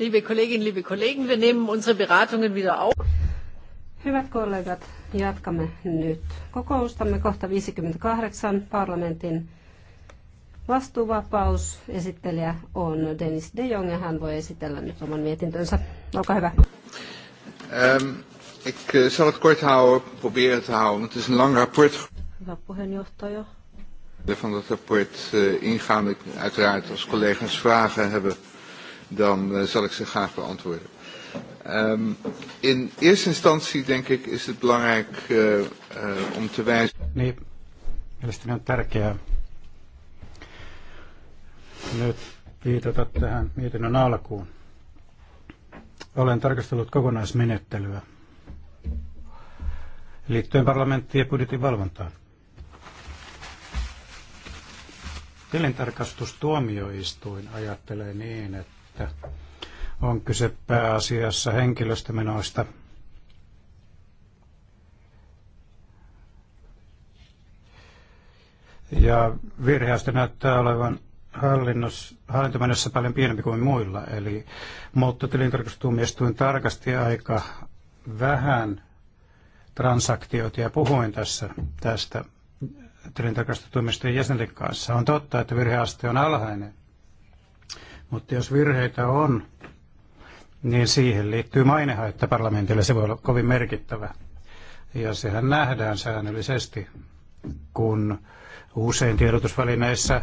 Liebe Kolleginnen, liebe Kollegen, wir nehmen unsere Beratungen wieder auf. Hyvät kollegat, jatkamme nyt kokoustamme kohta 58 parlamentin vastuuvapaus. Esittelijä on Dennis de Jong ja hän voi esitellä nyt oman mietintönsä. Olkaa hyvä. Um, ik eh, zal het kort houden, proberen te houden. Het is een lang rapport. Hyvä puheenjohtaja. Van dat rapport uh, eh, ingaan, ik uiteraard als collega's vragen hebben dan uh, zal ik ze graag beantwoorden. Um, in eerste instantie, denk ik, is het belangrijk uh, uh, om te wijzen... nee niin, mielestäni on tärkeää nyt viitata tähän mietinnön alkuun. Olen tarkastellut kokonaismenettelyä liittyen parlamenttien budjetin valvontaan. Tilintarkastustuomioistuin ajattelee niin, että että on kyse pääasiassa henkilöstömenoista. Ja virheästä näyttää olevan hallintomenossa paljon pienempi kuin muilla. Eli, mutta tarkasti aika vähän transaktioita ja puhuin tässä tästä tilintarkastustuomioistuin jäsenten kanssa. On totta, että virheaste on alhainen, mutta jos virheitä on, niin siihen liittyy mainehaitta parlamentille. Se voi olla kovin merkittävä. Ja sehän nähdään säännöllisesti, kun usein tiedotusvälineissä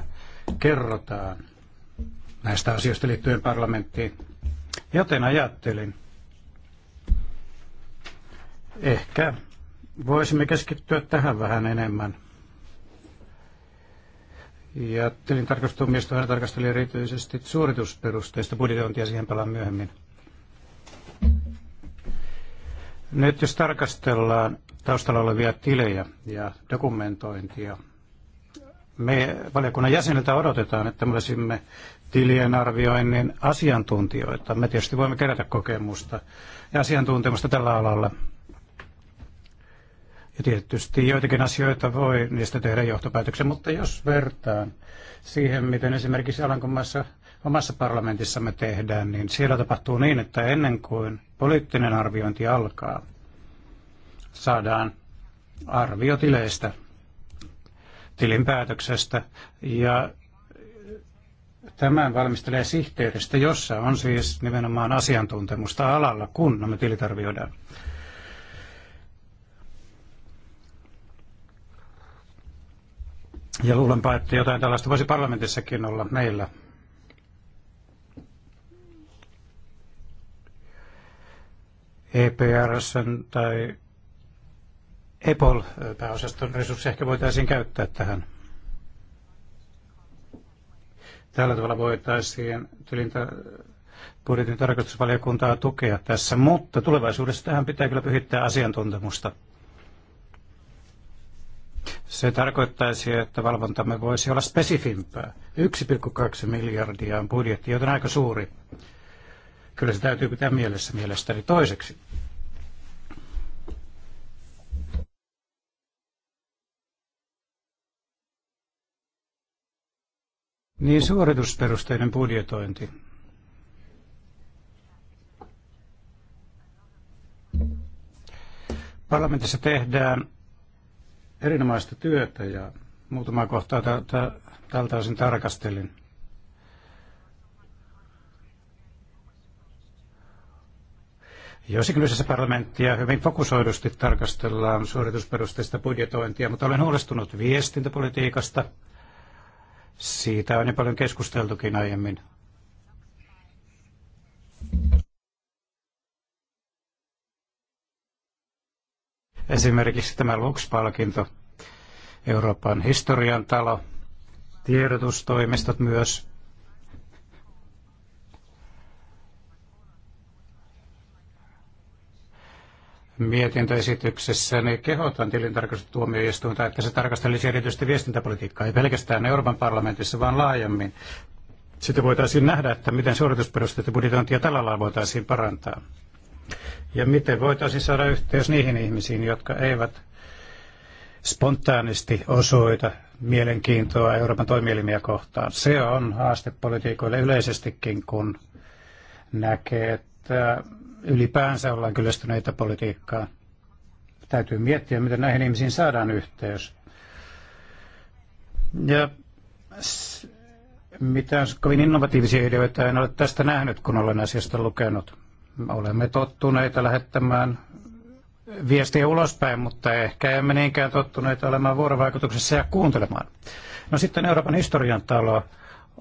kerrotaan näistä asioista liittyen parlamenttiin. Joten ajattelin, ehkä voisimme keskittyä tähän vähän enemmän. Ja tilintarkastustuomioistuin tarkasteli erityisesti suoritusperusteista budjetointia, siihen palaan myöhemmin. Nyt jos tarkastellaan taustalla olevia tilejä ja dokumentointia, me valiokunnan jäseniltä odotetaan, että me olisimme tilien arvioinnin asiantuntijoita. Me tietysti voimme kerätä kokemusta ja asiantuntemusta tällä alalla, ja tietysti joitakin asioita voi niistä tehdä johtopäätöksen, mutta jos vertaan siihen, miten esimerkiksi Alankomaissa omassa parlamentissamme tehdään, niin siellä tapahtuu niin, että ennen kuin poliittinen arviointi alkaa, saadaan arvio tileistä, tilinpäätöksestä ja tämän valmistelee sihteeristä, jossa on siis nimenomaan asiantuntemusta alalla, kun me tilit arvioidaan. Ja luulenpa, että jotain tällaista voisi parlamentissakin olla meillä. EPRS tai EPOL-pääosaston resursseja ehkä voitaisiin käyttää tähän. Tällä tavalla voitaisiin tilintä budjetin tarkastusvaliokuntaa tukea tässä, mutta tulevaisuudessa tähän pitää kyllä pyhittää asiantuntemusta. Se tarkoittaisi, että valvontamme voisi olla spesifimpää. 1,2 miljardia on budjetti, joten aika suuri. Kyllä se täytyy pitää mielessä mielestäni toiseksi. Niin suoritusperusteinen budjetointi. Parlamentissa tehdään erinomaista työtä ja muutamaa kohtaa tältä, tältä osin tarkastelin. Joissakin yhdessä parlamenttia hyvin fokusoidusti tarkastellaan suoritusperusteista budjetointia, mutta olen huolestunut viestintäpolitiikasta. Siitä on jo paljon keskusteltukin aiemmin. Esimerkiksi tämä Lux-palkinto, Euroopan historian talo, tiedotustoimistot myös. Mietintöesityksessäni niin kehotan tilintarkastustuomioistuinta, että se tarkastelisi erityisesti viestintäpolitiikkaa, ei pelkästään Euroopan parlamentissa, vaan laajemmin. Sitten voitaisiin nähdä, että miten suoritusperusteita budjetointia tällä lailla voitaisiin parantaa. Ja miten voitaisiin saada yhteys niihin ihmisiin, jotka eivät spontaanisti osoita mielenkiintoa Euroopan toimielimiä kohtaan. Se on haaste politiikoille yleisestikin, kun näkee, että ylipäänsä ollaan kyllästyneitä politiikkaa. Täytyy miettiä, miten näihin ihmisiin saadaan yhteys. Ja mitään kovin innovatiivisia ideoita en ole tästä nähnyt, kun olen asiasta lukenut. Olemme tottuneita lähettämään viestiä ulospäin, mutta ehkä emme niinkään tottuneita olemaan vuorovaikutuksessa ja kuuntelemaan. No sitten Euroopan historian talo.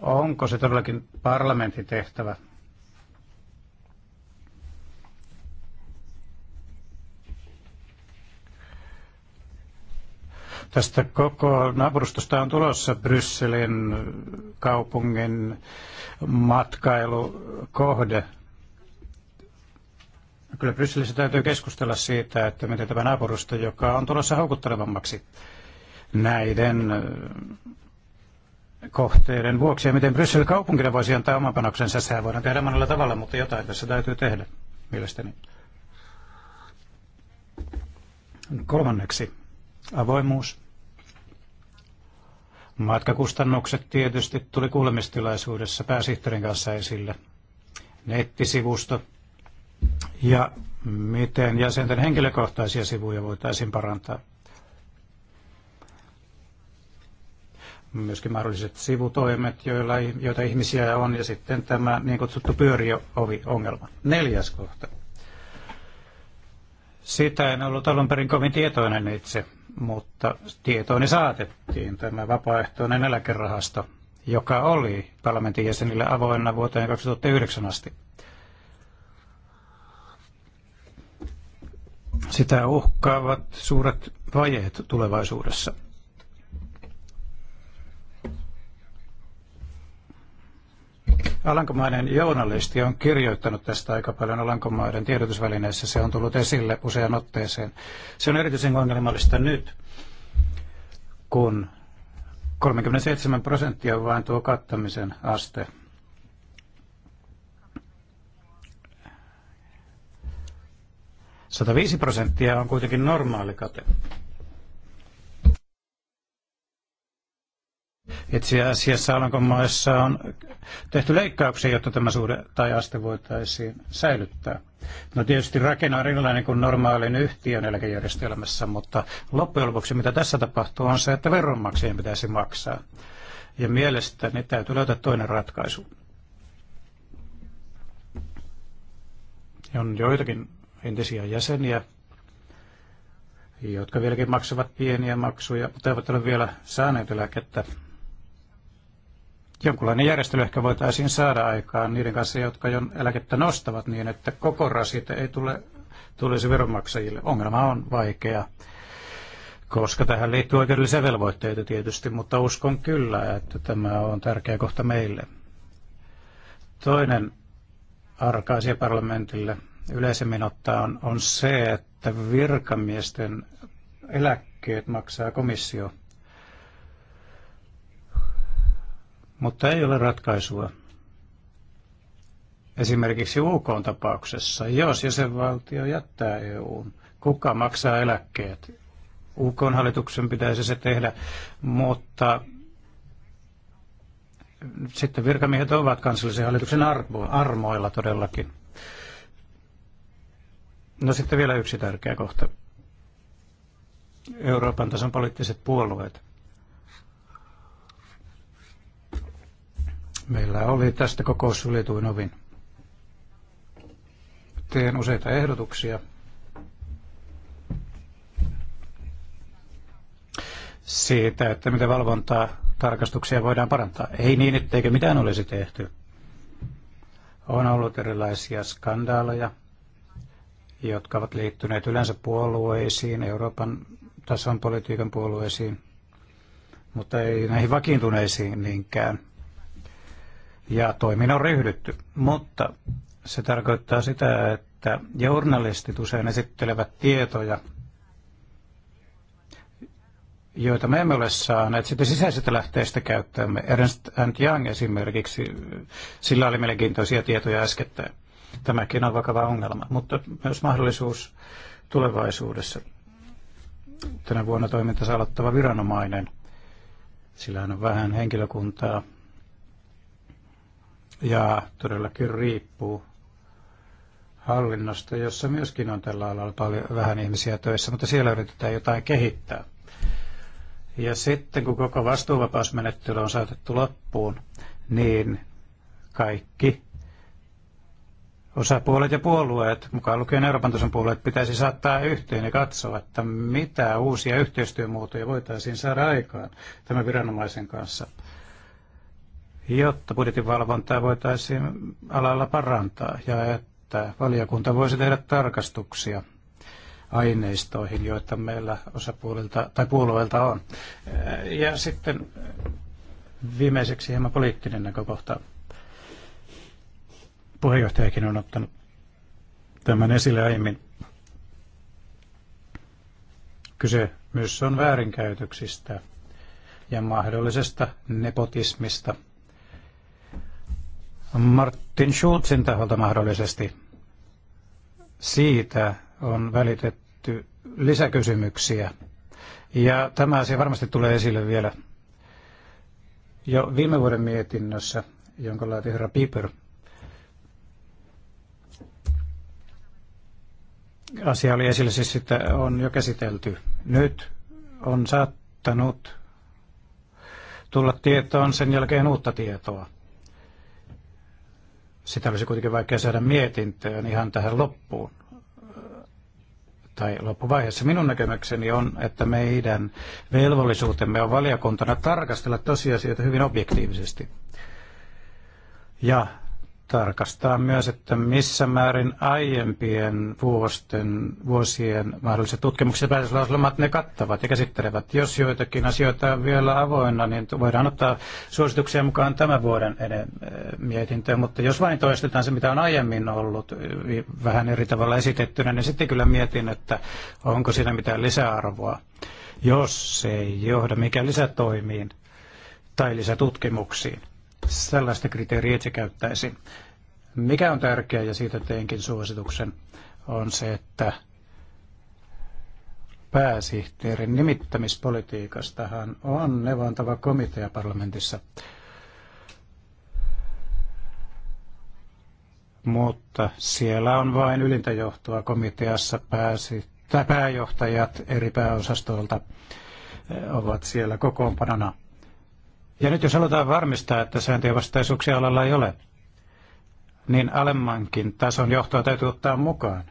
Onko se todellakin parlamentin tehtävä? Tästä koko naapurustosta on tulossa Brysselin kaupungin matkailukohde. Kyllä Brysselissä täytyy keskustella siitä, että miten tämä naapurusto, joka on tulossa houkuttelevammaksi näiden äh, kohteiden vuoksi, ja miten Bryssel kaupunkina voisi antaa oman panoksensa, sehän voidaan tehdä monella tavalla, mutta jotain tässä täytyy tehdä, mielestäni. Kolmanneksi, avoimuus. Matkakustannukset tietysti tuli kuulemistilaisuudessa pääsihteerin kanssa esille. Nettisivusto, ja miten jäsenten henkilökohtaisia sivuja voitaisiin parantaa. Myöskin mahdolliset sivutoimet, joilla, joita ihmisiä on, ja sitten tämä niin kutsuttu pyöriöovi-ongelma. Neljäs kohta. Sitä en ollut alun perin kovin tietoinen itse, mutta tietooni saatettiin tämä vapaaehtoinen eläkerahasto, joka oli parlamentin jäsenille avoinna vuoteen 2009 asti. Sitä uhkaavat suuret vajeet tulevaisuudessa. Alankomainen journalisti on kirjoittanut tästä aika paljon Alankomaiden tiedotusvälineissä. Se on tullut esille usean otteeseen. Se on erityisen ongelmallista nyt, kun 37 prosenttia on vain tuo kattamisen aste 105 prosenttia on kuitenkin normaali kate. Itse asiassa Alankomaissa on tehty leikkauksia, jotta tämä suhde tai aste voitaisiin säilyttää. No tietysti rakenne on erilainen kuin normaalin yhtiön eläkejärjestelmässä, mutta loppujen lopuksi mitä tässä tapahtuu on se, että veronmaksajien pitäisi maksaa. Ja mielestäni täytyy löytää toinen ratkaisu. On joitakin entisiä jäseniä, jotka vieläkin maksavat pieniä maksuja, mutta eivät ole vielä saaneet eläkettä. Jonkinlainen järjestely ehkä voitaisiin saada aikaan niiden kanssa, jotka jo eläkettä nostavat niin, että koko rasite ei tule, tulisi veronmaksajille. Ongelma on vaikea, koska tähän liittyy oikeudellisia velvoitteita tietysti, mutta uskon kyllä, että tämä on tärkeä kohta meille. Toinen arka parlamentille yleisemmin ottaen on se, että virkamiesten eläkkeet maksaa komissio, mutta ei ole ratkaisua. Esimerkiksi UK tapauksessa, jos jäsenvaltio jättää EUn, kuka maksaa eläkkeet? UK hallituksen pitäisi se tehdä, mutta sitten virkamiehet ovat kansallisen hallituksen armoilla todellakin. No sitten vielä yksi tärkeä kohta. Euroopan tason poliittiset puolueet. Meillä oli tästä kokous suljetuin ovin. Teen useita ehdotuksia. siitä, että miten valvontaa tarkastuksia voidaan parantaa. Ei niin, etteikö mitään olisi tehty. On ollut erilaisia skandaaleja, jotka ovat liittyneet yleensä puolueisiin, Euroopan tason politiikan puolueisiin, mutta ei näihin vakiintuneisiin niinkään. Ja toimin on ryhdytty, mutta se tarkoittaa sitä, että journalistit usein esittelevät tietoja, joita me emme ole saaneet sitten sisäisistä lähteistä käyttämme. Ernst Young esimerkiksi, sillä oli mielenkiintoisia tietoja äskettäin. Tämäkin on vakava ongelma, mutta myös mahdollisuus tulevaisuudessa. Tänä vuonna toimintansa aloittava viranomainen, sillä on vähän henkilökuntaa ja todellakin riippuu hallinnosta, jossa myöskin on tällä alalla paljon vähän ihmisiä töissä, mutta siellä yritetään jotain kehittää. Ja sitten kun koko vastuuvapausmenettely on saatettu loppuun, niin kaikki osapuolet ja puolueet, mukaan lukien Euroopan tason puolueet, pitäisi saattaa yhteen ja katsoa, että mitä uusia yhteistyömuotoja voitaisiin saada aikaan tämän viranomaisen kanssa, jotta budjetinvalvontaa voitaisiin alalla parantaa ja että valiokunta voisi tehdä tarkastuksia aineistoihin, joita meillä osapuolilta tai puolueilta on. Ja sitten viimeiseksi hieman poliittinen näkökohta. Puheenjohtajakin on ottanut tämän esille aiemmin. Kyse myös on väärinkäytöksistä ja mahdollisesta nepotismista. Martin Schulzin taholta mahdollisesti siitä on välitetty lisäkysymyksiä. Ja tämä asia varmasti tulee esille vielä jo viime vuoden mietinnössä, jonka laati herra Piper – asia oli esillä, siis sitä on jo käsitelty. Nyt on saattanut tulla tietoon sen jälkeen uutta tietoa. Sitä olisi kuitenkin vaikea saada mietintöön ihan tähän loppuun tai loppuvaiheessa. Minun näkemykseni on, että meidän velvollisuutemme on valiokuntana tarkastella tosiasioita hyvin objektiivisesti. Ja tarkastaa myös, että missä määrin aiempien vuosien, vuosien mahdolliset tutkimukset päätöslauselmat ne kattavat ja käsittelevät. Jos joitakin asioita on vielä avoinna, niin voidaan ottaa suosituksia mukaan tämän vuoden mietintöön, mutta jos vain toistetaan se, mitä on aiemmin ollut vähän eri tavalla esitettynä, niin sitten kyllä mietin, että onko siinä mitään lisäarvoa, jos se ei johda mikä lisätoimiin tai lisätutkimuksiin. Sellaista kriteeriä itse käyttäisi. Mikä on tärkeää, ja siitä teinkin suosituksen, on se, että pääsihteerin nimittämispolitiikastahan on neuvontava komitea parlamentissa. Mutta siellä on vain ylintä johtoa komiteassa pääsi, tai pääjohtajat eri pääosastoilta eh, ovat siellä kokoonpanona. Ja nyt jos halutaan varmistaa, että sääntöjen vastaisuuksia alalla ei ole, niin alemmankin tason johtoa täytyy ottaa mukaan.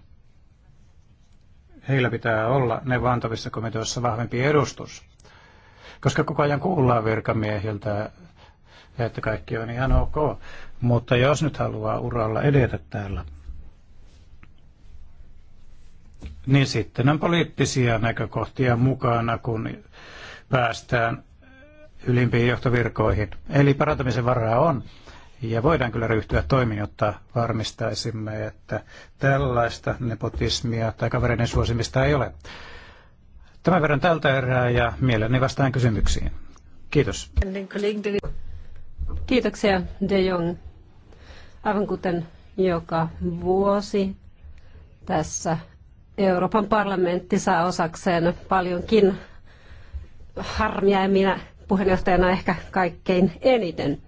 Heillä pitää olla neuvontavissa komiteoissa vahvempi edustus, koska koko ajan kuullaan virkamiehiltä, että kaikki on ihan ok. Mutta jos nyt haluaa uralla edetä täällä, niin sitten on poliittisia näkökohtia mukana, kun päästään ylimpiin johtovirkoihin. Eli parantamisen varaa on. Ja voidaan kyllä ryhtyä toimiin, jotta varmistaisimme, että tällaista nepotismia tai kavereiden suosimista ei ole. Tämän verran tältä erää ja mielelläni vastaan kysymyksiin. Kiitos. Kiitoksia De Jong. Aivan kuten joka vuosi tässä Euroopan parlamentti saa osakseen paljonkin harmia ja minä puheenjohtajana ehkä kaikkein eniten.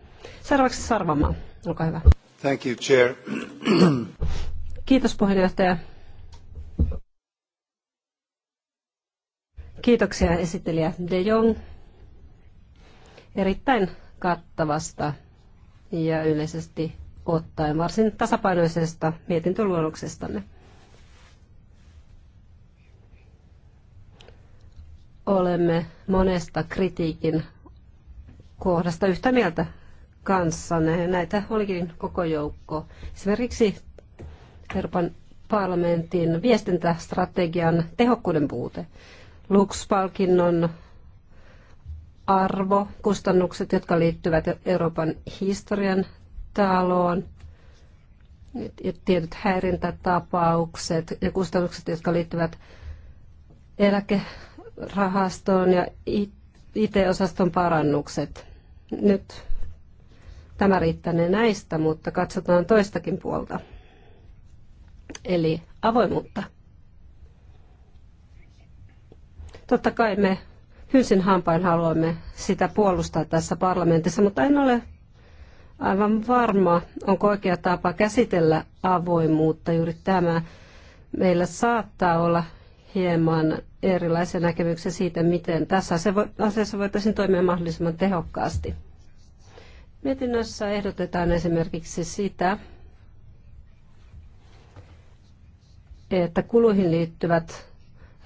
Seuraavaksi Sarvamaa, olkaa hyvä. Thank you, Chair. Kiitos puheenjohtaja. Kiitoksia esittelijä De Jong erittäin kattavasta ja yleisesti ottaen varsin tasapainoisesta mietintöluonnoksestanne. olemme monesta kritiikin kohdasta yhtä mieltä kanssanne. Näitä olikin koko joukko. Esimerkiksi Euroopan parlamentin viestintästrategian tehokkuuden puute, Lux-palkinnon arvo, kustannukset, jotka liittyvät Euroopan historian taloon, ja tietyt häirintätapaukset ja kustannukset, jotka liittyvät eläke- rahastoon ja IT-osaston parannukset. Nyt tämä riittää näistä, mutta katsotaan toistakin puolta. Eli avoimuutta. Totta kai me hynsin hampain haluamme sitä puolustaa tässä parlamentissa, mutta en ole aivan varma, onko oikea tapa käsitellä avoimuutta juuri tämä. Meillä saattaa olla hieman erilaisia näkemyksiä siitä, miten tässä asiassa voitaisiin toimia mahdollisimman tehokkaasti. Mietinnössä ehdotetaan esimerkiksi sitä, että kuluihin liittyvät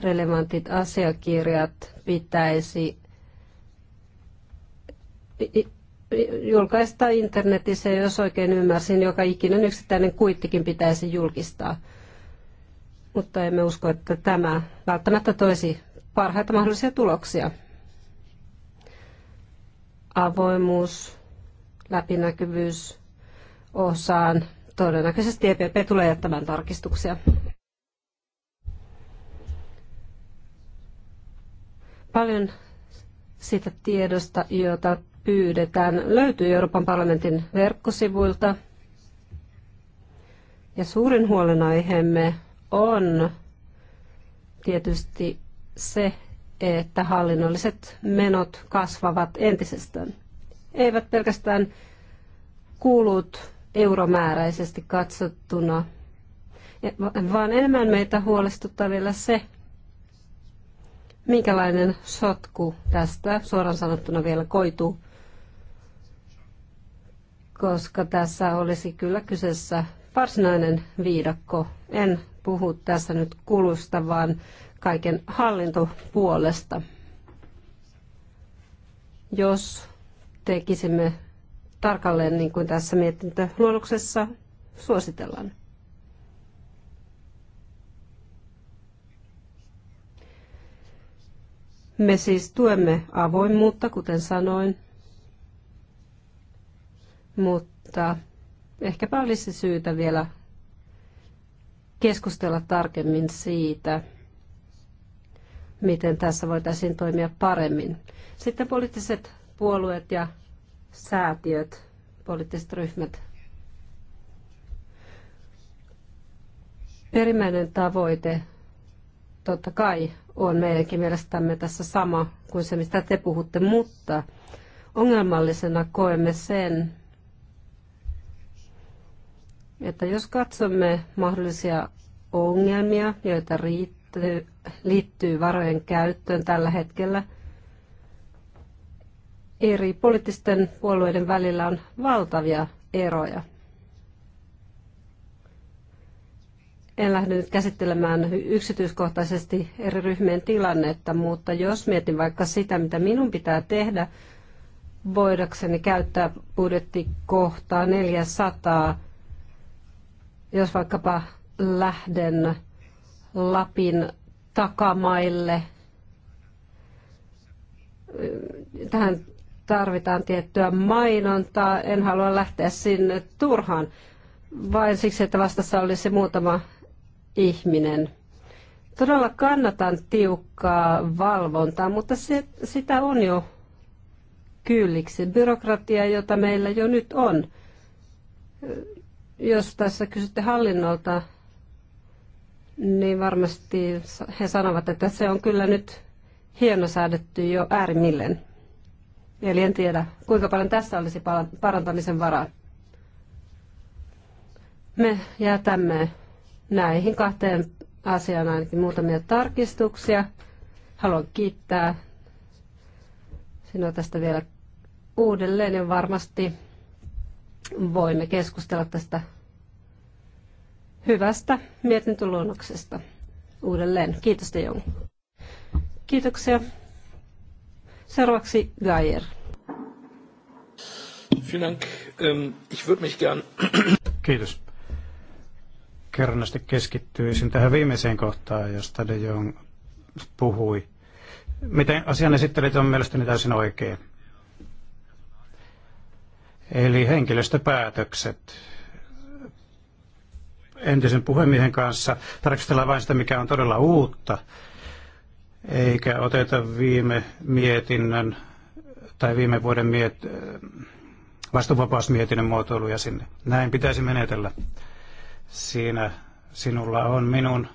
relevantit asiakirjat pitäisi julkaista internetissä, jos oikein ymmärsin, joka ikinen yksittäinen kuittikin pitäisi julkistaa mutta emme usko, että tämä välttämättä toisi parhaita mahdollisia tuloksia. Avoimuus, läpinäkyvyys osaan. Todennäköisesti EPP tulee jättämään tarkistuksia. Paljon siitä tiedosta, jota pyydetään, löytyy Euroopan parlamentin verkkosivuilta. Ja suurin huolenaiheemme on tietysti se, että hallinnolliset menot kasvavat entisestään. Eivät pelkästään kuulut euromääräisesti katsottuna, vaan enemmän meitä huolestuttaa vielä se, minkälainen sotku tästä suoraan sanottuna vielä koituu, koska tässä olisi kyllä kyseessä varsinainen viidakko. En puhu tässä nyt kulusta, vaan kaiken hallintopuolesta. Jos tekisimme tarkalleen niin kuin tässä mietintöluonnoksessa suositellaan. Me siis tuemme avoimuutta, kuten sanoin, mutta ehkäpä olisi syytä vielä keskustella tarkemmin siitä, miten tässä voitaisiin toimia paremmin. Sitten poliittiset puolueet ja säätiöt, poliittiset ryhmät. Perimmäinen tavoite totta kai on meidänkin mielestämme tässä sama kuin se, mistä te puhutte, mutta ongelmallisena koemme sen, että jos katsomme mahdollisia ongelmia, joita riittyy, liittyy varojen käyttöön tällä hetkellä, eri poliittisten puolueiden välillä on valtavia eroja. En lähde nyt käsittelemään yksityiskohtaisesti eri ryhmien tilannetta, mutta jos mietin vaikka sitä, mitä minun pitää tehdä, voidakseni käyttää budjettikohtaa 400 jos vaikkapa lähden Lapin takamaille, tähän tarvitaan tiettyä mainontaa. En halua lähteä sinne turhaan, vain siksi, että vastassa olisi muutama ihminen. Todella kannatan tiukkaa valvontaa, mutta se, sitä on jo kylliksi. Byrokratia, jota meillä jo nyt on, jos tässä kysytte hallinnolta, niin varmasti he sanovat, että se on kyllä nyt hienosäädetty jo äärimmilleen. Eli en tiedä, kuinka paljon tässä olisi parantamisen varaa. Me jätämme näihin kahteen asiaan ainakin muutamia tarkistuksia. Haluan kiittää sinua tästä vielä uudelleen ja varmasti voimme keskustella tästä hyvästä mietintöluonnoksesta uudelleen. Kiitos te Jong. Kiitoksia. Seuraavaksi Geier. Ähm, Kiitos. Kerronnasti keskittyisin tähän viimeiseen kohtaan, josta De Jong puhui. Miten asian esittelit on mielestäni täysin oikein. Eli henkilöstöpäätökset. Entisen puhemiehen kanssa tarkastellaan vain sitä, mikä on todella uutta, eikä oteta viime mietinnön tai viime vuoden miet, vastuvapausmietinnön muotoiluja sinne. Näin pitäisi menetellä. Siinä sinulla on minun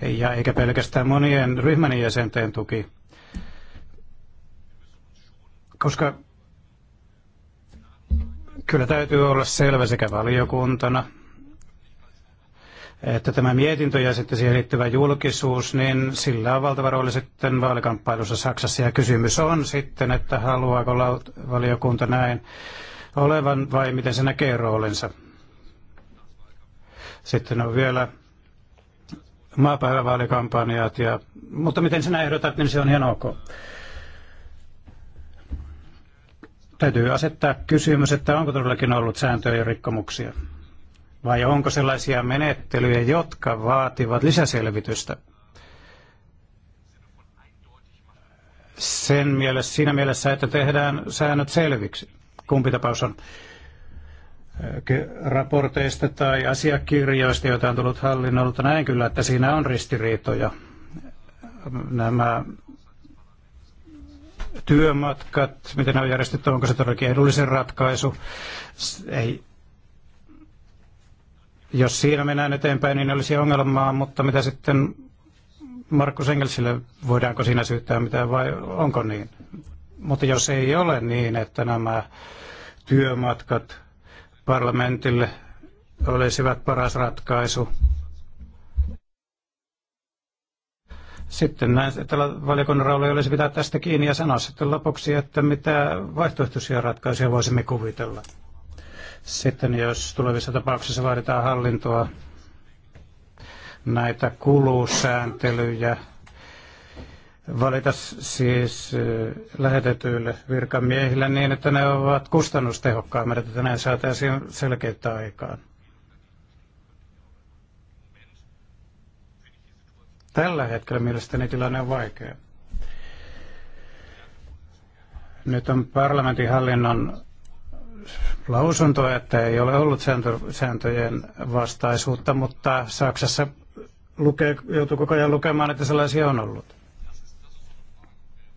ja eikä pelkästään monien ryhmän jäsenten tuki. Koska Kyllä täytyy olla selvä sekä valiokuntana että tämä mietintö ja sitten siihen liittyvä julkisuus, niin sillä on valtava rooli sitten vaalikamppailussa Saksassa. Ja kysymys on sitten, että haluaako valiokunta näin olevan vai miten se näkee roolinsa. Sitten on vielä maapäivävaalikampanjat, ja, mutta miten sinä ehdotat, niin se on ihan ok. Täytyy asettaa kysymys, että onko todellakin ollut sääntöjen rikkomuksia vai onko sellaisia menettelyjä, jotka vaativat lisäselvitystä. Sen mielessä, siinä mielessä, että tehdään säännöt selviksi. Kumpi tapaus on? raporteista tai asiakirjoista, joita on tullut hallinnolta. Näen kyllä, että siinä on ristiriitoja. Nämä työmatkat, miten ne on järjestetty, onko se todellakin edullisen ratkaisu. Ei, jos siinä mennään eteenpäin, niin olisi ongelmaa, mutta mitä sitten Markus Engelsille, voidaanko siinä syyttää mitään vai onko niin? Mutta jos ei ole niin, että nämä työmatkat parlamentille olisivat paras ratkaisu, Sitten näin tällä valiokunnan rooli olisi pitää tästä kiinni ja sanoa sitten lopuksi, että mitä vaihtoehtoisia ratkaisuja voisimme kuvitella. Sitten jos tulevissa tapauksissa vaaditaan hallintoa, näitä kulusääntelyjä, valita siis eh, lähetetyille virkamiehille niin, että ne ovat kustannustehokkaammat, että näin saataisiin selkeyttä aikaan. Tällä hetkellä mielestäni tilanne on vaikea. Nyt on parlamentin hallinnon lausunto, että ei ole ollut sääntöjen vastaisuutta, mutta Saksassa lukee, joutuu koko ajan lukemaan, että sellaisia on ollut.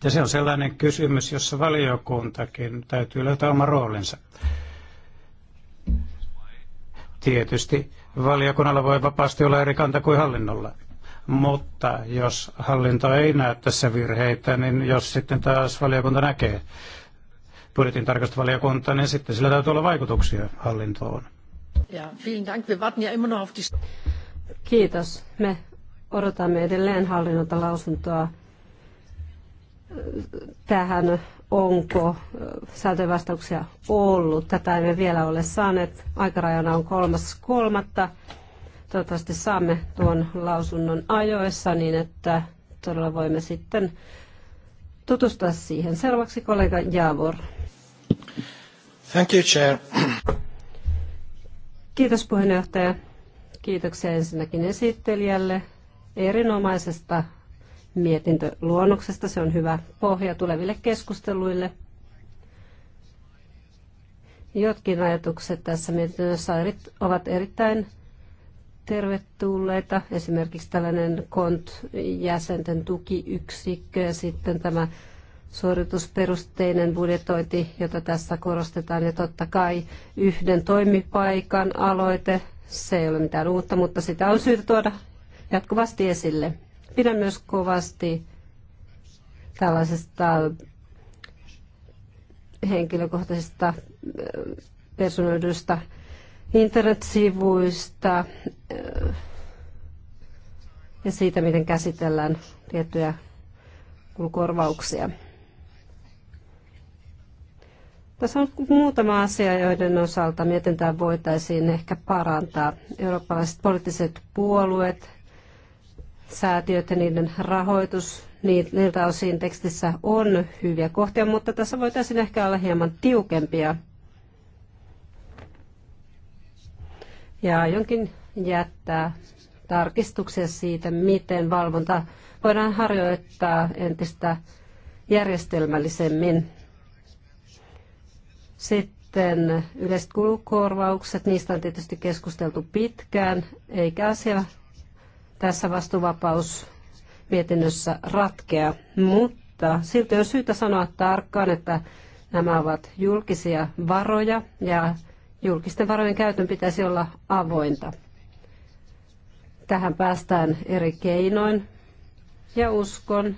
Ja se on sellainen kysymys, jossa valiokuntakin täytyy löytää oma roolinsa. Tietysti valiokunnalla voi vapaasti olla eri kanta kuin hallinnolla mutta jos hallinto ei näe tässä virheitä, niin jos sitten taas valiokunta näkee budjetin tarkastusvaliokunta, niin sitten sillä täytyy olla vaikutuksia hallintoon. Ja, vielen Dank. Wir warten ja immer noch auf die... Kiitos. Me odotamme edelleen hallinnolta lausuntoa tähän, onko säätövastauksia ollut. Tätä emme vielä ole saaneet. Aikarajana on kolmas kolmatta Toivottavasti saamme tuon lausunnon ajoissa niin, että todella voimme sitten tutustua siihen. Seuraavaksi kollega Javor. Thank you, Chair. Kiitos puheenjohtaja. Kiitoksia ensinnäkin esittelijälle erinomaisesta mietintöluonnoksesta. Se on hyvä pohja tuleville keskusteluille. Jotkin ajatukset tässä mietinnössä ovat erittäin tervetulleita. Esimerkiksi tällainen KONT-jäsenten tukiyksikkö ja sitten tämä suoritusperusteinen budjetointi, jota tässä korostetaan. Ja totta kai yhden toimipaikan aloite, se ei ole mitään uutta, mutta sitä on syytä tuoda jatkuvasti esille. Pidän myös kovasti tällaisesta henkilökohtaisesta äh, personoidusta internetsivuista ja siitä, miten käsitellään tiettyjä korvauksia. Tässä on muutama asia, joiden osalta mietintää voitaisiin ehkä parantaa. Eurooppalaiset poliittiset puolueet, säätiöt ja niiden rahoitus, niin niiltä osin tekstissä on hyviä kohtia, mutta tässä voitaisiin ehkä olla hieman tiukempia ja aionkin jättää tarkistuksia siitä, miten valvonta voidaan harjoittaa entistä järjestelmällisemmin. Sitten yleiset kulukorvaukset, niistä on tietysti keskusteltu pitkään, eikä asia tässä vastuvapaus mietinnössä ratkea, mutta silti on syytä sanoa tarkkaan, että nämä ovat julkisia varoja ja Julkisten varojen käytön pitäisi olla avointa. Tähän päästään eri keinoin ja uskon,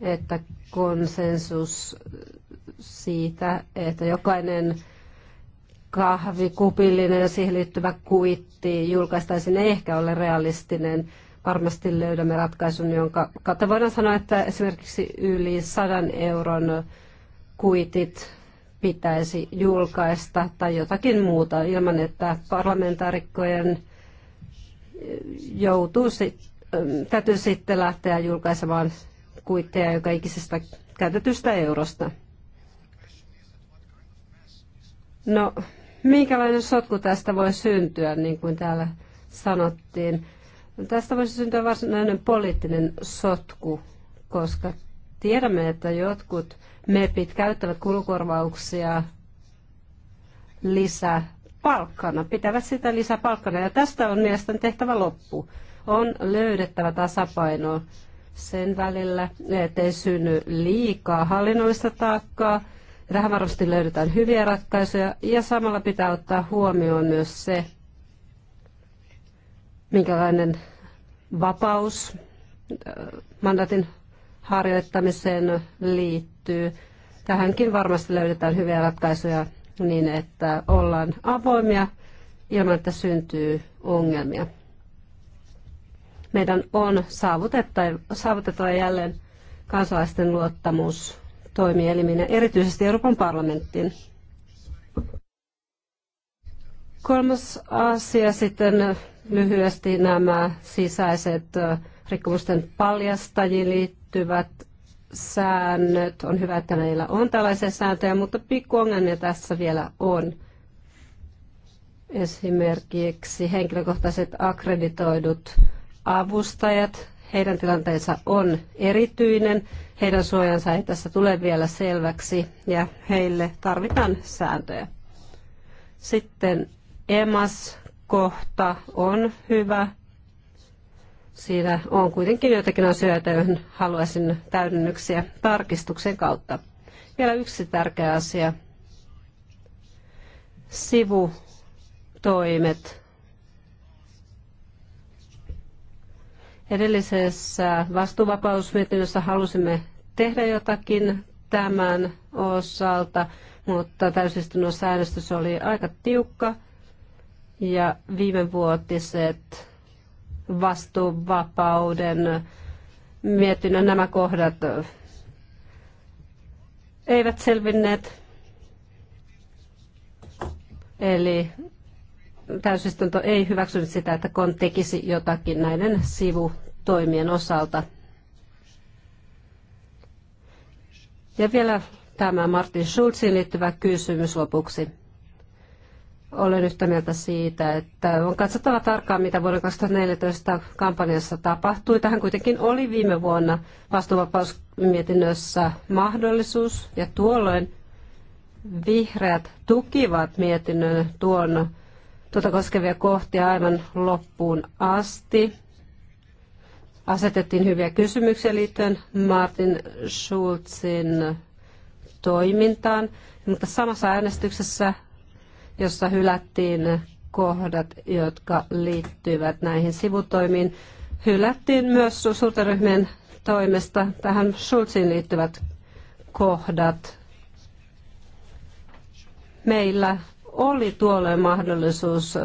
että konsensus siitä, että jokainen kahvikupillinen ja siihen liittyvä kuitti julkaistaisiin ei ehkä ole realistinen. Varmasti löydämme ratkaisun, jonka kautta voidaan sanoa, että esimerkiksi yli 100 euron kuitit pitäisi julkaista tai jotakin muuta ilman, että parlamentaarikkojen joutuu, täytyy sitten lähteä julkaisemaan kuitteja joka ikisestä käytetystä eurosta. No, minkälainen sotku tästä voi syntyä, niin kuin täällä sanottiin? Tästä voisi syntyä varsinainen poliittinen sotku, koska Tiedämme, että jotkut MEPit käyttävät kulukorvauksia lisäpalkkana, pitävät sitä lisäpalkkana. Ja tästä on mielestäni tehtävä loppu. On löydettävä tasapaino sen välillä, ettei synny liikaa hallinnollista taakkaa. Tähän varmasti löydetään hyviä ratkaisuja ja samalla pitää ottaa huomioon myös se, minkälainen vapaus äh, mandatin harjoittamiseen liittyy. Tähänkin varmasti löydetään hyviä ratkaisuja niin, että ollaan avoimia ilman, että syntyy ongelmia. Meidän on saavutettava jälleen kansalaisten luottamus toimieliminen, erityisesti Euroopan parlamenttiin. Kolmas asia sitten lyhyesti nämä sisäiset rikkomusten paljastajiin liittyvät säännöt. On hyvä, että meillä on tällaisia sääntöjä, mutta pikkuongelmia tässä vielä on. Esimerkiksi henkilökohtaiset akkreditoidut avustajat, heidän tilanteensa on erityinen, heidän suojansa ei tässä tule vielä selväksi ja heille tarvitaan sääntöjä. Sitten EMAS-kohta on hyvä Siinä on kuitenkin joitakin asioita, joihin haluaisin täydennyksiä tarkistuksen kautta. Vielä yksi tärkeä asia. Sivutoimet. Edellisessä vastuuvapausmietinnössä halusimme tehdä jotakin tämän osalta, mutta täysistunnon säännöstys oli aika tiukka ja viime vuotiset vastuuvapauden mietinnön nämä kohdat eivät selvinneet. Eli täysistunto ei hyväksynyt sitä, että KON tekisi jotakin näiden sivutoimien osalta. Ja vielä tämä Martin Schulzin liittyvä kysymys lopuksi olen yhtä mieltä siitä, että on katsottava tarkkaan, mitä vuoden 2014 kampanjassa tapahtui. Tähän kuitenkin oli viime vuonna vastuuvapausmietinnössä mahdollisuus, ja tuolloin vihreät tukivat mietinnön tuon, tuota koskevia kohtia aivan loppuun asti. Asetettiin hyviä kysymyksiä liittyen Martin Schulzin toimintaan, mutta samassa äänestyksessä jossa hylättiin kohdat, jotka liittyvät näihin sivutoimiin. Hylättiin myös suhteryhmien toimesta tähän Schulzin liittyvät kohdat. Meillä oli tuolloin mahdollisuus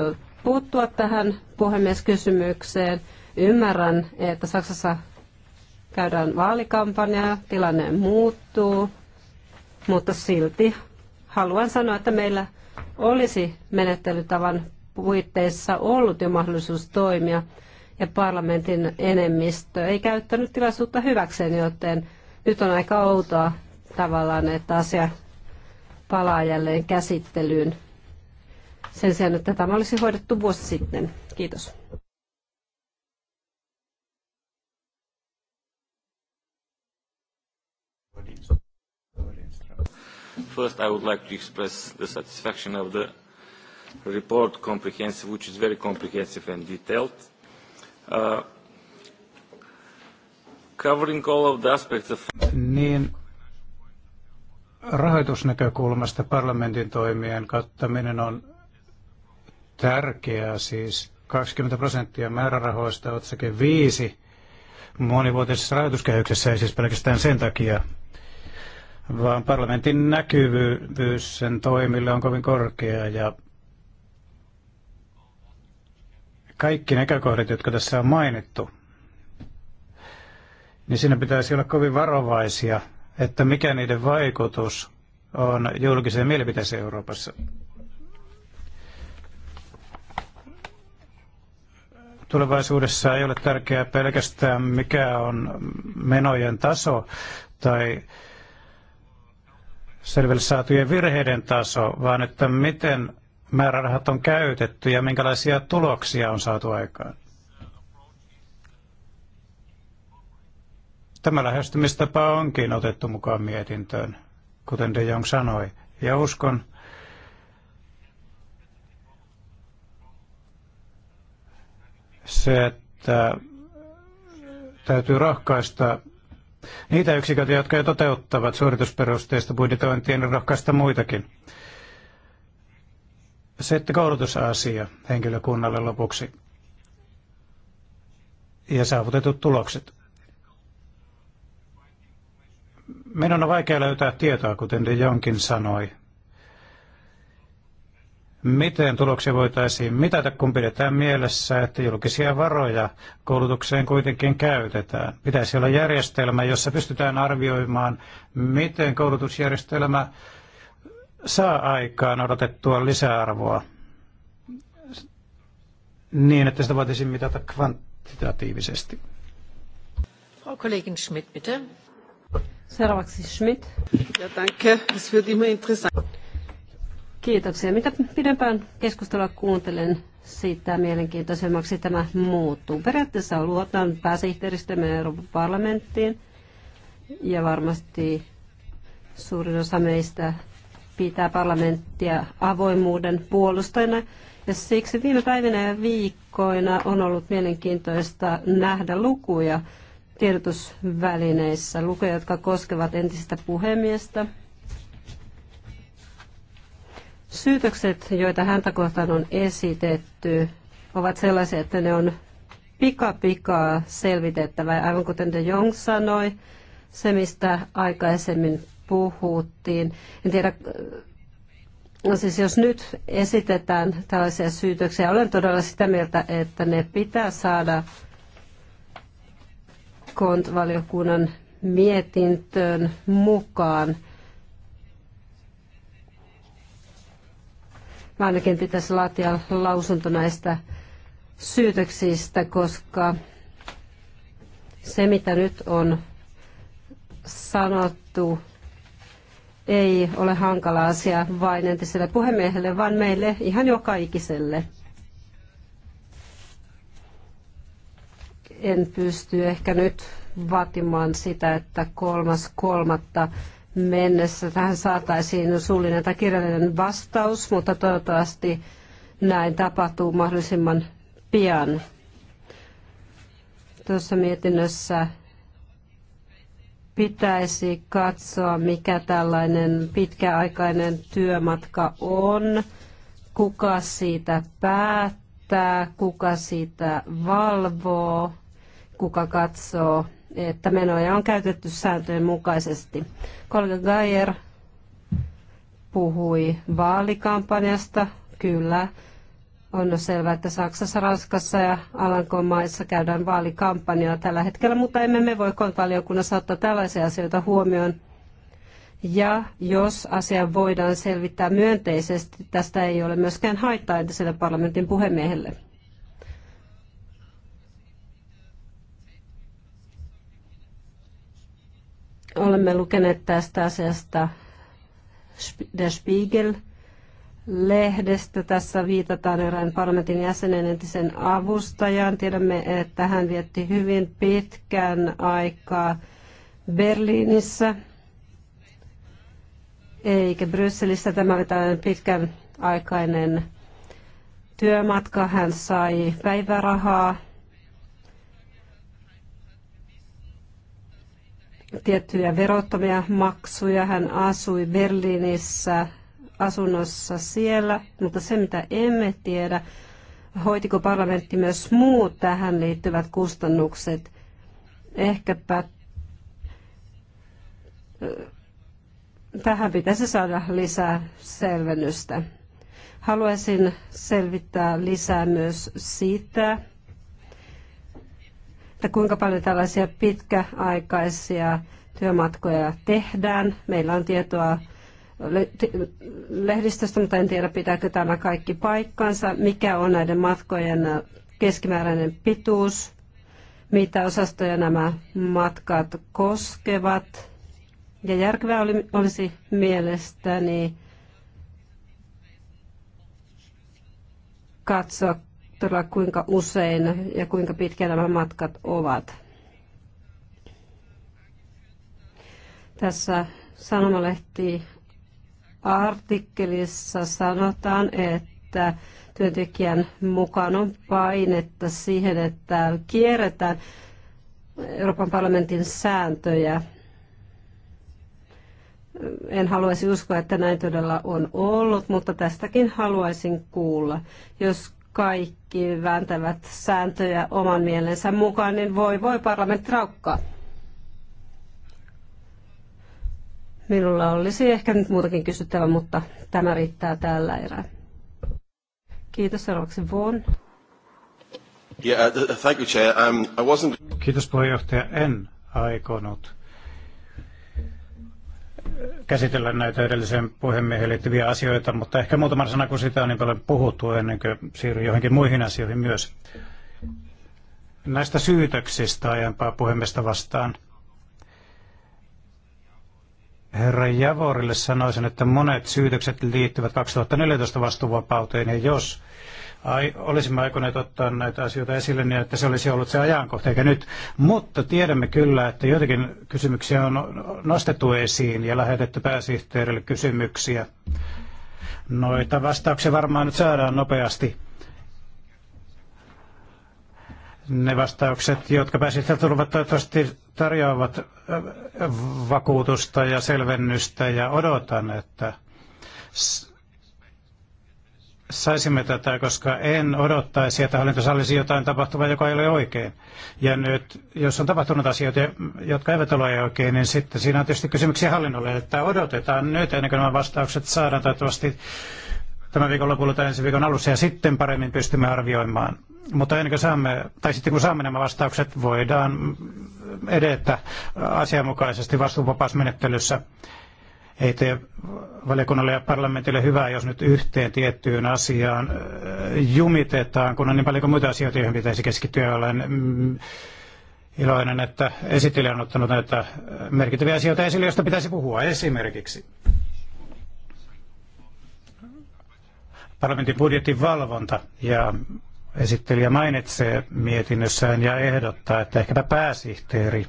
puuttua tähän puhemieskysymykseen. Ymmärrän, että Saksassa käydään vaalikampanjaa, tilanne muuttuu, mutta silti haluan sanoa, että meillä – olisi menettelytavan puitteissa ollut jo mahdollisuus toimia ja parlamentin enemmistö ei käyttänyt tilaisuutta hyväkseen, joten nyt on aika outoa tavallaan, että asia palaa jälleen käsittelyyn sen sijaan, että tämä olisi hoidettu vuosi sitten. Kiitos. First, I would like to express the satisfaction of the report comprehensive, which is very comprehensive and detailed. Uh, covering all of the aspects of... Niin rahoitusnäkökulmasta parlamentin toimien kattaminen on tärkeää, siis 20 prosenttia määrärahoista otsake 5 monivuotisessa rahoituskehyksessä, ei siis pelkästään sen takia, vaan parlamentin näkyvyys sen toimille on kovin korkea ja kaikki näkökohdat, jotka tässä on mainittu, niin siinä pitäisi olla kovin varovaisia, että mikä niiden vaikutus on julkiseen mielipiteeseen Euroopassa. Tulevaisuudessa ei ole tärkeää pelkästään mikä on menojen taso tai selville saatujen virheiden taso, vaan että miten määrärahat on käytetty ja minkälaisia tuloksia on saatu aikaan. Tämä lähestymistapa onkin otettu mukaan mietintöön, kuten De Jong sanoi, ja uskon, se, että täytyy rohkaista niitä yksiköitä, jotka jo toteuttavat suoritusperusteista budjetointia, niin rohkaista muitakin. Sitten koulutusasia henkilökunnalle lopuksi ja saavutetut tulokset. Meidän on vaikea löytää tietoa, kuten De Jonkin sanoi, Miten tuloksia voitaisiin mitata, kun pidetään mielessä, että julkisia varoja koulutukseen kuitenkin käytetään? Pitäisi olla järjestelmä, jossa pystytään arvioimaan, miten koulutusjärjestelmä saa aikaan odotettua lisäarvoa niin, että sitä voitaisiin mitata kvantitatiivisesti. Kollegin Schmidt, bitte. Seuraavaksi Schmidt. Ja, danke. Das wird immer interessant. Kiitoksia. Mitä pidempään keskustelua kuuntelen, sitä mielenkiintoisemmaksi tämä muuttuu. Periaatteessa luotan pääsihteeristömme Euroopan parlamenttiin ja varmasti suurin osa meistä pitää parlamenttia avoimuuden puolustajana. Ja siksi viime päivinä ja viikkoina on ollut mielenkiintoista nähdä lukuja tiedotusvälineissä, lukuja, jotka koskevat entistä puhemiestä, Syytökset, joita häntä kohtaan on esitetty, ovat sellaisia, että ne on pikaa selvitettävä. aivan kuten De Jong sanoi, se mistä aikaisemmin puhuttiin. En tiedä, no siis jos nyt esitetään tällaisia syytöksiä, olen todella sitä mieltä, että ne pitää saada kontvaliokunnan mietintöön mukaan. ainakin pitäisi laatia lausunto näistä syytöksistä, koska se, mitä nyt on sanottu, ei ole hankala asia vain entiselle puhemiehelle, vaan meille ihan joka ikiselle. En pysty ehkä nyt vaatimaan sitä, että kolmas kolmatta mennessä tähän saataisiin suullinen tai kirjallinen vastaus, mutta toivottavasti näin tapahtuu mahdollisimman pian. Tuossa mietinnössä pitäisi katsoa, mikä tällainen pitkäaikainen työmatka on, kuka siitä päättää, kuka siitä valvoo, kuka katsoo että menoja on käytetty sääntöjen mukaisesti. Kollega Geier puhui vaalikampanjasta. Kyllä, on selvää, että Saksassa, Ranskassa ja Alankomaissa käydään vaalikampanjaa tällä hetkellä, mutta emme me voi valiokunnassa ottaa tällaisia asioita huomioon. Ja jos asia voidaan selvittää myönteisesti, tästä ei ole myöskään haittaa entiselle parlamentin puhemiehelle. Olemme lukeneet tästä asiasta Der Spiegel-lehdestä. Tässä viitataan erään parlamentin jäsenen entisen avustajaan. Tiedämme, että hän vietti hyvin pitkän aikaa Berliinissä eikä Brysselissä. Tämä oli tällainen pitkän aikainen työmatka. Hän sai päivärahaa tiettyjä verottomia maksuja. Hän asui Berliinissä asunnossa siellä, mutta se mitä emme tiedä, hoitiko parlamentti myös muut tähän liittyvät kustannukset. Ehkäpä tähän pitäisi saada lisää selvennystä. Haluaisin selvittää lisää myös siitä, että kuinka paljon tällaisia pitkäaikaisia työmatkoja tehdään. Meillä on tietoa lehdistöstä, mutta en tiedä pitääkö tämä kaikki paikkansa. Mikä on näiden matkojen keskimääräinen pituus, mitä osastoja nämä matkat koskevat. Ja järkevää oli, olisi mielestäni katsoa, todella kuinka usein ja kuinka pitkiä nämä matkat ovat. Tässä sanomalehti artikkelissa sanotaan, että työntekijän mukaan on painetta siihen, että kierretään Euroopan parlamentin sääntöjä. En haluaisi uskoa, että näin todella on ollut, mutta tästäkin haluaisin kuulla. Jos kaikki kaikki vääntävät sääntöjä oman mielensä mukaan, niin voi voi parlamentti raukkaa. Minulla olisi ehkä nyt muutakin kysyttävä, mutta tämä riittää tällä erää. Kiitos seuraavaksi Vuon. Yeah, uh, thank you, Chair. Um, I wasn't... Kiitos puheenjohtaja. En aikonut käsitellä näitä edellisen puhemiehen liittyviä asioita, mutta ehkä muutama sana, kun sitä on niin paljon puhuttu ennen kuin siirry johonkin muihin asioihin myös. Näistä syytöksistä aiempaa puhemiestä vastaan. Herra Javorille sanoisin, että monet syytökset liittyvät 2014 vastuuvapauteen, ja jos olisimme aikoneet ottaa näitä asioita esille niin, että se olisi ollut se ajankohta, eikä nyt. Mutta tiedämme kyllä, että joitakin kysymyksiä on nostettu esiin ja lähetetty pääsihteerille kysymyksiä. Noita vastauksia varmaan nyt saadaan nopeasti. Ne vastaukset, jotka pääsihteerit tulevat toivottavasti tarjoavat äh, vakuutusta ja selvennystä ja odotan, että saisimme tätä, koska en odottaisi, että hallinto sallisi jotain tapahtuvaa, joka ei ole oikein. Ja nyt, jos on tapahtunut asioita, jotka eivät ole oikein, niin sitten siinä on tietysti kysymyksiä hallinnolle, että odotetaan nyt ennen kuin nämä vastaukset saadaan toivottavasti tämän viikon lopulla tai ensi viikon alussa ja sitten paremmin pystymme arvioimaan. Mutta ennen kuin saamme, tai sitten kun saamme nämä vastaukset, voidaan edetä asianmukaisesti vastuunvapausmenettelyssä. menettelyssä ei tee valiokunnalle ja parlamentille hyvää, jos nyt yhteen tiettyyn asiaan jumitetaan, kun on niin paljon kuin muita asioita, joihin pitäisi keskittyä. Olen mm, iloinen, että esittelijä on ottanut näitä merkittäviä asioita esille, joista pitäisi puhua esimerkiksi. Parlamentin budjetin valvonta ja esittelijä mainitsee mietinnössään ja ehdottaa, että ehkäpä pääsihteeri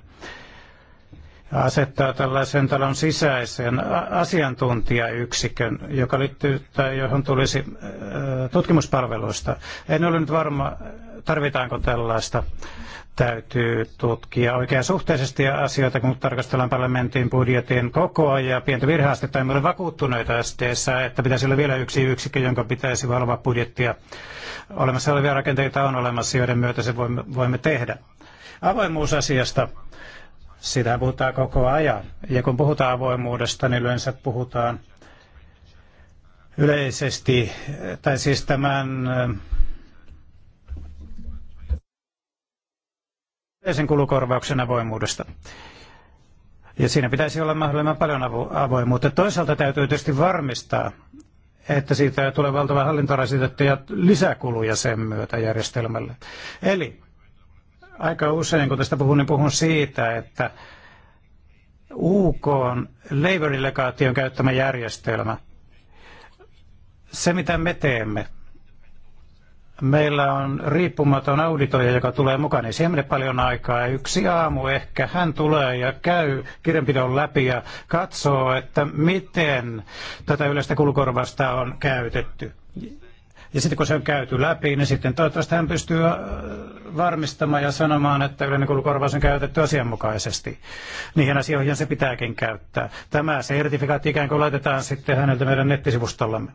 asettaa tällaisen talon sisäisen asiantuntijayksikön, joka liittyy tai johon tulisi tutkimuspalveluista. En ole nyt varma, tarvitaanko tällaista. Täytyy tutkia oikeasuhteisesti asioita, kun tarkastellaan parlamentin budjetin kokoa ja pientä virheastetta. Emme ole vakuuttuneita STssä, että pitäisi olla vielä yksi yksikkö, jonka pitäisi valvoa budjettia. Olemassa olevia rakenteita on olemassa, joiden myötä se voimme tehdä. Avoimuusasiasta. Sitä puhutaan koko ajan. Ja kun puhutaan avoimuudesta, niin yleensä puhutaan yleisesti, tai siis tämän eh, yleisen kulukorvauksen avoimuudesta. Ja siinä pitäisi olla mahdollisimman paljon avoimuutta. Toisaalta täytyy tietysti varmistaa, että siitä tulee valtava hallintorasitetta ja lisäkuluja sen myötä järjestelmälle. Eli aika usein, kun tästä puhun, niin puhun siitä, että UK on Labour-delegaation käyttämä järjestelmä. Se, mitä me teemme, meillä on riippumaton auditoija, joka tulee mukaan, niin siihen menee paljon aikaa. yksi aamu ehkä hän tulee ja käy kirjanpidon läpi ja katsoo, että miten tätä yleistä kulukorvasta on käytetty. Ja sitten kun se on käyty läpi, niin sitten toivottavasti hän pystyy äh, varmistamaan ja sanomaan, että yleinen kulukorvaus on käytetty asianmukaisesti. Niihin asioihin se pitääkin käyttää. Tämä sertifikaatti ikään kuin laitetaan sitten häneltä meidän nettisivustollamme.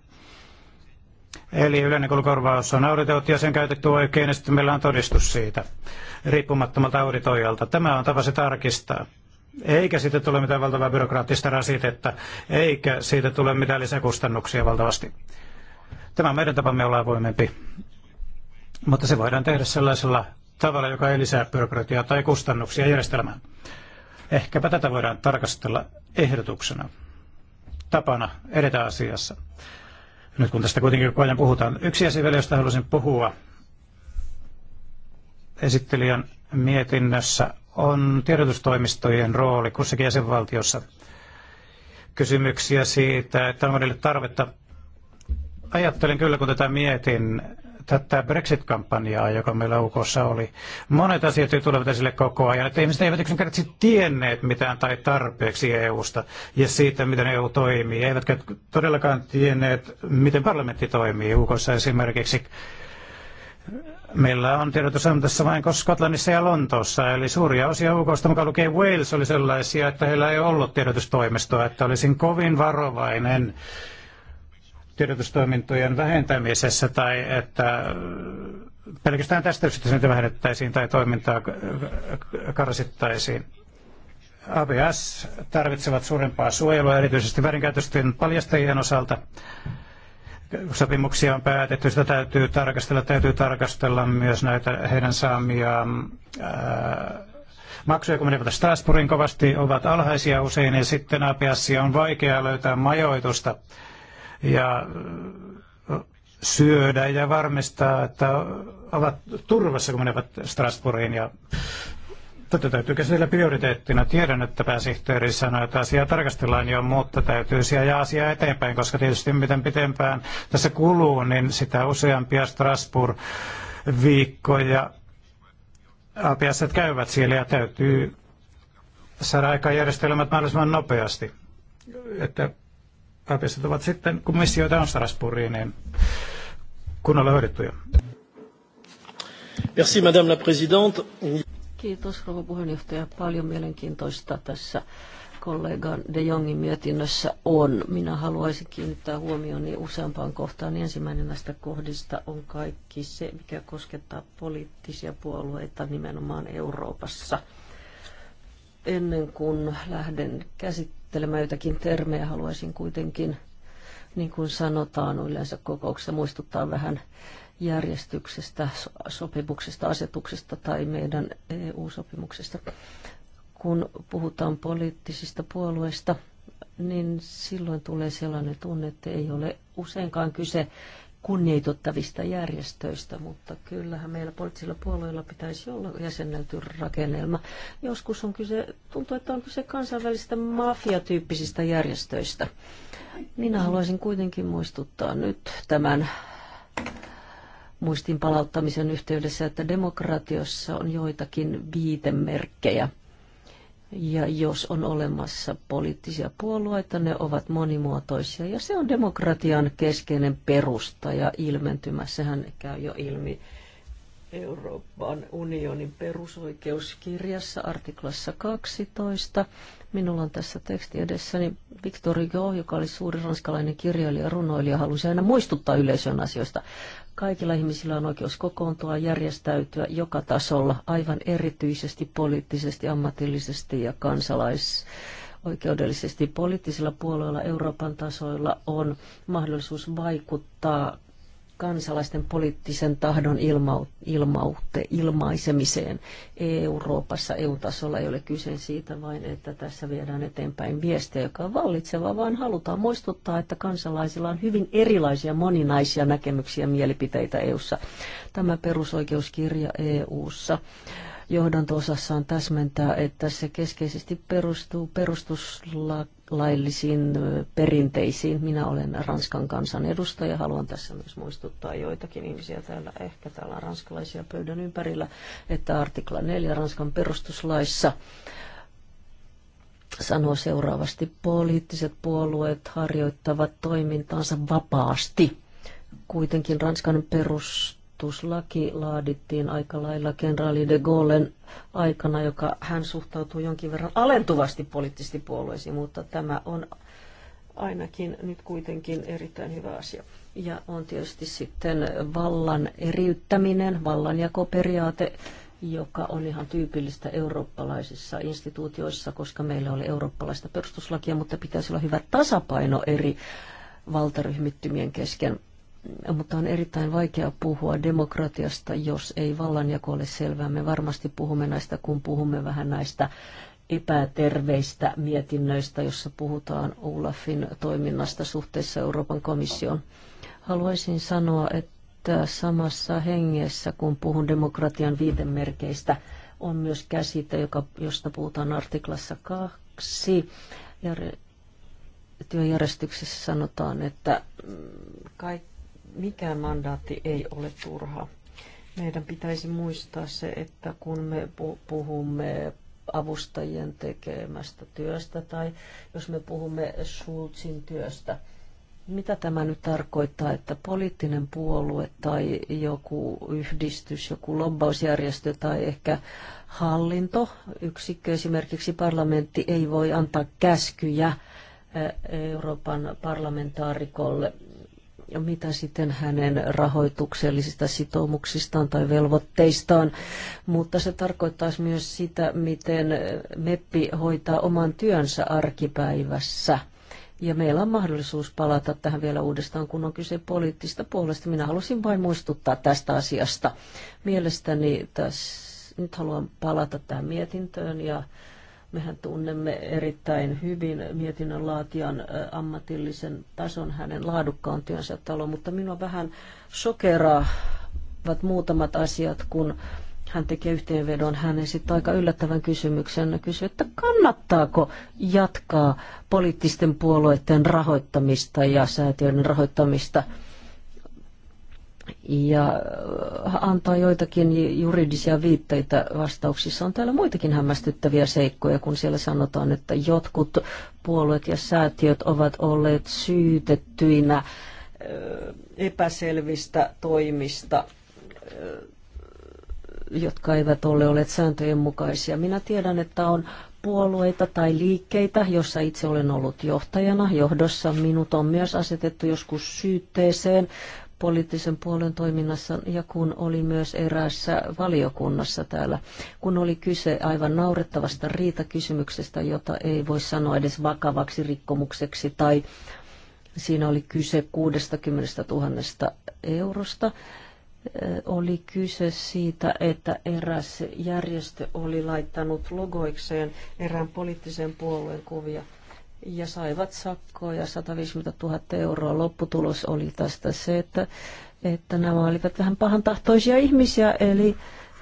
Eli yleinen kulukorvaus on auditoitu ja sen käytetty oikein, ja sitten meillä on todistus siitä riippumattomalta auditoijalta. Tämä on tapa se tarkistaa. Eikä siitä tule mitään valtavaa byrokraattista rasitetta, eikä siitä tule mitään lisäkustannuksia valtavasti. Tämä on meidän tapamme olla avoimempi, mutta se voidaan tehdä sellaisella tavalla, joka ei lisää byrokratiaa tai kustannuksia järjestelmään. Ehkäpä tätä voidaan tarkastella ehdotuksena, tapana edetä asiassa. Nyt kun tästä kuitenkin koko ajan puhutaan. Yksi asia vielä, josta haluaisin puhua esittelijän mietinnössä, on tiedotustoimistojen rooli kussakin jäsenvaltiossa. Kysymyksiä siitä, että on niille tarvetta Ajattelin kyllä, kun tätä mietin, tätä Brexit-kampanjaa, joka meillä UKssa oli. Monet asiat tulevat esille koko ajan, että ihmiset eivät yksinkertaisesti tienneet mitään tai tarpeeksi EUsta ja siitä, miten EU toimii. Eivätkä todellakaan tienneet, miten parlamentti toimii UKssa esimerkiksi. Meillä on tässä vain Skotlannissa ja Lontoossa, eli suuria osia UKsta, mukaan lukee Wales, oli sellaisia, että heillä ei ollut tiedotustoimistoa, että olisin kovin varovainen tiedotustoimintojen vähentämisessä tai että pelkästään tästä syystä niitä vähennettäisiin tai toimintaa karsittaisiin. ABS tarvitsevat suurempaa suojelua erityisesti väärinkäytösten paljastajien osalta. Sopimuksia on päätetty, sitä täytyy tarkastella, täytyy tarkastella myös näitä heidän saamiaan ää, maksuja, kun menevät Strasbourgin kovasti, ovat alhaisia usein ja sitten APS on vaikea löytää majoitusta ja syödä ja varmistaa, että ovat turvassa, kun menevät Strasbourgiin. Ja tätä täytyy käsitellä prioriteettina. Tiedän, että pääsihteeri sanoi, että asiaa tarkastellaan jo, mutta täytyy siellä asiaa eteenpäin, koska tietysti miten pitempään tässä kuluu, niin sitä useampia Strasbourg-viikkoja APS käyvät siellä ja täytyy saada aikaan järjestelmät mahdollisimman nopeasti, että papistot ovat sitten, kun missioita on Strasbourgiin, niin kunnolla jo. Merci, Madame la Présidente. Kiitos, rouva puheenjohtaja. Paljon mielenkiintoista tässä kollegan De Jongin mietinnössä on. Minä haluaisin kiinnittää huomioni useampaan kohtaan. Ensimmäinen näistä kohdista on kaikki se, mikä koskettaa poliittisia puolueita nimenomaan Euroopassa. Ennen kuin lähden käsittämään määrittelemään jotakin termejä. Haluaisin kuitenkin, niin kuin sanotaan yleensä kokouksessa, muistuttaa vähän järjestyksestä, sopimuksesta, asetuksesta tai meidän EU-sopimuksesta. Kun puhutaan poliittisista puolueista, niin silloin tulee sellainen tunne, että ei ole useinkaan kyse kunnioitettavista järjestöistä, mutta kyllähän meillä poliittisilla puolueilla pitäisi olla jäsennelty rakennelma. Joskus on kyse, tuntuu, että on kyse kansainvälisistä mafiatyyppisistä järjestöistä. Minä haluaisin kuitenkin muistuttaa nyt tämän muistin palauttamisen yhteydessä, että demokratiossa on joitakin viitemerkkejä – ja jos on olemassa poliittisia puolueita, ne ovat monimuotoisia. Ja se on demokratian keskeinen perusta ja ilmentymä. Sehän käy jo ilmi Euroopan unionin perusoikeuskirjassa artiklassa 12. Minulla on tässä teksti edessäni Victor Hugo, joka oli suuri ranskalainen kirjailija ja runoilija, halusi aina muistuttaa yleisön asioista. Kaikilla ihmisillä on oikeus kokoontua, järjestäytyä joka tasolla, aivan erityisesti poliittisesti, ammatillisesti ja kansalais oikeudellisesti poliittisilla puolueilla Euroopan tasoilla on mahdollisuus vaikuttaa kansalaisten poliittisen tahdon ilma, ilmautte, ilmaisemiseen Euroopassa, EU-tasolla ei ole kyse siitä vain, että tässä viedään eteenpäin viestiä, joka on vallitseva, vaan halutaan muistuttaa, että kansalaisilla on hyvin erilaisia moninaisia näkemyksiä ja mielipiteitä EUssa. Tämä perusoikeuskirja EUssa ssa johdanto-osassaan täsmentää, että se keskeisesti perustuu perustuslaillisiin perinteisiin. Minä olen Ranskan kansan edustaja. Haluan tässä myös muistuttaa joitakin ihmisiä täällä, ehkä täällä on ranskalaisia pöydän ympärillä, että artikla 4 Ranskan perustuslaissa sanoo seuraavasti, poliittiset puolueet harjoittavat toimintaansa vapaasti. Kuitenkin Ranskan perus vakuutuslaki laadittiin aika lailla kenraali de Gaullen aikana, joka hän suhtautuu jonkin verran alentuvasti poliittisesti puolueisiin, mutta tämä on ainakin nyt kuitenkin erittäin hyvä asia. Ja on tietysti sitten vallan eriyttäminen, vallanjakoperiaate, joka on ihan tyypillistä eurooppalaisissa instituutioissa, koska meillä oli eurooppalaista perustuslakia, mutta pitäisi olla hyvä tasapaino eri valtaryhmittymien kesken mutta on erittäin vaikea puhua demokratiasta, jos ei vallanjako ole selvää. Me varmasti puhumme näistä, kun puhumme vähän näistä epäterveistä mietinnöistä, jossa puhutaan Olafin toiminnasta suhteessa Euroopan komissioon. Haluaisin sanoa, että samassa hengessä, kun puhun demokratian viitemerkeistä, on myös käsite, joka, josta puhutaan artiklassa kaksi. ja työjärjestyksessä sanotaan, että kaikki mikään mandaatti ei ole turha. Meidän pitäisi muistaa se, että kun me puhumme avustajien tekemästä työstä tai jos me puhumme Schulzin työstä, mitä tämä nyt tarkoittaa, että poliittinen puolue tai joku yhdistys, joku lobbausjärjestö tai ehkä hallinto, yksikkö esimerkiksi parlamentti ei voi antaa käskyjä Euroopan parlamentaarikolle ja mitä sitten hänen rahoituksellisista sitoumuksistaan tai velvoitteistaan, mutta se tarkoittaisi myös sitä, miten MEPPI hoitaa oman työnsä arkipäivässä. Ja meillä on mahdollisuus palata tähän vielä uudestaan, kun on kyse poliittista puolesta. Minä halusin vain muistuttaa tästä asiasta. Mielestäni tässä, nyt haluan palata tähän mietintöön ja Mehän tunnemme erittäin hyvin mietinnön laatijan ammatillisen tason, hänen laadukkaan työnsä talo, mutta minua vähän sokeraavat muutamat asiat, kun hän tekee yhteenvedon, hän esittää aika yllättävän kysymyksen, kysyy, että kannattaako jatkaa poliittisten puolueiden rahoittamista ja säätiöiden rahoittamista – ja äh, antaa joitakin juridisia viitteitä vastauksissa. On täällä muitakin hämmästyttäviä seikkoja, kun siellä sanotaan, että jotkut puolueet ja säätiöt ovat olleet syytettyinä äh, epäselvistä toimista, äh, jotka eivät ole olleet sääntöjen mukaisia. Minä tiedän, että on puolueita tai liikkeitä, jossa itse olen ollut johtajana. Johdossa minut on myös asetettu joskus syytteeseen poliittisen puolen toiminnassa ja kun oli myös eräässä valiokunnassa täällä, kun oli kyse aivan naurettavasta riitakysymyksestä, jota ei voi sanoa edes vakavaksi rikkomukseksi tai siinä oli kyse 60 000 eurosta eh, oli kyse siitä, että eräs järjestö oli laittanut logoikseen erään poliittisen puolueen kuvia ja saivat ja 150 000 euroa. Lopputulos oli tästä se, että, että nämä olivat vähän pahantahtoisia ihmisiä, eli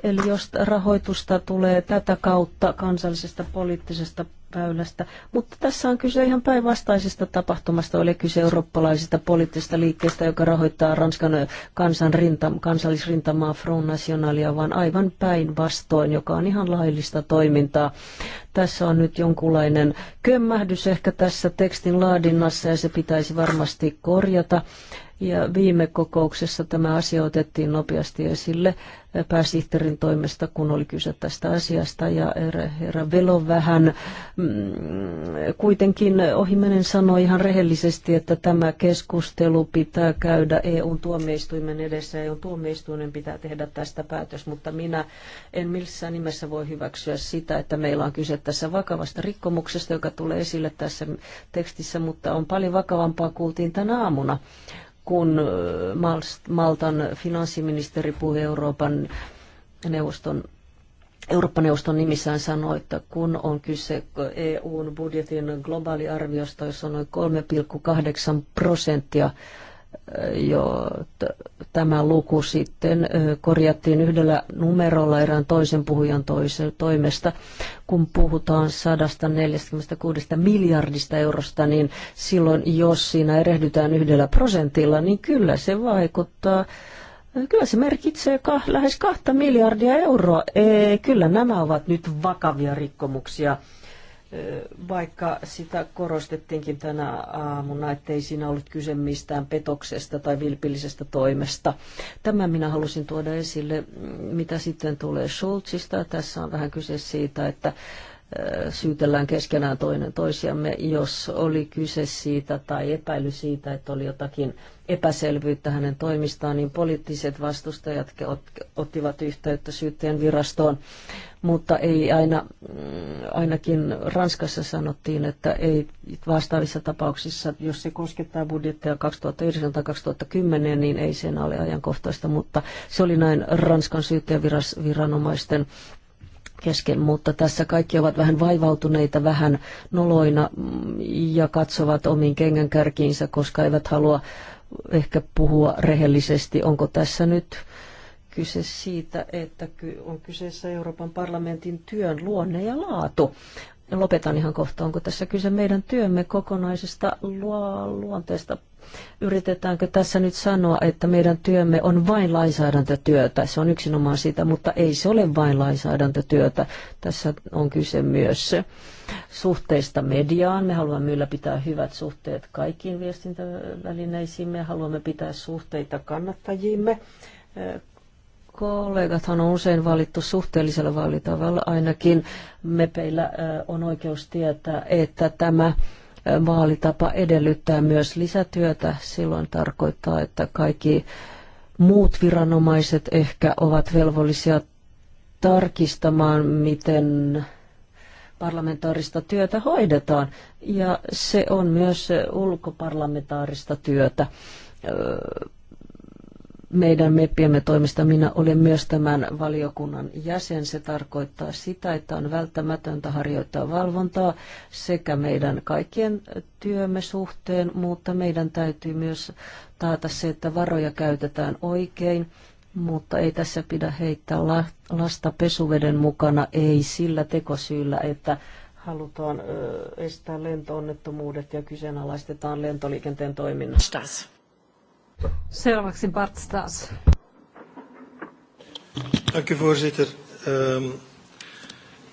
Eli jos rahoitusta tulee tätä kautta kansallisesta poliittisesta väylästä. Mutta tässä on kyse ihan päinvastaisesta tapahtumasta. Oli kyse eurooppalaisesta poliittisesta liikkeestä, joka rahoittaa Ranskan kansan rinta, kansallisrintamaa Front Nationalia, vaan aivan päinvastoin, joka on ihan laillista toimintaa. Tässä on nyt jonkunlainen kömmähdys ehkä tässä tekstin laadinnassa ja se pitäisi varmasti korjata. Ja viime kokouksessa tämä asia otettiin nopeasti esille pääsihteerin toimesta, kun oli kyse tästä asiasta. Ja herra Velo vähän mm, kuitenkin ohimenen sanoi ihan rehellisesti, että tämä keskustelu pitää käydä eu tuomioistuimen edessä. eu tuomioistuimen pitää tehdä tästä päätös, mutta minä en missään nimessä voi hyväksyä sitä, että meillä on kyse tässä vakavasta rikkomuksesta, joka tulee esille tässä tekstissä, mutta on paljon vakavampaa kuultiin tänä aamuna kun Maltan finanssiministeri puhui Euroopan neuvoston Eurooppa-neuvoston nimissään sanoi, että kun on kyse EUn budjetin globaaliarviosta, jossa on noin 3,8 prosenttia jo tämä luku sitten korjattiin yhdellä numerolla erään toisen puhujan toisen toimesta. Kun puhutaan 146 miljardista eurosta, niin silloin jos siinä erehdytään yhdellä prosentilla, niin kyllä se vaikuttaa Kyllä se merkitsee ka- lähes kahta miljardia euroa. Ee, kyllä nämä ovat nyt vakavia rikkomuksia vaikka sitä korostettiinkin tänä aamuna, ettei siinä ollut kyse mistään petoksesta tai vilpillisestä toimesta. Tämän minä halusin tuoda esille, mm, mitä sitten tulee Scholzista. Tässä on vähän kyse siitä, että syytellään keskenään toinen toisiamme, jos oli kyse siitä tai epäily siitä, että oli jotakin epäselvyyttä hänen toimistaan, niin poliittiset vastustajat ottivat yhteyttä syytteen virastoon. Mutta ei aina, mm, ainakin Ranskassa sanottiin, että ei vastaavissa tapauksissa, jos se koskettaa budjettia 2009 tai 2010, niin ei sen ole ajankohtaista, mutta se oli näin Ranskan syyttäjäviranomaisten kesken, mutta tässä kaikki ovat vähän vaivautuneita, vähän noloina ja katsovat omiin kengänkärkiinsä, koska eivät halua ehkä puhua rehellisesti. Onko tässä nyt kyse siitä, että on kyseessä Euroopan parlamentin työn luonne ja laatu? Lopetan ihan kohta. Onko tässä kyse meidän työmme kokonaisesta luonteesta? Yritetäänkö tässä nyt sanoa, että meidän työmme on vain lainsäädäntötyötä? Se on yksinomaan sitä, mutta ei se ole vain lainsäädäntötyötä. Tässä on kyse myös suhteista mediaan. Me haluamme ylläpitää hyvät suhteet kaikkiin viestintävälineisiimme. Haluamme pitää suhteita kannattajiimme. Kollegathan on usein valittu suhteellisella valitavalla. Ainakin mepeillä on oikeus tietää, että tämä vaalitapa edellyttää myös lisätyötä. Silloin tarkoittaa, että kaikki muut viranomaiset ehkä ovat velvollisia tarkistamaan, miten parlamentaarista työtä hoidetaan. Ja se on myös ulkoparlamentaarista työtä meidän meppiemme toimista. Minä olen myös tämän valiokunnan jäsen. Se tarkoittaa sitä, että on välttämätöntä harjoittaa valvontaa sekä meidän kaikkien työmme suhteen, mutta meidän täytyy myös taata se, että varoja käytetään oikein. Mutta ei tässä pidä heittää lasta pesuveden mukana, ei sillä tekosyyllä, että halutaan estää lentoonnettomuudet ja kyseenalaistetaan lentoliikenteen toiminnasta. Bart Stas. Dank u voorzitter. Um,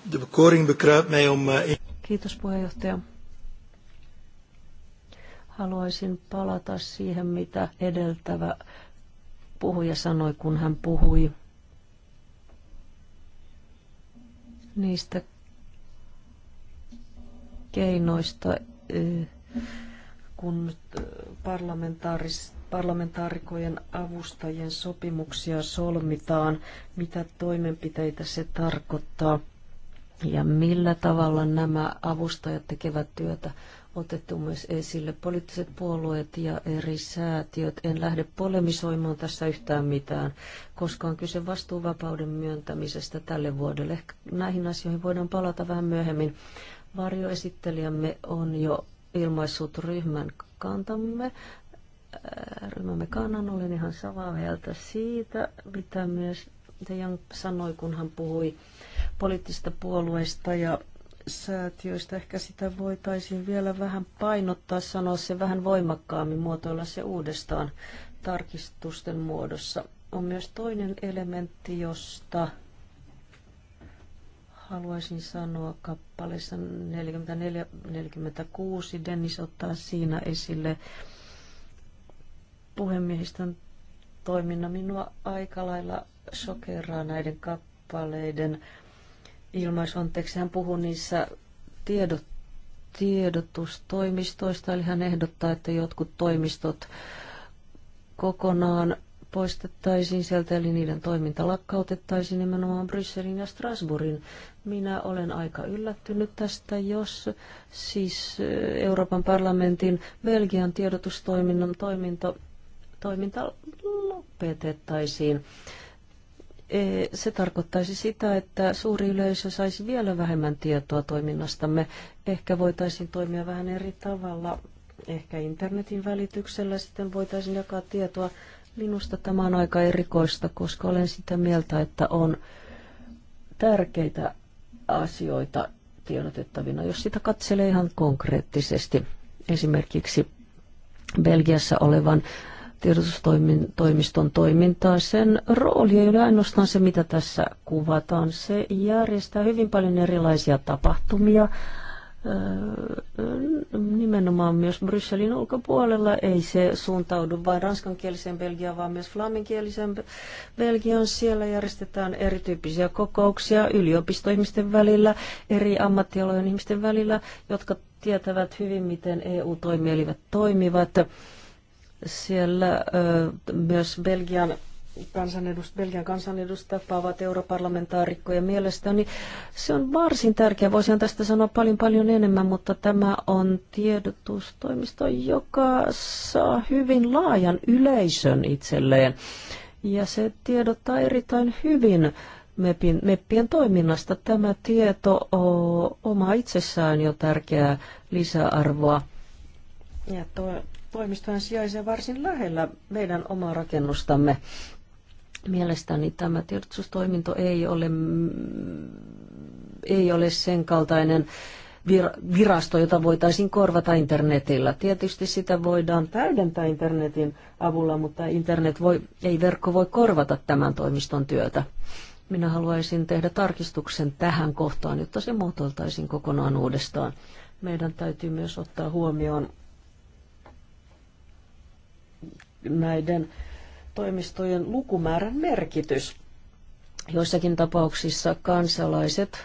de bekoring bekruipt mij om... Uh... Kiitos puheenjohtaja. Haluaisin palata siihen, mitä edeltävä puhuja sanoi, kun hän puhui niistä keinoista, eh, kun eh, parlamentaarista parlamentaarikojen avustajien sopimuksia solmitaan, mitä toimenpiteitä se tarkoittaa ja millä tavalla nämä avustajat tekevät työtä otettu myös esille poliittiset puolueet ja eri säätiöt. En lähde polemisoimaan tässä yhtään mitään, koska on kyse vastuuvapauden myöntämisestä tälle vuodelle. Ehkä näihin asioihin voidaan palata vähän myöhemmin. Varjoesittelijämme on jo ilmaissut ryhmän kantamme ryhmämme kannan. Olen ihan samaa mieltä siitä, mitä myös Dejan sanoi, kun hän puhui poliittisista puolueista ja säätiöistä. Ehkä sitä voitaisiin vielä vähän painottaa, sanoa se vähän voimakkaammin, muotoilla se uudestaan tarkistusten muodossa. On myös toinen elementti, josta haluaisin sanoa kappaleessa 44-46. Dennis ottaa siinä esille puhemiehistön toiminnan minua aika lailla sokeraa näiden kappaleiden ilmaisu. Anteeksi, hän puhuu niissä tiedot, tiedotustoimistoista, eli hän ehdottaa, että jotkut toimistot kokonaan poistettaisiin sieltä, eli niiden toiminta lakkautettaisiin nimenomaan Brysselin ja Strasbourgin. Minä olen aika yllättynyt tästä, jos siis Euroopan parlamentin Belgian tiedotustoiminnan toiminto toiminta lopetettaisiin. E, se tarkoittaisi sitä, että suuri yleisö saisi vielä vähemmän tietoa toiminnastamme. Ehkä voitaisiin toimia vähän eri tavalla, ehkä internetin välityksellä sitten voitaisiin jakaa tietoa. Minusta tämä on aika erikoista, koska olen sitä mieltä, että on tärkeitä asioita tiedotettavina, jos sitä katselee ihan konkreettisesti. Esimerkiksi Belgiassa olevan tiedotustoimiston toimintaa. Sen rooli ei ole ainoastaan se, mitä tässä kuvataan. Se järjestää hyvin paljon erilaisia tapahtumia, öö, nimenomaan myös Brysselin ulkopuolella. Ei se suuntaudu vain ranskankieliseen Belgiaan, vaan myös flaminkieliseen Belgiaan. Siellä järjestetään erityyppisiä kokouksia yliopistoihmisten välillä, eri ammattialojen ihmisten välillä, jotka tietävät hyvin, miten EU-toimielivät toimivat. Siellä myös Belgian kansanedust, Belgian kansanedustajat tapaavat europarlamentaarikkoja mielestäni. Niin se on varsin tärkeä. Voisin tästä sanoa paljon paljon enemmän, mutta tämä on tiedotustoimisto, joka saa hyvin laajan yleisön itselleen. Ja se tiedottaa erittäin hyvin MEPin, MEPien toiminnasta. Tämä tieto on oma itsessään jo tärkeää lisäarvoa. Ja to, toimistohan sijaisia varsin lähellä meidän omaa rakennustamme. Mielestäni tämä tiedotustoiminto ei ole, ei ole sen kaltainen virasto, jota voitaisiin korvata internetillä. Tietysti sitä voidaan täydentää internetin avulla, mutta internet voi, ei verkko voi korvata tämän toimiston työtä. Minä haluaisin tehdä tarkistuksen tähän kohtaan, jotta se muotoiltaisiin kokonaan uudestaan. Meidän täytyy myös ottaa huomioon näiden toimistojen lukumäärän merkitys. Joissakin tapauksissa kansalaiset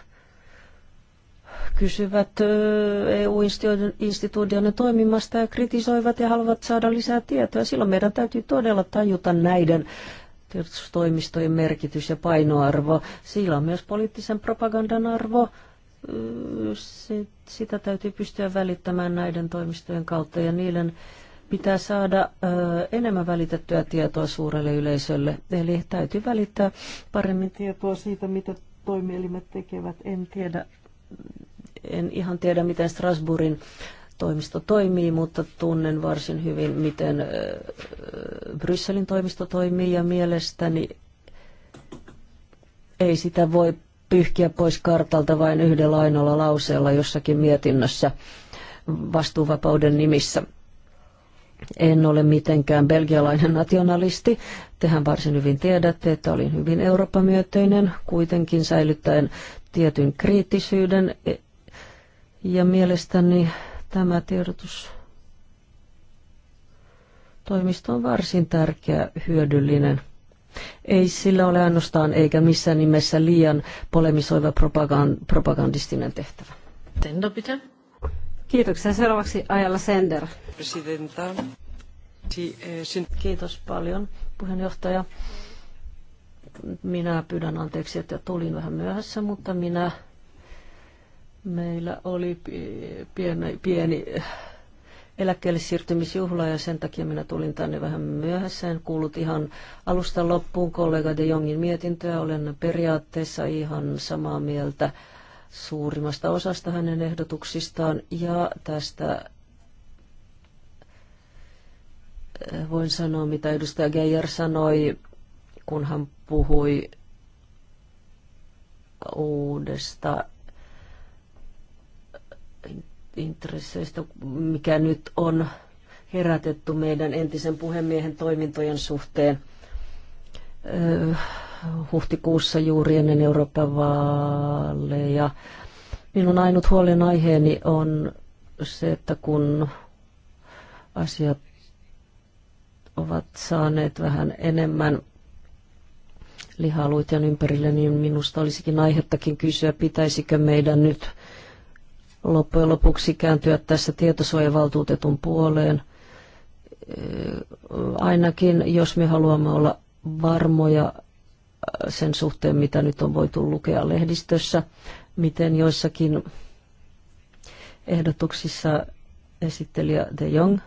kysyvät EU-instituutioiden toimimasta ja kritisoivat ja haluavat saada lisää tietoa. Silloin meidän täytyy todella tajuta näiden tiedotustoimistojen merkitys ja painoarvo. Sillä on myös poliittisen propagandan arvo. Sitä täytyy pystyä välittämään näiden toimistojen kautta ja niiden pitää saada enemmän välitettyä tietoa suurelle yleisölle. Eli täytyy välittää paremmin tietoa siitä, mitä toimielimet tekevät. En tiedä, en ihan tiedä, miten Strasbourgin toimisto toimii, mutta tunnen varsin hyvin, miten Brysselin toimisto toimii ja mielestäni ei sitä voi pyyhkiä pois kartalta vain yhdellä ainoalla lauseella jossakin mietinnössä vastuuvapauden nimissä. En ole mitenkään belgialainen nationalisti. Tehän varsin hyvin tiedätte, että olin hyvin eurooppa kuitenkin säilyttäen tietyn kriittisyyden. E- ja mielestäni tämä tiedotus toimisto on varsin tärkeä, hyödyllinen. Ei sillä ole ainoastaan eikä missään nimessä liian polemisoiva propagand, propagandistinen tehtävä. Tendo pitää. Kiitoksia. Seuraavaksi Ajalla Sender. Presidenta. Eh, Kiitos paljon, puheenjohtaja. Minä pyydän anteeksi, että tulin vähän myöhässä, mutta minä, meillä oli pieni, pieni eläkkeelle siirtymisjuhla ja sen takia minä tulin tänne vähän myöhässä. En kuullut ihan alusta loppuun kollega De Jongin mietintöä. Olen periaatteessa ihan samaa mieltä suurimmasta osasta hänen ehdotuksistaan ja tästä eh, voin sanoa, mitä edustaja Geijer sanoi, kun hän puhui uudesta intresseistä, mikä nyt on herätetty meidän entisen puhemiehen toimintojen suhteen. Öö, huhtikuussa juuri ennen Euroopan vaaleja. Minun ainut huolenaiheeni on se, että kun asiat ovat saaneet vähän enemmän lihaluitjan ympärille, niin minusta olisikin aihettakin kysyä, pitäisikö meidän nyt loppujen lopuksi kääntyä tässä tietosuojavaltuutetun puoleen. Ainakin jos me haluamme olla varmoja sen suhteen, mitä nyt on voitu lukea lehdistössä, miten joissakin ehdotuksissa esittelijä De Jong,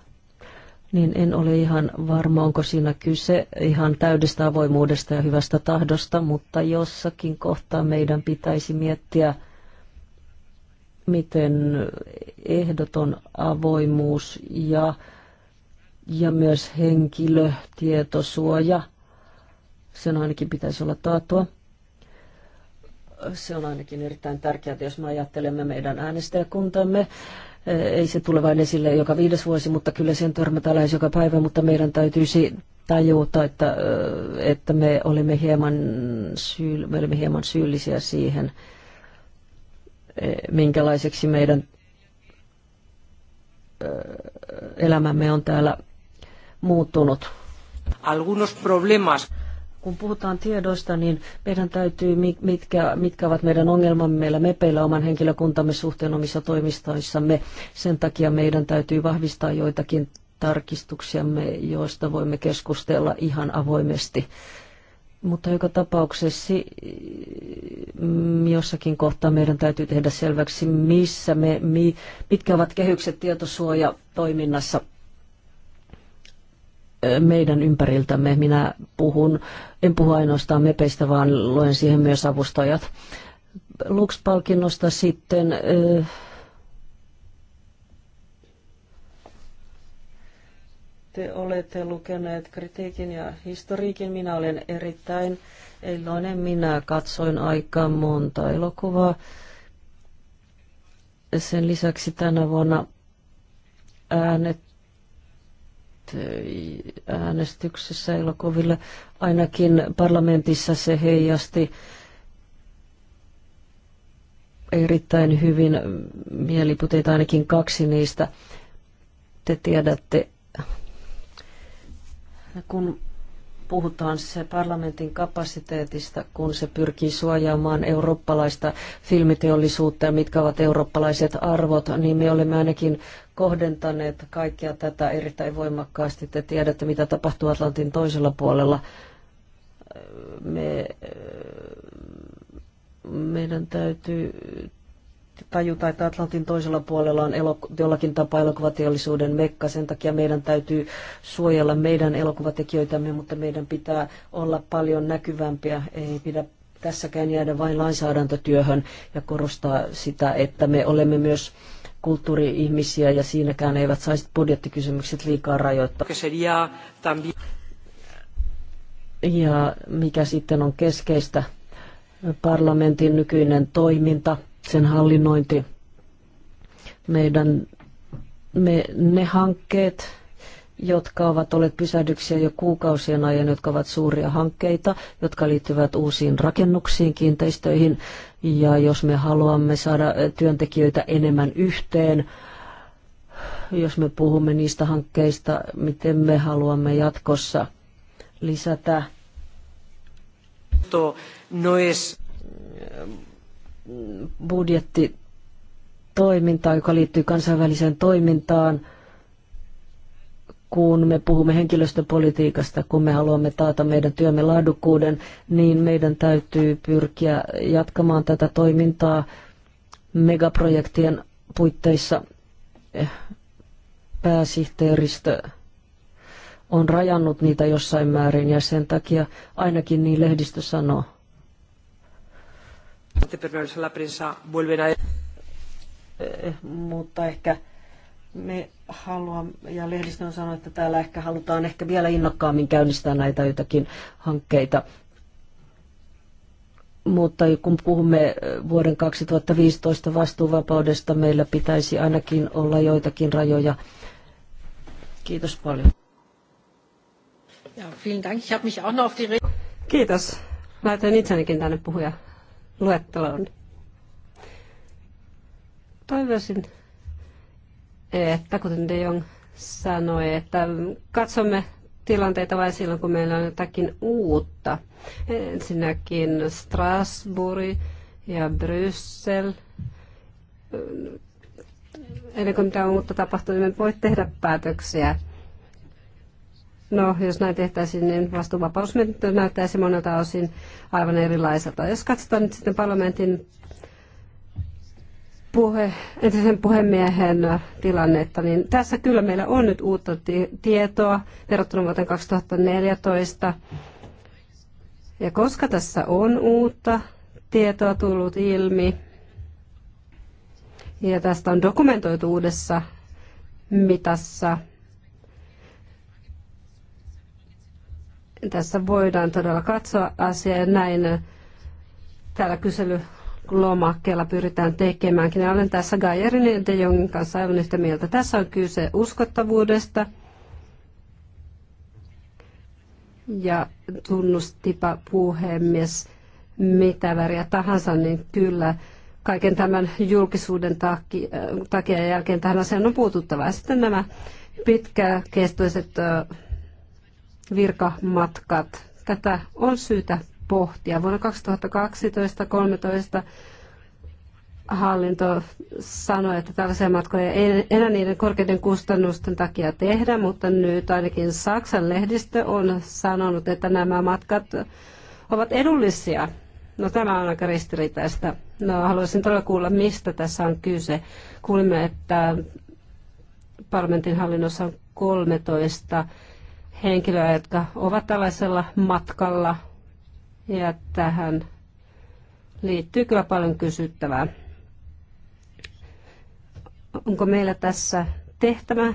niin en ole ihan varma, onko siinä kyse ihan täydestä avoimuudesta ja hyvästä tahdosta, mutta jossakin kohtaa meidän pitäisi miettiä, miten ehdoton avoimuus ja, ja myös henkilötietosuoja – sen ainakin pitäisi olla taattua. Se on ainakin erittäin tärkeää, jos me ajattelemme meidän äänestäjäkuntamme. Eh, ei se tule vain esille joka viides vuosi, mutta kyllä sen törmätään lähes joka päivä, mutta meidän täytyisi tajuta, että, eh, että me, olimme hieman syy, me olimme hieman syyllisiä siihen, eh, minkälaiseksi meidän elämämme on täällä muuttunut. Algunos problemas kun puhutaan tiedoista, niin meidän täytyy, mitkä, mitkä ovat meidän ongelmamme meillä mepeillä oman henkilökuntamme suhteen omissa toimistoissamme. Sen takia meidän täytyy vahvistaa joitakin tarkistuksiamme, joista voimme keskustella ihan avoimesti. Mutta joka tapauksessa mm, jossakin kohtaa meidän täytyy tehdä selväksi, missä me, mitkä ovat kehykset tietosuoja toiminnassa meidän ympäriltämme. Minä puhun, en puhu ainoastaan mepeistä, vaan luen siihen myös avustajat. Lux-palkinnosta sitten... Te olette lukeneet kritiikin ja historiikin. Minä olen erittäin iloinen. Minä katsoin aika monta elokuvaa. Sen lisäksi tänä vuonna äänet äänestyksessä elokoville. Ainakin parlamentissa se heijasti erittäin hyvin mielipiteitä, ainakin kaksi niistä. Te tiedätte, kun puhutaan se parlamentin kapasiteetista, kun se pyrkii suojaamaan eurooppalaista filmiteollisuutta ja mitkä ovat eurooppalaiset arvot, niin me olemme ainakin kohdentaneet kaikkia tätä erittäin voimakkaasti. Te tiedätte, mitä tapahtuu Atlantin toisella puolella. Me, meidän täytyy tajuta, että Atlantin toisella puolella on elok- jollakin tapaa elokuvateollisuuden mekka. Sen takia meidän täytyy suojella meidän elokuvatekijöitämme, mutta meidän pitää olla paljon näkyvämpiä. Ei pidä tässäkään jäädä vain lainsäädäntötyöhön ja korostaa sitä, että me olemme myös kulttuuri-ihmisiä ja siinäkään eivät saisi budjettikysymykset liikaa rajoittaa. Ja mikä sitten on keskeistä, parlamentin nykyinen toiminta, sen hallinnointi, meidän me, ne hankkeet, jotka ovat olleet pysähdyksiä jo kuukausien ajan, jotka ovat suuria hankkeita, jotka liittyvät uusiin rakennuksiin, kiinteistöihin. Ja jos me haluamme saada työntekijöitä enemmän yhteen, jos me puhumme niistä hankkeista, miten me haluamme jatkossa lisätä. No es budjettitoimintaa, joka liittyy kansainväliseen toimintaan – kun me puhumme henkilöstöpolitiikasta, kun me haluamme taata meidän työmme laadukkuuden, niin meidän täytyy pyrkiä jatkamaan tätä toimintaa megaprojektien puitteissa. Eh, pääsihteeristö on rajannut niitä jossain määrin ja sen takia ainakin niin lehdistö sanoo. Eh, eh, mutta ehkä me haluamme, ja lehdistö on sanonut, että täällä ehkä halutaan ehkä vielä innokkaammin käynnistää näitä jotakin hankkeita. Mutta kun puhumme eh, vuoden 2015 vastuuvapaudesta, meillä pitäisi ainakin olla joitakin rajoja. Kiitos paljon. Ja, vielen Dank. Ich habe mich auch noch auf die Kiitos. Laitan itsenikin tänne puhuja luetteloon. Toivoisin että kuten De Jong sanoi, että katsomme tilanteita vain silloin, kun meillä on jotakin uutta. Ensinnäkin Strasbourg ja Bryssel. Ennen kuin mitään uutta tapahtuu, niin me voi tehdä päätöksiä. No, jos näin tehtäisiin, niin vastuuvapausmietintö näyttäisi monelta osin aivan erilaiselta. Jos katsotaan nyt sitten parlamentin puhe, entisen puhemiehen tilannetta, niin tässä kyllä meillä on nyt uutta tietoa verrattuna vuoteen 2014. Ja koska tässä on uutta tietoa tullut ilmi, ja tästä on dokumentoitu uudessa mitassa, tässä voidaan todella katsoa asiaa ja näin täällä kysely lomakkeella pyritään tekemäänkin. Ja olen tässä Gajerin ja Jongin kanssa aivan yhtä mieltä. Tässä on kyse uskottavuudesta. Ja tunnustipa puhemies mitä väriä tahansa, niin kyllä kaiken tämän julkisuuden äh, takia ja jälkeen tähän asiaan on puututtava. Ja sitten nämä pitkäkestoiset äh, virkamatkat. Tätä on syytä pohtia. Vuonna 2012-2013 hallinto sanoi, että tällaisia matkoja ei enää niiden korkeiden kustannusten takia tehdä, mutta nyt ainakin Saksan lehdistö on sanonut, että nämä matkat ovat edullisia. No tämä on aika ristiriitaista. No haluaisin todella kuulla, mistä tässä on kyse. Kuulimme, että parlamentin hallinnossa on 13 henkilöä, jotka ovat tällaisella matkalla ja tähän liittyy kyllä paljon kysyttävää. Onko meillä tässä tehtävä?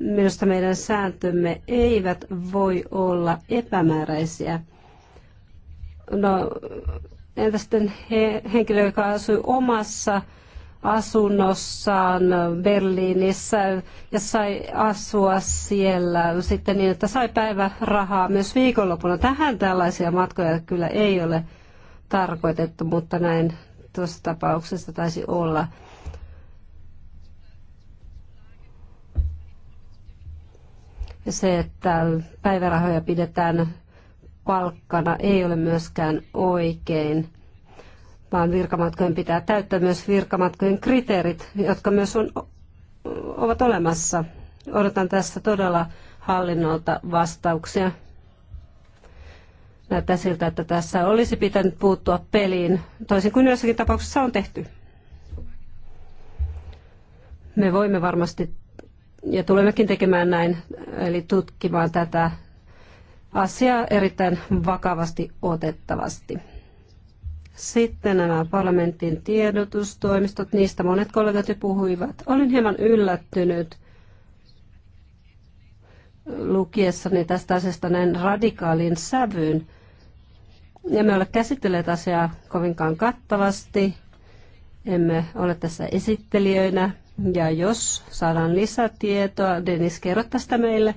Minusta meidän sääntömme eivät voi olla epämääräisiä. No, entä sitten he, henkilö, joka asui omassa asunnossaan Berliinissä ja sai asua siellä sitten niin, että sai päivärahaa myös viikonloppuna. Tähän tällaisia matkoja kyllä ei ole tarkoitettu, mutta näin tuossa tapauksessa taisi olla. Ja se, että päivärahoja pidetään palkkana, ei ole myöskään oikein vaan virkamatkojen pitää täyttää myös virkamatkojen kriteerit, jotka myös on, ovat olemassa. Odotan tässä todella hallinnolta vastauksia. Näyttää siltä, että tässä olisi pitänyt puuttua peliin, toisin kuin joissakin tapauksissa on tehty. Me voimme varmasti ja tulemmekin tekemään näin, eli tutkimaan tätä asiaa erittäin vakavasti otettavasti. Sitten nämä parlamentin tiedotustoimistot, niistä monet kollegat jo puhuivat. Olin hieman yllättynyt lukiessani tästä asiasta näin radikaalin sävyyn. Emme ole käsitelleet asiaa kovinkaan kattavasti, emme ole tässä esittelijöinä. Ja jos saadaan lisätietoa, Dennis, kerro tästä meille,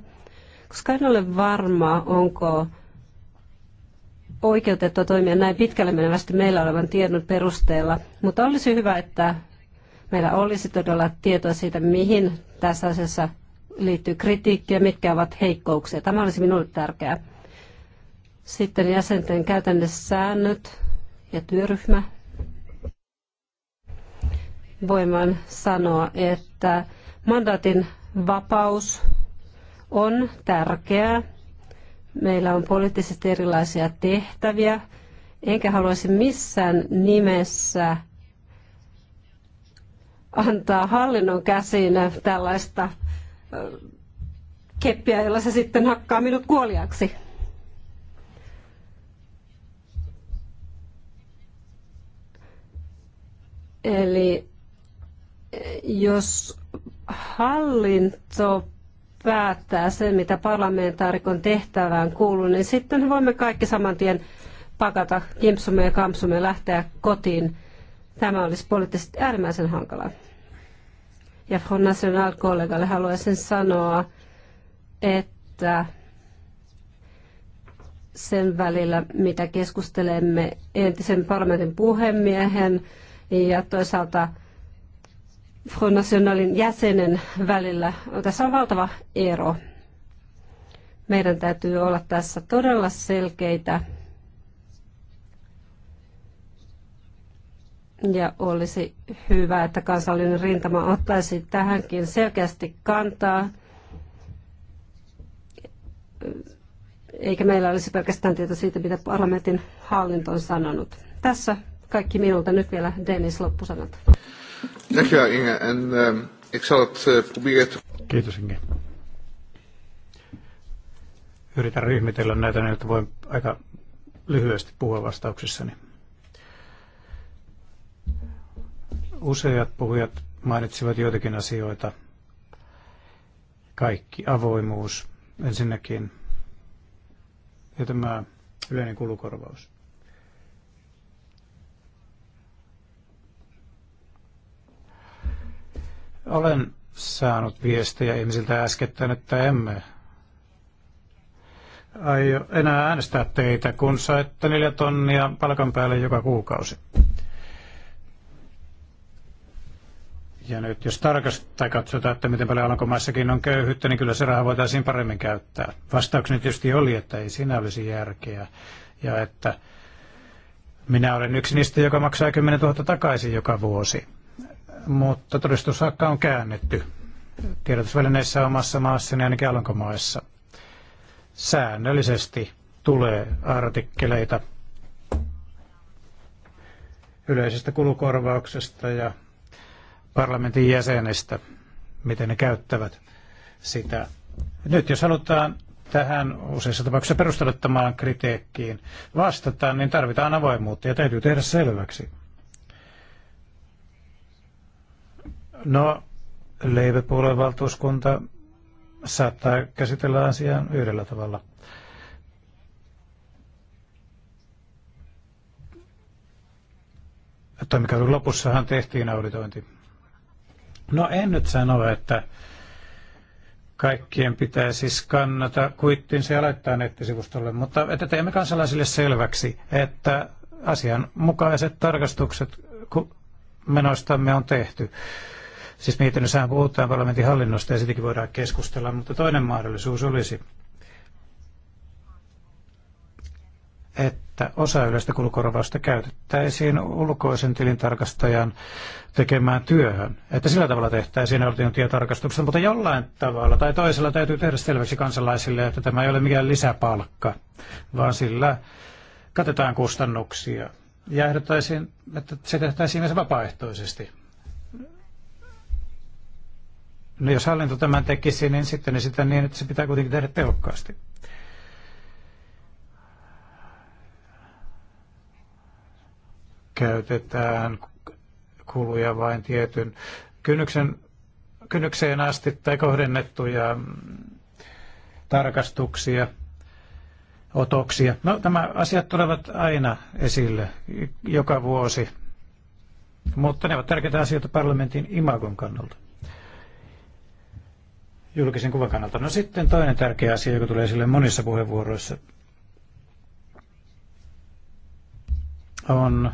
koska en ole varma, onko oikeutettua toimia näin pitkälle menevästi meillä olevan tiedon perusteella, mutta olisi hyvä, että meillä olisi todella tietoa siitä, mihin tässä asiassa liittyy kritiikkiä, mitkä ovat heikkouksia. Tämä olisi minulle tärkeää. Sitten jäsenten säännöt ja työryhmä. Voimaan sanoa, että mandaatin vapaus on tärkeää Meillä on poliittisesti erilaisia tehtäviä, enkä haluaisi missään nimessä antaa hallinnon käsiin tällaista keppiä, jolla se sitten hakkaa minut kuoliaksi. Eli eh, jos hallinto päättää sen, mitä parlamentaarikon tehtävään kuuluu, niin sitten voimme kaikki saman tien pakata kimpsumme ja kampsumme ja lähteä kotiin. Tämä olisi poliittisesti äärimmäisen hankalaa. Ja Front National-kollegalle haluaisin sanoa, että sen välillä, mitä keskustelemme entisen parlamentin puhemiehen ja toisaalta Front Nationalin jäsenen välillä. Tässä on valtava ero. Meidän täytyy olla tässä todella selkeitä. Ja olisi hyvä, että kansallinen rintama ottaisi tähänkin selkeästi kantaa. Eikä meillä olisi pelkästään tieto siitä, mitä parlamentin hallinto on sanonut. Tässä kaikki minulta. Nyt vielä Dennis loppusanat. Dankjewel Inge. En ehm, ik zal het uh, proberen te... Kiitos Inge. Yritän ryhmitellä näitä, niin että voin aika lyhyesti puhua vastauksessani. Useat puhujat mainitsivat joitakin asioita. Kaikki avoimuus ensinnäkin ja tämä yleinen kulukorvaus. Olen saanut viestejä ihmisiltä äskettäin, että emme aio enää äänestää teitä, kun saitte neljä tonnia palkan päälle joka kuukausi. Ja nyt jos tarkastaa katsotaan, että miten paljon Alankomaissakin on köyhyyttä, niin kyllä se raha voitaisiin paremmin käyttää. Vastaukseni tietysti oli, että ei siinä olisi järkeä. Ja että minä olen yksi niistä, joka maksaa 10 000 takaisin joka vuosi mutta todistusakka on käännetty tiedotusvälineissä omassa maassani ainakin Alankomaissa. Säännöllisesti tulee artikkeleita yleisestä kulukorvauksesta ja parlamentin jäsenistä, miten ne käyttävät sitä. Nyt jos halutaan tähän useissa tapauksissa perusteluttamaan kritiikkiin vastata, niin tarvitaan avoimuutta ja täytyy tehdä selväksi No, Leivepuolueen valtuuskunta saattaa käsitellä asiaa yhdellä tavalla. Toimikauden lopussahan tehtiin auditointi. No en nyt sano, että kaikkien pitäisi skannata kuittiin se laittaa nettisivustolle, mutta että teemme kansalaisille selväksi, että asianmukaiset tarkastukset menoistamme on tehty. Siis mietinnössähän puhutaan parlamentin hallinnosta ja siitäkin voidaan keskustella, mutta toinen mahdollisuus olisi, että osa yleistä kulukorvausta käytettäisiin ulkoisen tilintarkastajan tekemään työhön. Että sillä tavalla tehtäisiin valtiontietarkastuksen, mutta jollain tavalla tai toisella täytyy tehdä selväksi kansalaisille, että tämä ei ole mikään lisäpalkka, vaan sillä katetaan kustannuksia. Ja ehdottaisin, että se tehtäisiin myös vapaaehtoisesti. No jos hallinto tämän tekisi, niin sitten sitä niin, että se pitää kuitenkin tehdä tehokkaasti. Käytetään kuluja vain tietyn kynnyksen, kynnykseen asti tai kohdennettuja tarkastuksia, otoksia. No, tämä asiat tulevat aina esille joka vuosi, mutta ne ovat tärkeitä asioita parlamentin imagon kannalta julkisen kuvan kannalta. No sitten toinen tärkeä asia, joka tulee esille monissa puheenvuoroissa, on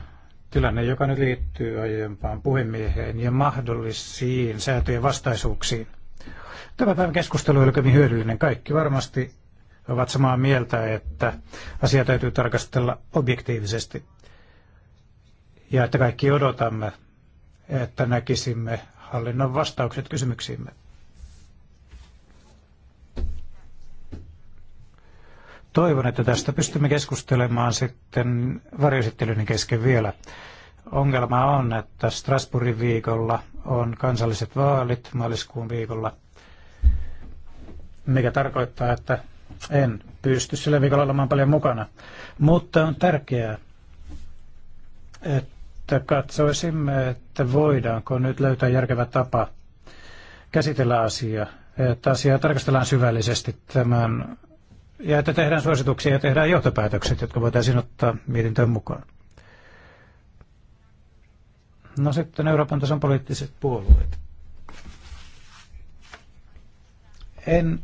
tilanne, joka nyt liittyy aiempaan puhemieheen ja mahdollisiin säätöjen vastaisuuksiin. Tämä päivän keskustelu oli hyvin hyödyllinen. Kaikki varmasti ovat samaa mieltä, että asia täytyy tarkastella objektiivisesti. Ja että kaikki odotamme, että näkisimme hallinnon vastaukset kysymyksiimme. Toivon, että tästä pystymme keskustelemaan sitten varjoesittelyn kesken vielä. Ongelma on, että Strasbourgin viikolla on kansalliset vaalit maaliskuun viikolla, mikä tarkoittaa, että en pysty sillä viikolla olemaan paljon mukana. Mutta on tärkeää, että katsoisimme, että voidaanko nyt löytää järkevä tapa käsitellä asiaa, että asiaa tarkastellaan syvällisesti tämän ja että tehdään suosituksia ja tehdään johtopäätökset, jotka voitaisiin ottaa mietintöön mukaan. No sitten Euroopan tason poliittiset puolueet. En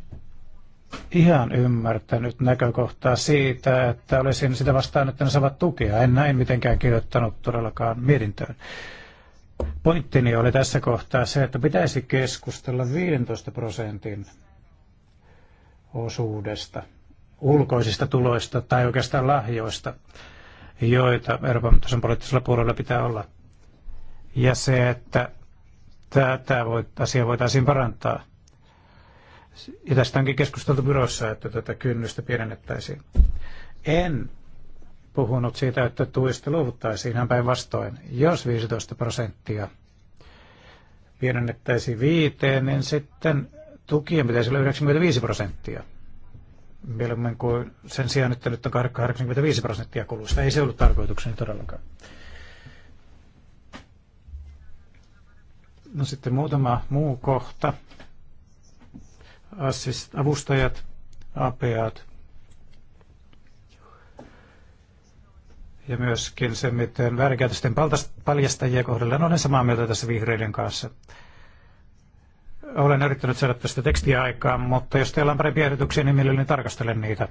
ihan ymmärtänyt näkökohtaa siitä, että olisin sitä vastaan, että ne saavat tukea. En näin mitenkään kirjoittanut todellakaan mietintöön. Pointtini oli tässä kohtaa se, että pitäisi keskustella 15 prosentin osuudesta – ulkoisista tuloista tai oikeastaan lahjoista, joita Euroopan tason poliittisella puolella pitää olla. Ja se, että tätä asia voitaisiin parantaa. Ja tästä onkin keskusteltu byrossa, että tätä kynnystä pienennettäisiin. En puhunut siitä, että tuista luovuttaisiin ihan päinvastoin. Jos 15 prosenttia pienennettäisiin viiteen, niin sitten tukien pitäisi olla 95 prosenttia mieluummin kuin sen sijaan, että nyt on 85 prosenttia kuluista. Ei se ollut tarkoitukseni todellakaan. No sitten muutama muu kohta. Assist, avustajat, apeat ja myöskin se, miten väärinkäytösten paljastajia kohdellaan. Olen samaa mieltä tässä vihreiden kanssa olen yrittänyt saada tästä tekstiä aikaan, mutta jos teillä on parempia ehdotuksia, niin mielelläni tarkastelen niitä.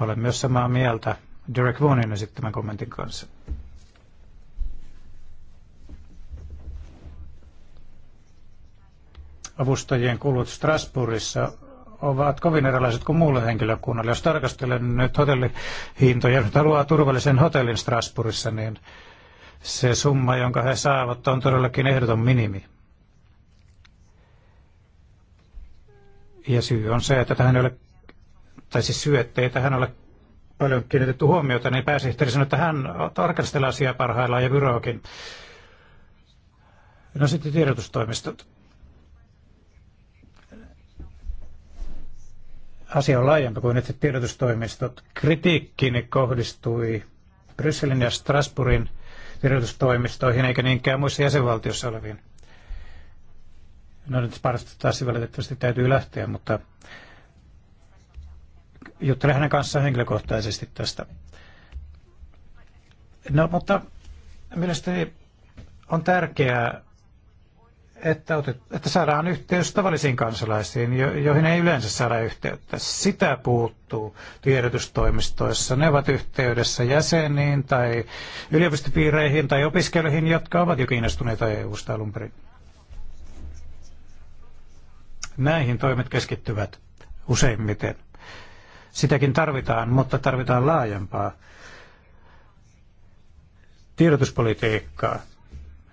Olen myös samaa mieltä Derek Vaughanin esittämän kommentin kanssa. Avustajien kulut Strasbourgissa ovat kovin erilaiset kuin muulle henkilökunnalle. Jos tarkastelen nyt hotellihintoja, jos haluaa turvallisen hotellin Strasbourgissa, niin se summa, jonka he saavat, on todellakin ehdoton minimi. Ja syy on se, että tähän ei ole, tai siis syy, ei tähän ole paljon kiinnitetty huomiota, niin pääsihteeri sanoi, että hän tarkastelee asiaa parhaillaan ja byrookin. No sitten tiedotustoimistot. Asia on laajempi kuin itse tiedotustoimistot. Kritiikkiini kohdistui Brysselin ja Strasbourgin tiedotustoimistoihin eikä niinkään muissa jäsenvaltiossa oleviin. No nyt taas valitettavasti täytyy lähteä, mutta juttelen hänen kanssaan henkilökohtaisesti tästä. No mutta mielestäni on tärkeää, että, otet, että saadaan yhteys tavallisiin kansalaisiin, jo, joihin ei yleensä saada yhteyttä. Sitä puuttuu tiedotustoimistoissa. Ne ovat yhteydessä jäseniin tai yliopistopiireihin tai opiskelijoihin, jotka ovat jo kiinnostuneita EU-sta alun perin. Näihin toimet keskittyvät useimmiten. Sitäkin tarvitaan, mutta tarvitaan laajempaa tiedotuspolitiikkaa,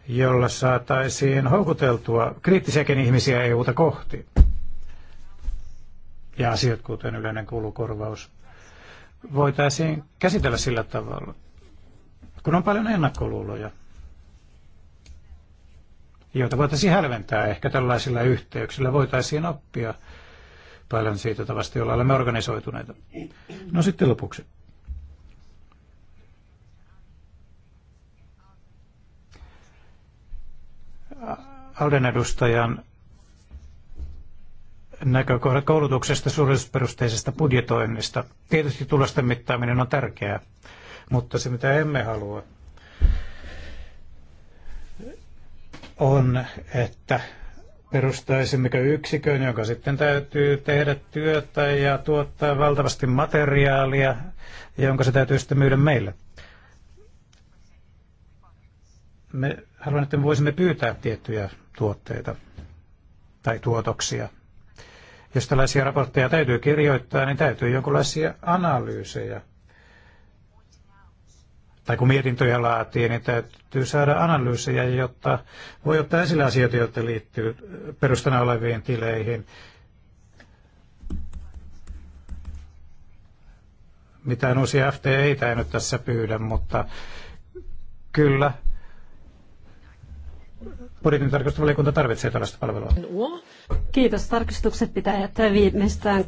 jolla saataisiin houkuteltua kriittisiäkin ihmisiä EUta kohti. Ja asiat, kuten yleinen kulukorvaus, voitaisiin käsitellä sillä tavalla, kun on paljon ennakkoluuloja joita voitaisiin hälventää ehkä tällaisilla yhteyksillä. Voitaisiin oppia paljon siitä tavasta, jolla olemme organisoituneita. No sitten lopuksi. Alden edustajan näkökohdat koulutuksesta, suoritusperusteisesta budjetoinnista. Tietysti tulosten mittaaminen on tärkeää, mutta se mitä emme halua on, että perustaisimmekö yksikön, jonka sitten täytyy tehdä työtä ja tuottaa valtavasti materiaalia, jonka se täytyy sitten myydä meille. Me haluan, että me voisimme pyytää tiettyjä tuotteita tai tuotoksia. Jos tällaisia raportteja täytyy kirjoittaa, niin täytyy jonkinlaisia analyysejä tai kun mietintöjä laatii, niin täytyy saada analyysejä, jotta voi ottaa esille asioita, joita liittyy perustana oleviin tileihin. Mitään uusia FT ei nyt tässä pyydä, mutta kyllä budjetin tarkastusvaliokunta tarvitsee tällaista palvelua. Kiitos. Tarkistukset pitää jättää viimeistään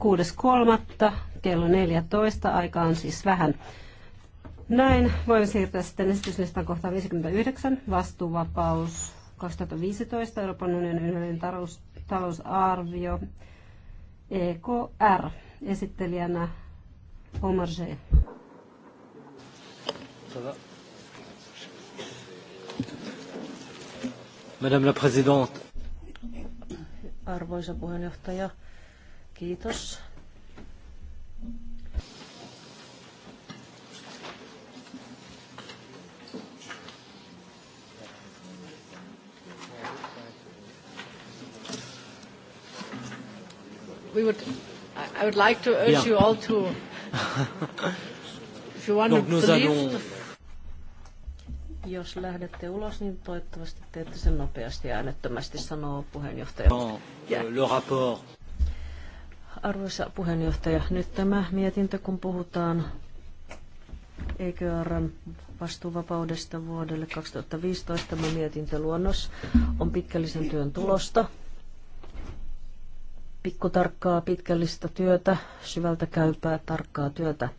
6.3. kello 14. Aika on siis vähän. Näin voimme siirtää sitten esityslistan kohtaan 59, vastuuvapaus 2015, Euroopan unionin yleinen talous, talousarvio, EKR, esittelijänä Omar G. Madame la Présidente. Arvoisa puheenjohtaja, kiitos. we would, I would like to urge yeah. you all to, if you want Donc to leave, allons... Jos lähdette ulos, niin toivottavasti teette sen nopeasti ja äänettömästi, sanoo puheenjohtaja. No, yeah. le rapport. Arvoisa puheenjohtaja, nyt tämä mietintö, kun puhutaan EKRn vastuuvapaudesta vuodelle 2015, tämä mietintöluonnos on pitkällisen työn tulosta pikkutarkkaa pitkällistä työtä, syvältä käypää tarkkaa työtä.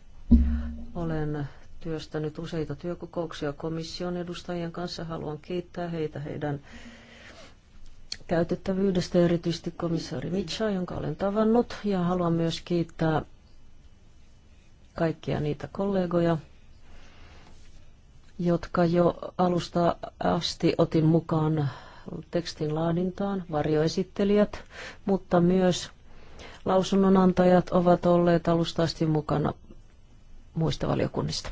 Olen työstänyt useita työkokouksia komission edustajien kanssa. Haluan kiittää heitä heidän käytettävyydestä, erityisesti komissaari Mitcha, jonka olen tavannut. Ja haluan myös kiittää kaikkia niitä kollegoja, jotka jo alusta asti otin mukaan tekstin laadintaan, varjoesittelijät, mutta myös lausunnonantajat ovat olleet alusta asti mukana muista valiokunnista.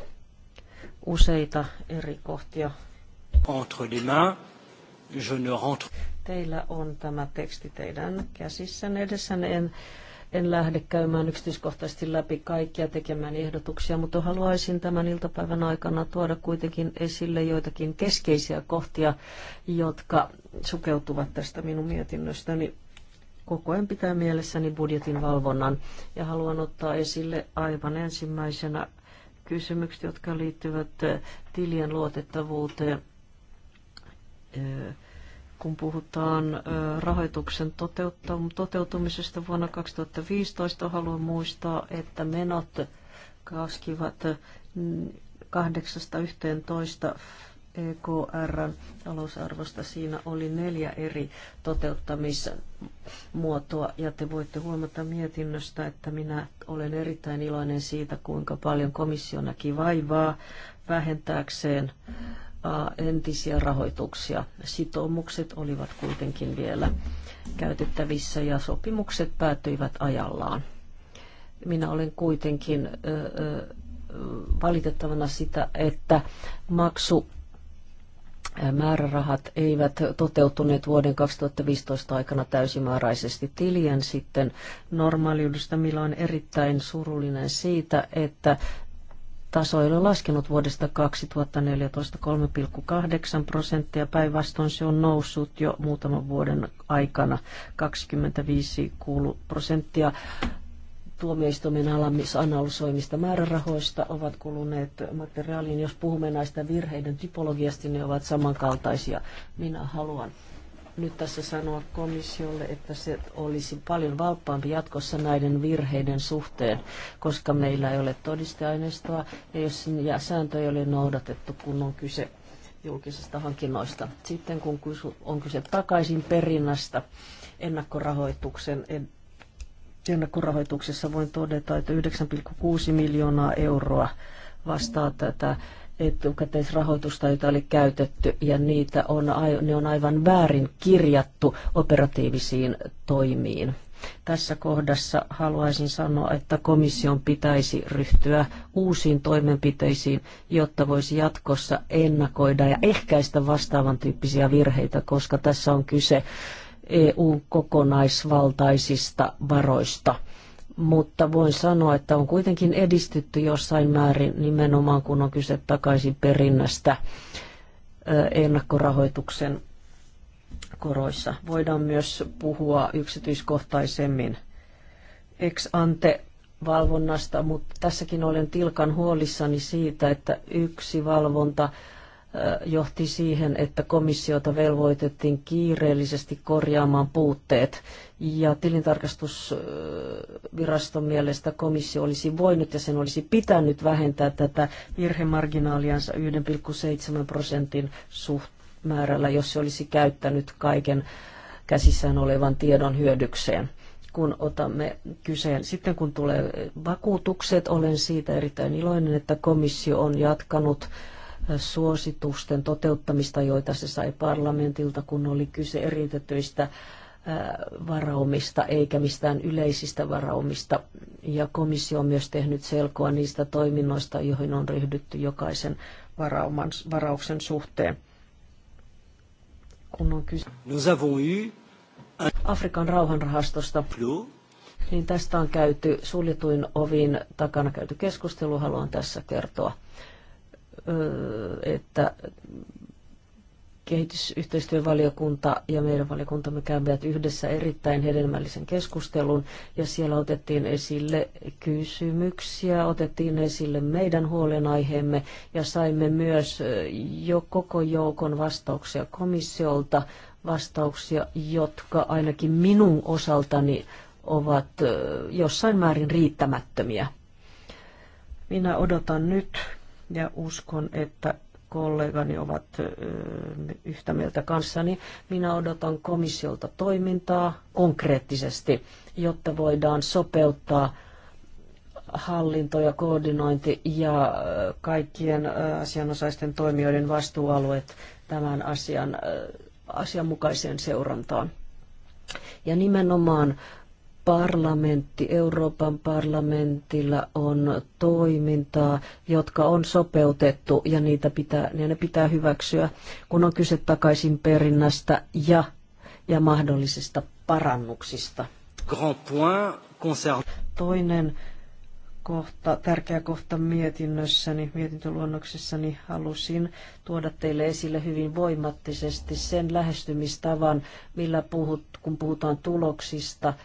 Useita eri kohtia. Entre les mains, je ne rentre. Teillä on tämä teksti teidän käsissänne edessänne. En en lähde käymään yksityiskohtaisesti läpi kaikkia tekemään ehdotuksia, mutta haluaisin tämän iltapäivän aikana tuoda kuitenkin esille joitakin keskeisiä kohtia, jotka sukeutuvat tästä minun mietinnöstäni. Koko ajan pitää mielessäni budjetin valvonnan ja haluan ottaa esille aivan ensimmäisenä kysymykset, jotka liittyvät eh, tilien luotettavuuteen eh, kun puhutaan rahoituksen toteutumisesta vuonna 2015, haluan muistaa, että menot kaskivat 8.11 EKRn talousarvosta. Siinä oli neljä eri toteuttamismuotoa ja te voitte huomata mietinnöstä, että minä olen erittäin iloinen siitä, kuinka paljon komissio näki vaivaa vähentääkseen entisiä rahoituksia. Sitoumukset olivat kuitenkin vielä käytettävissä ja sopimukset päättyivät ajallaan. Minä olen kuitenkin valitettavana sitä, että maksu määrärahat eivät toteutuneet vuoden 2015 aikana täysimääräisesti tilien sitten normaaliudesta, millä on erittäin surullinen siitä, että ole laskenut vuodesta 2014 3,8 prosenttia. Päinvastoin se on noussut jo muutaman vuoden aikana 25 prosenttia. Tuomioistuimen analysoimista määrärahoista ovat kuluneet materiaaliin. Jos puhumme näistä virheiden typologiasta, ne ovat samankaltaisia. Minä haluan nyt tässä sanoa komissiolle, että se olisi paljon valppaampi jatkossa näiden virheiden suhteen, koska meillä ei ole todisteaineistoa ja jos ja sääntö ei ole noudatettu, kun on kyse julkisista hankinnoista. Sitten kun on kyse takaisin perinnästä ennakkorahoituksen ennakkorahoituksessa voin todeta, että 9,6 miljoonaa euroa vastaa tätä etukäteisrahoitusta, jota oli käytetty, ja niitä on, ne on aivan väärin kirjattu operatiivisiin toimiin. Tässä kohdassa haluaisin sanoa, että komission pitäisi ryhtyä uusiin toimenpiteisiin, jotta voisi jatkossa ennakoida ja ehkäistä vastaavan tyyppisiä virheitä, koska tässä on kyse EU-kokonaisvaltaisista varoista – mutta voin sanoa, että on kuitenkin edistytty jossain määrin nimenomaan, kun on kyse takaisin perinnästä ennakkorahoituksen koroissa. Voidaan myös puhua yksityiskohtaisemmin ex ante valvonnasta, mutta tässäkin olen tilkan huolissani siitä, että yksi valvonta johti siihen, että komissiota velvoitettiin kiireellisesti korjaamaan puutteet ja tilintarkastusviraston mielestä komissio olisi voinut ja sen olisi pitänyt vähentää tätä virhemarginaaliansa 1,7 prosentin suht määrällä, jos se olisi käyttänyt kaiken käsissään olevan tiedon hyödykseen kun otamme kyseen. Sitten kun tulee vakuutukset, olen siitä erittäin iloinen, että komissio on jatkanut äh, suositusten toteuttamista, joita se sai parlamentilta, kun oli kyse eriytetyistä varaumista eikä mistään yleisistä varaumista. Ja komissio on myös tehnyt selkoa niistä toiminnoista, joihin on ryhdytty jokaisen varauman, varauksen suhteen. Kun on kyse Afrikan rauhanrahastosta, niin tästä on käyty suljetuin ovin takana käyty keskustelu. Haluan tässä kertoa, että kehitysyhteistyövaliokunta ja meidän valiokuntamme käyvät yhdessä erittäin hedelmällisen keskustelun ja siellä otettiin esille kysymyksiä, otettiin esille meidän huolenaiheemme ja saimme myös jo koko joukon vastauksia komissiolta, vastauksia, jotka ainakin minun osaltani ovat jossain määrin riittämättömiä. Minä odotan nyt ja uskon, että kollegani ovat yhtä mieltä kanssani. Minä odotan komissiolta toimintaa konkreettisesti, jotta voidaan sopeuttaa hallinto ja koordinointi ja kaikkien asianosaisten toimijoiden vastuualueet tämän asian asianmukaiseen seurantaan. Ja nimenomaan parlamentti, Euroopan parlamentilla on toimintaa, jotka on sopeutettu ja niitä pitää, ja ne pitää hyväksyä, kun on kyse takaisin perinnästä ja, ja mahdollisista parannuksista. Grand point concern... Toinen kohta, tärkeä kohta mietinnössäni, mietintöluonnoksessani halusin tuoda teille esille hyvin voimattisesti sen lähestymistavan, millä puhut, kun puhutaan tuloksista –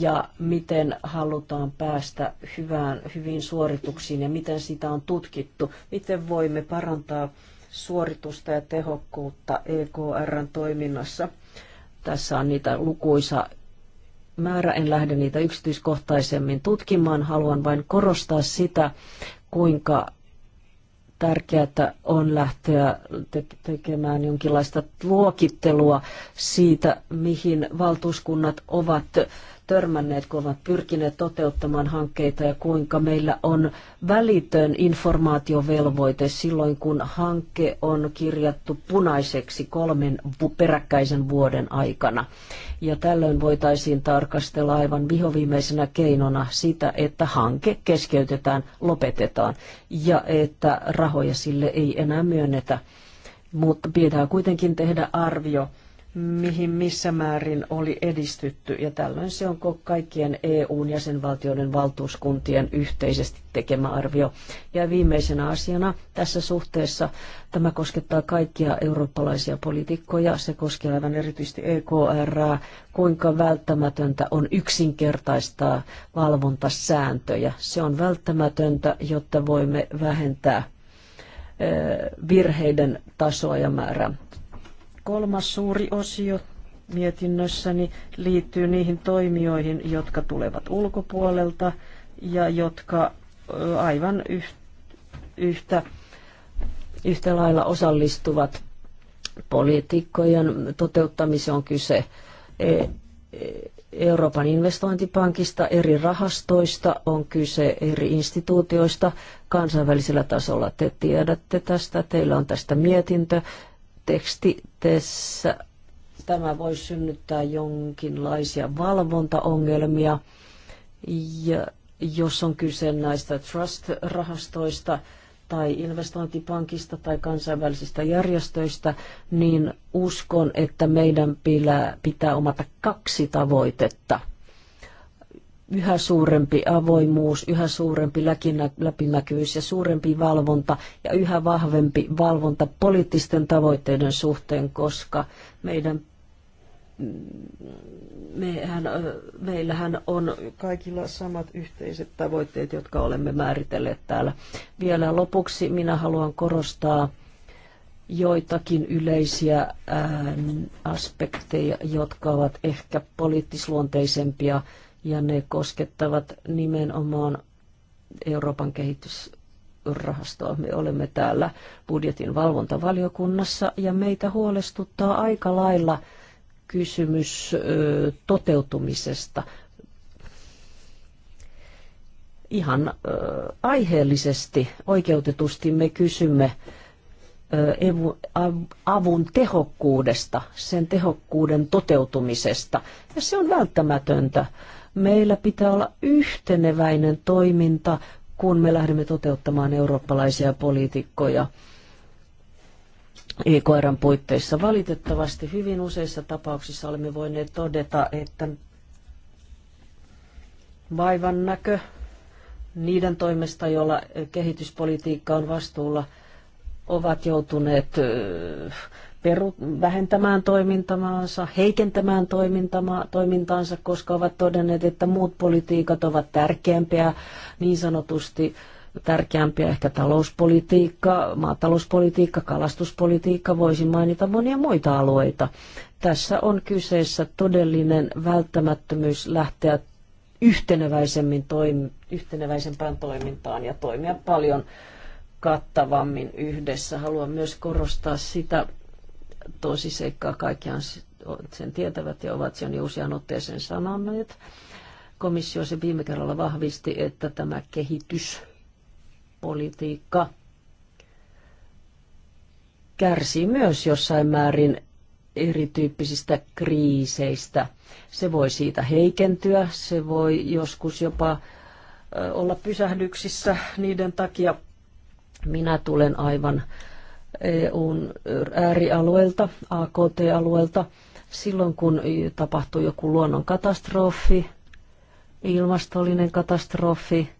ja miten halutaan päästä hyvään, hyviin suorituksiin ja miten sitä on tutkittu, miten voimme parantaa suoritusta ja tehokkuutta EKRn toiminnassa. Tässä on niitä lukuisa määrä, en lähde niitä yksityiskohtaisemmin tutkimaan, haluan vain korostaa sitä, kuinka tärkeää on lähteä tekemään jonkinlaista luokittelua siitä, mihin valtuuskunnat ovat törmänneet, kun ovat pyrkineet toteuttamaan hankkeita ja kuinka meillä on välitön informaatiovelvoite silloin, kun hanke on kirjattu punaiseksi kolmen peräkkäisen vuoden aikana. Ja tällöin voitaisiin tarkastella aivan vihoviimeisenä keinona sitä, että hanke keskeytetään, lopetetaan ja että rahoja sille ei enää myönnetä. Mutta pitää kuitenkin tehdä arvio mihin missä määrin oli edistytty, ja tällöin se on kaikkien EUn jäsenvaltioiden valtuuskuntien yhteisesti tekemä arvio. Ja viimeisenä asiana tässä suhteessa tämä koskettaa kaikkia eurooppalaisia poliitikkoja, se koskee aivan erityisesti EKR, kuinka välttämätöntä on yksinkertaistaa valvontasääntöjä. Se on välttämätöntä, jotta voimme vähentää virheiden tasoa ja määrää. Kolmas suuri osio mietinnössäni liittyy niihin toimijoihin, jotka tulevat ulkopuolelta ja jotka aivan yhtä, yhtä lailla osallistuvat poliitikkojen toteuttamiseen on kyse e, e, Euroopan investointipankista, eri rahastoista, on kyse eri instituutioista kansainvälisellä tasolla. Te tiedätte tästä, teillä on tästä mietintö teksti tässä. Tämä voi synnyttää jonkinlaisia valvontaongelmia, ja jos on kyse näistä trust-rahastoista tai investointipankista tai kansainvälisistä järjestöistä, niin uskon, että meidän pitää omata kaksi tavoitetta – yhä suurempi avoimuus, yhä suurempi läpinäkyvyys ja suurempi valvonta ja yhä vahvempi valvonta poliittisten tavoitteiden suhteen, koska meidän mehän, meillähän on kaikilla samat yhteiset tavoitteet, jotka olemme määritelleet täällä. Vielä lopuksi minä haluan korostaa joitakin yleisiä aspekteja, jotka ovat ehkä poliittisluonteisempia ja ne koskettavat nimenomaan Euroopan kehitysrahastoa. Me olemme täällä budjetin valvontavaliokunnassa ja meitä huolestuttaa aika lailla kysymys toteutumisesta. Ihan aiheellisesti, oikeutetusti me kysymme avun tehokkuudesta, sen tehokkuuden toteutumisesta. Ja se on välttämätöntä Meillä pitää olla yhteneväinen toiminta, kun me lähdemme toteuttamaan eurooppalaisia poliitikkoja EKRn puitteissa. Valitettavasti hyvin useissa tapauksissa olemme voineet todeta, että vaivan näkö niiden toimesta, joilla kehityspolitiikka on vastuulla, ovat joutuneet peru, vähentämään toimintamaansa, heikentämään toimintaansa, koska ovat todenneet, että muut politiikat ovat tärkeämpiä, niin sanotusti tärkeämpiä ehkä talouspolitiikka, maatalouspolitiikka, kalastuspolitiikka, voisin mainita monia muita alueita. Tässä on kyseessä todellinen välttämättömyys lähteä yhteneväisemmin toim, yhteneväisempään toimintaan ja toimia paljon kattavammin yhdessä. Haluan myös korostaa sitä, seikkaa. Kaikkihan sen tietävät ja ovat sen jo usean otteeseen sanoneet. Komissio se viime kerralla vahvisti, että tämä kehityspolitiikka kärsii myös jossain määrin erityyppisistä kriiseistä. Se voi siitä heikentyä, se voi joskus jopa olla pysähdyksissä niiden takia. Minä tulen aivan EUn äärialueelta, AKT-alueelta, silloin kun tapahtuu joku luonnon katastrofi, ilmastollinen katastrofi,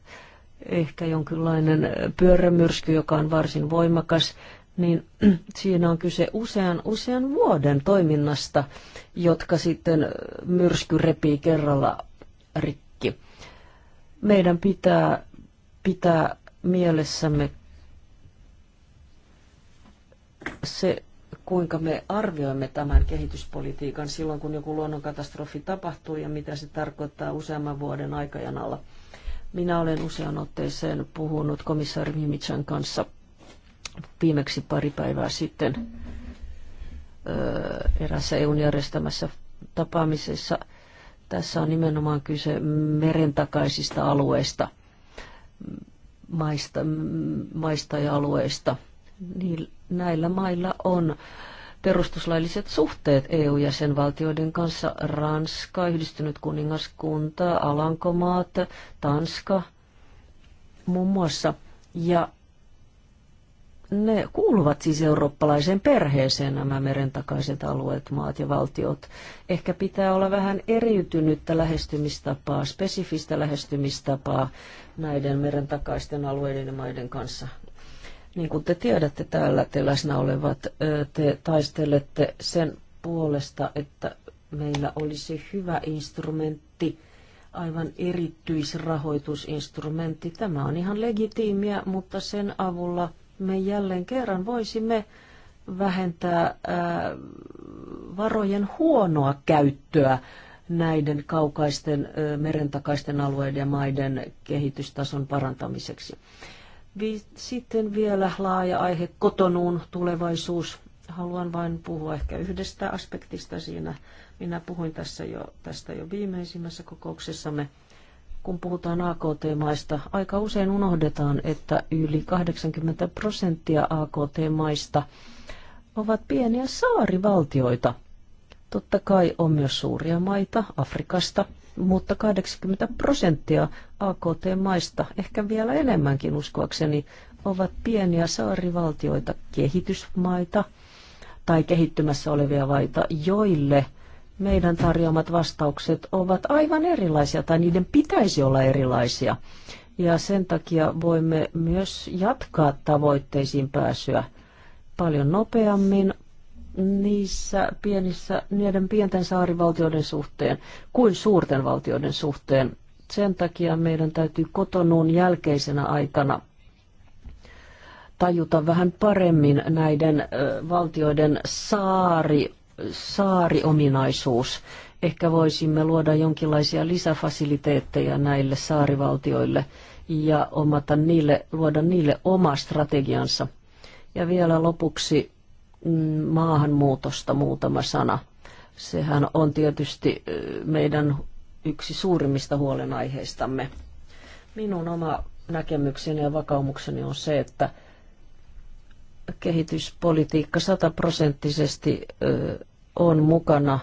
ehkä jonkinlainen pyörämyrsky, joka on varsin voimakas, niin siinä on kyse usean, usean vuoden toiminnasta, jotka sitten myrsky repii kerralla rikki. Meidän pitää pitää mielessämme se, kuinka me arvioimme tämän kehityspolitiikan silloin, kun joku luonnonkatastrofi tapahtuu ja mitä se tarkoittaa useamman vuoden aikajanalla. Minä olen usean otteeseen puhunut komissaari Mimitsan kanssa viimeksi pari päivää sitten erässä EUn järjestämässä tapaamisessa. Tässä on nimenomaan kyse merentakaisista alueista, maista, maista ja alueista. Niillä näillä mailla on perustuslailliset suhteet EU-jäsenvaltioiden kanssa Ranska, Yhdistynyt kuningaskunta, Alankomaat, Tanska muun muassa. Ja ne kuuluvat siis eurooppalaiseen perheeseen nämä merentakaiset alueet, maat ja valtiot. Ehkä pitää olla vähän eriytynyttä lähestymistapaa, spesifistä lähestymistapaa näiden merentakaisten alueiden ja maiden kanssa. Niin kuin te tiedätte täällä te läsnä olevat, te taistelette sen puolesta, että meillä olisi hyvä instrumentti, aivan erityisrahoitusinstrumentti. Tämä on ihan legitiimiä, mutta sen avulla me jälleen kerran voisimme vähentää ää, varojen huonoa käyttöä näiden kaukaisten merentakaisten alueiden ja maiden kehitystason parantamiseksi. Sitten vielä laaja aihe kotonuun tulevaisuus. Haluan vain puhua ehkä yhdestä aspektista siinä. Minä puhuin tässä jo, tästä jo viimeisimmässä kokouksessamme. Kun puhutaan AKT-maista, aika usein unohdetaan, että yli 80 prosenttia AKT-maista ovat pieniä saarivaltioita. Totta kai on myös suuria maita Afrikasta – mutta 80 prosenttia AKT-maista, ehkä vielä enemmänkin uskoakseni, ovat pieniä saarivaltioita, kehitysmaita tai kehittymässä olevia vaita, joille meidän tarjoamat vastaukset ovat aivan erilaisia tai niiden pitäisi olla erilaisia. Ja sen takia voimme myös jatkaa tavoitteisiin pääsyä paljon nopeammin, niissä pienissä, niiden pienten saarivaltioiden suhteen kuin suurten valtioiden suhteen. Sen takia meidän täytyy kotonuun jälkeisenä aikana tajuta vähän paremmin näiden valtioiden saari, saariominaisuus. Ehkä voisimme luoda jonkinlaisia lisäfasiliteetteja näille saarivaltioille ja omata niille, luoda niille oma strategiansa. Ja vielä lopuksi maahanmuutosta muutama sana. Sehän on tietysti meidän yksi suurimmista huolenaiheistamme. Minun oma näkemykseni ja vakaumukseni on se, että kehityspolitiikka sataprosenttisesti on mukana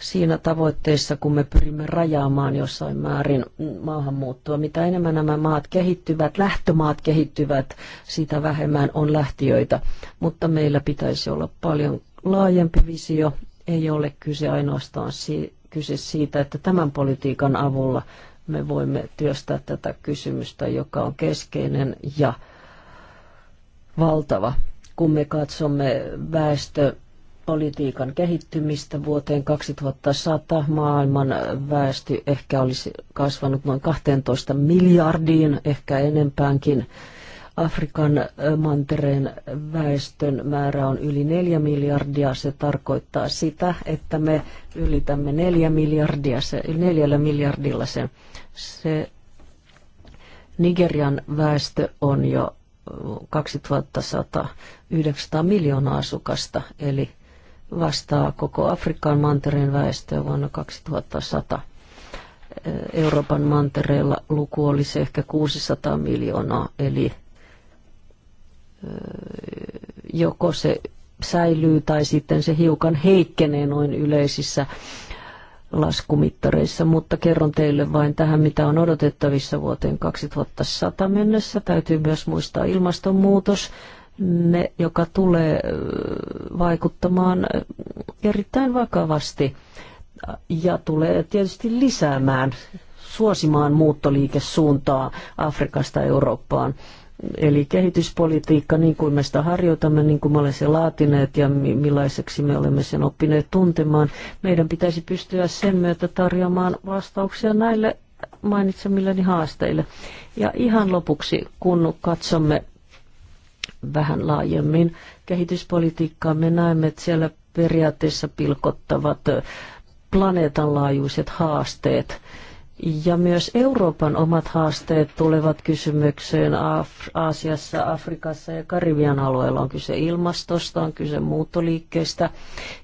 siinä tavoitteessa, kun me pyrimme rajaamaan jossain määrin maahanmuuttoa. Mitä enemmän nämä maat kehittyvät, lähtömaat kehittyvät, sitä vähemmän on lähtiöitä. Mutta meillä pitäisi olla paljon laajempi visio. Ei ole kyse ainoastaan si- kyse siitä, että tämän politiikan avulla me voimme työstää tätä kysymystä, joka on keskeinen ja valtava. Kun me katsomme väestö politiikan kehittymistä vuoteen 2100 maailman väestö ehkä olisi kasvanut noin 12 miljardiin, ehkä enempäänkin. Afrikan äh, mantereen väestön määrä on yli 4 miljardia. Se tarkoittaa sitä, että me ylitämme 4 miljardia, se, 4 miljardilla sen. Se Nigerian väestö on jo 2100 äh, 900 miljoonaa asukasta, eli vastaa koko Afrikan mantereen väestöä vuonna 2100. Euroopan mantereella luku olisi ehkä 600 miljoonaa, eli joko se säilyy tai sitten se hiukan heikkenee noin yleisissä laskumittareissa, mutta kerron teille vain tähän, mitä on odotettavissa vuoteen 2100 mennessä. Täytyy myös muistaa ilmastonmuutos ne, joka tulee vaikuttamaan erittäin vakavasti ja tulee tietysti lisäämään, suosimaan muuttoliikesuuntaa Afrikasta Eurooppaan. Eli kehityspolitiikka, niin kuin me sitä harjoitamme, niin kuin me olemme sen laatineet ja millaiseksi me olemme sen oppineet tuntemaan, meidän pitäisi pystyä sen myötä tarjoamaan vastauksia näille mainitsemilleni haasteille. Ja ihan lopuksi, kun katsomme vähän laajemmin kehityspolitiikkaa. Me näemme, että siellä periaatteessa pilkottavat planeetanlaajuiset haasteet. Ja myös Euroopan omat haasteet tulevat kysymykseen Af- Aasiassa, Afrikassa ja Karibian alueella. On kyse ilmastosta, on kyse muuttoliikkeestä.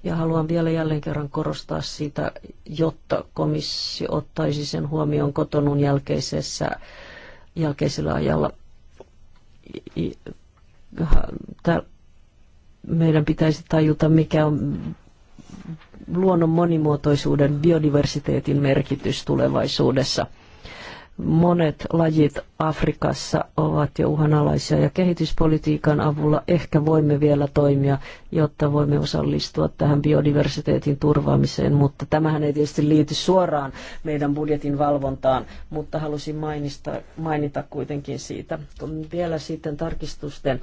Ja haluan vielä jälleen kerran korostaa sitä, jotta komissio ottaisi sen huomioon kotonun jälkeisessä, jälkeisellä ajalla meidän pitäisi tajuta, mikä on luonnon monimuotoisuuden, biodiversiteetin merkitys tulevaisuudessa monet lajit Afrikassa ovat jo uhanalaisia ja kehityspolitiikan avulla ehkä voimme vielä toimia, jotta voimme osallistua tähän biodiversiteetin turvaamiseen, mutta tämähän ei tietysti liity suoraan meidän budjetin valvontaan, mutta halusin mainista, mainita kuitenkin siitä. Vielä sitten tarkistusten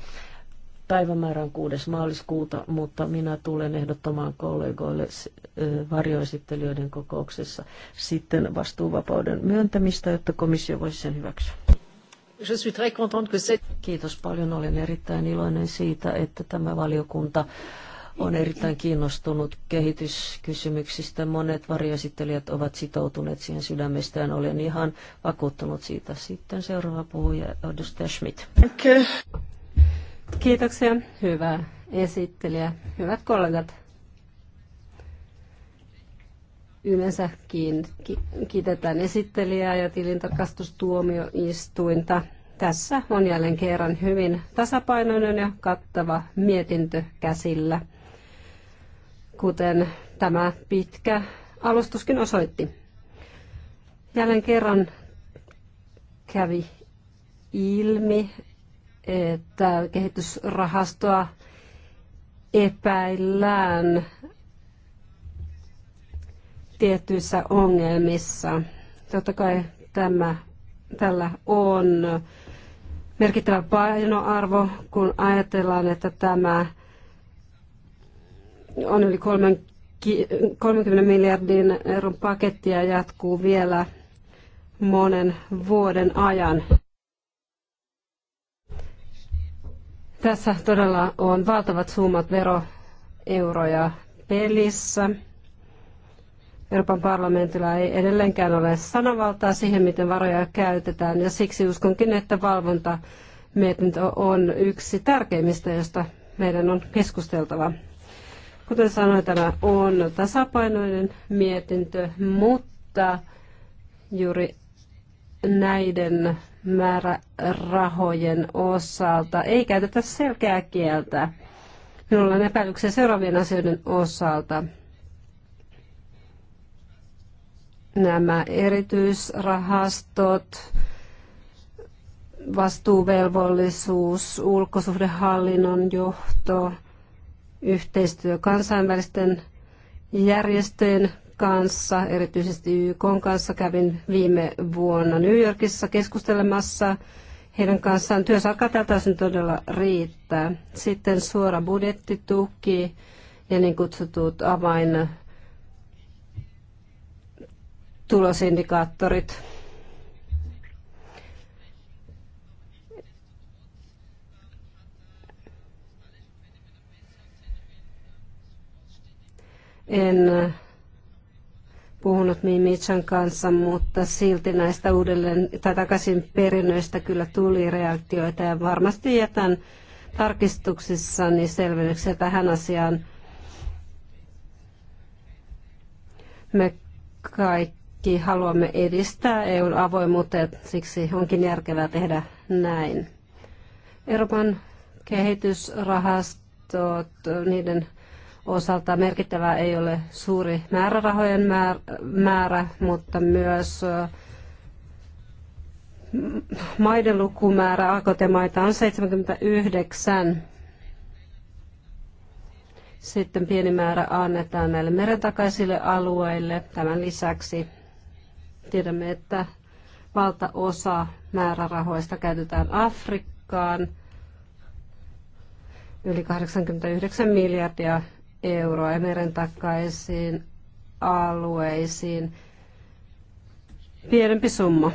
Päivämäärä on 6. maaliskuuta, mutta minä tulen ehdottamaan kollegoille varjoesittelijöiden kokouksessa sitten vastuuvapauden myöntämistä, jotta komissio voisi sen hyväksyä. Kiitos paljon. Olen erittäin iloinen siitä, että tämä valiokunta on erittäin kiinnostunut kehityskysymyksistä. Monet varjoesittelijät ovat sitoutuneet siihen sydämestään. Olen ihan vakuuttunut siitä. Sitten seuraava puhuja, edustaja Schmidt. Kiitoksia, hyvä esittelijä, hyvät kollegat. Yleensä kiitetään esittelijää ja tilintarkastustuomioistuinta. Tässä on jälleen kerran hyvin tasapainoinen ja kattava mietintö käsillä, kuten tämä pitkä alustuskin osoitti. Jälleen kerran kävi ilmi, että kehitysrahastoa epäillään tietyissä ongelmissa. Totta kai tämä, tällä on merkittävä painoarvo, kun ajatellaan, että tämä on yli 30 miljardin euron pakettia jatkuu vielä monen vuoden ajan. Tässä todella on valtavat summat veroeuroja pelissä. Euroopan parlamentilla ei edelleenkään ole sanavaltaa siihen, miten varoja käytetään, ja siksi uskonkin, että valvonta on yksi tärkeimmistä, josta meidän on keskusteltava. Kuten sanoin, tämä on tasapainoinen mietintö, mutta juuri näiden määrärahojen osalta ei käytetä selkeää kieltä. Minulla on epäilyksiä seuraavien asioiden osalta. Nämä erityisrahastot, vastuuvelvollisuus, ulkosuhdehallinnon johto, yhteistyö kansainvälisten järjestöjen kanssa, erityisesti YK kanssa. Kävin viime vuonna New Yorkissa keskustelemassa heidän kanssaan. Työsarkaa tältä todella riittää. Sitten suora budjettituki ja niin kutsutut avain tulosindikaattorit. En puhunut Mimitsan kanssa, mutta silti näistä uudelleen tai takaisin perinnöistä kyllä tuli reaktioita ja varmasti jätän tarkistuksissani selvennyksiä tähän asiaan. Me kaikki haluamme edistää EUn avoimuutta ja siksi onkin järkevää tehdä näin. Euroopan kehitysrahastot, niiden osalta merkittävää ei ole suuri määrärahojen määrä, mutta myös äh, maiden lukumäärä AKT-maita on 79. Sitten pieni määrä annetaan näille merentakaisille alueille. Tämän lisäksi tiedämme, että valtaosa määrärahoista käytetään Afrikkaan. Yli 89 miljardia euroa ja meren takaisiin alueisiin. Pienempi summa.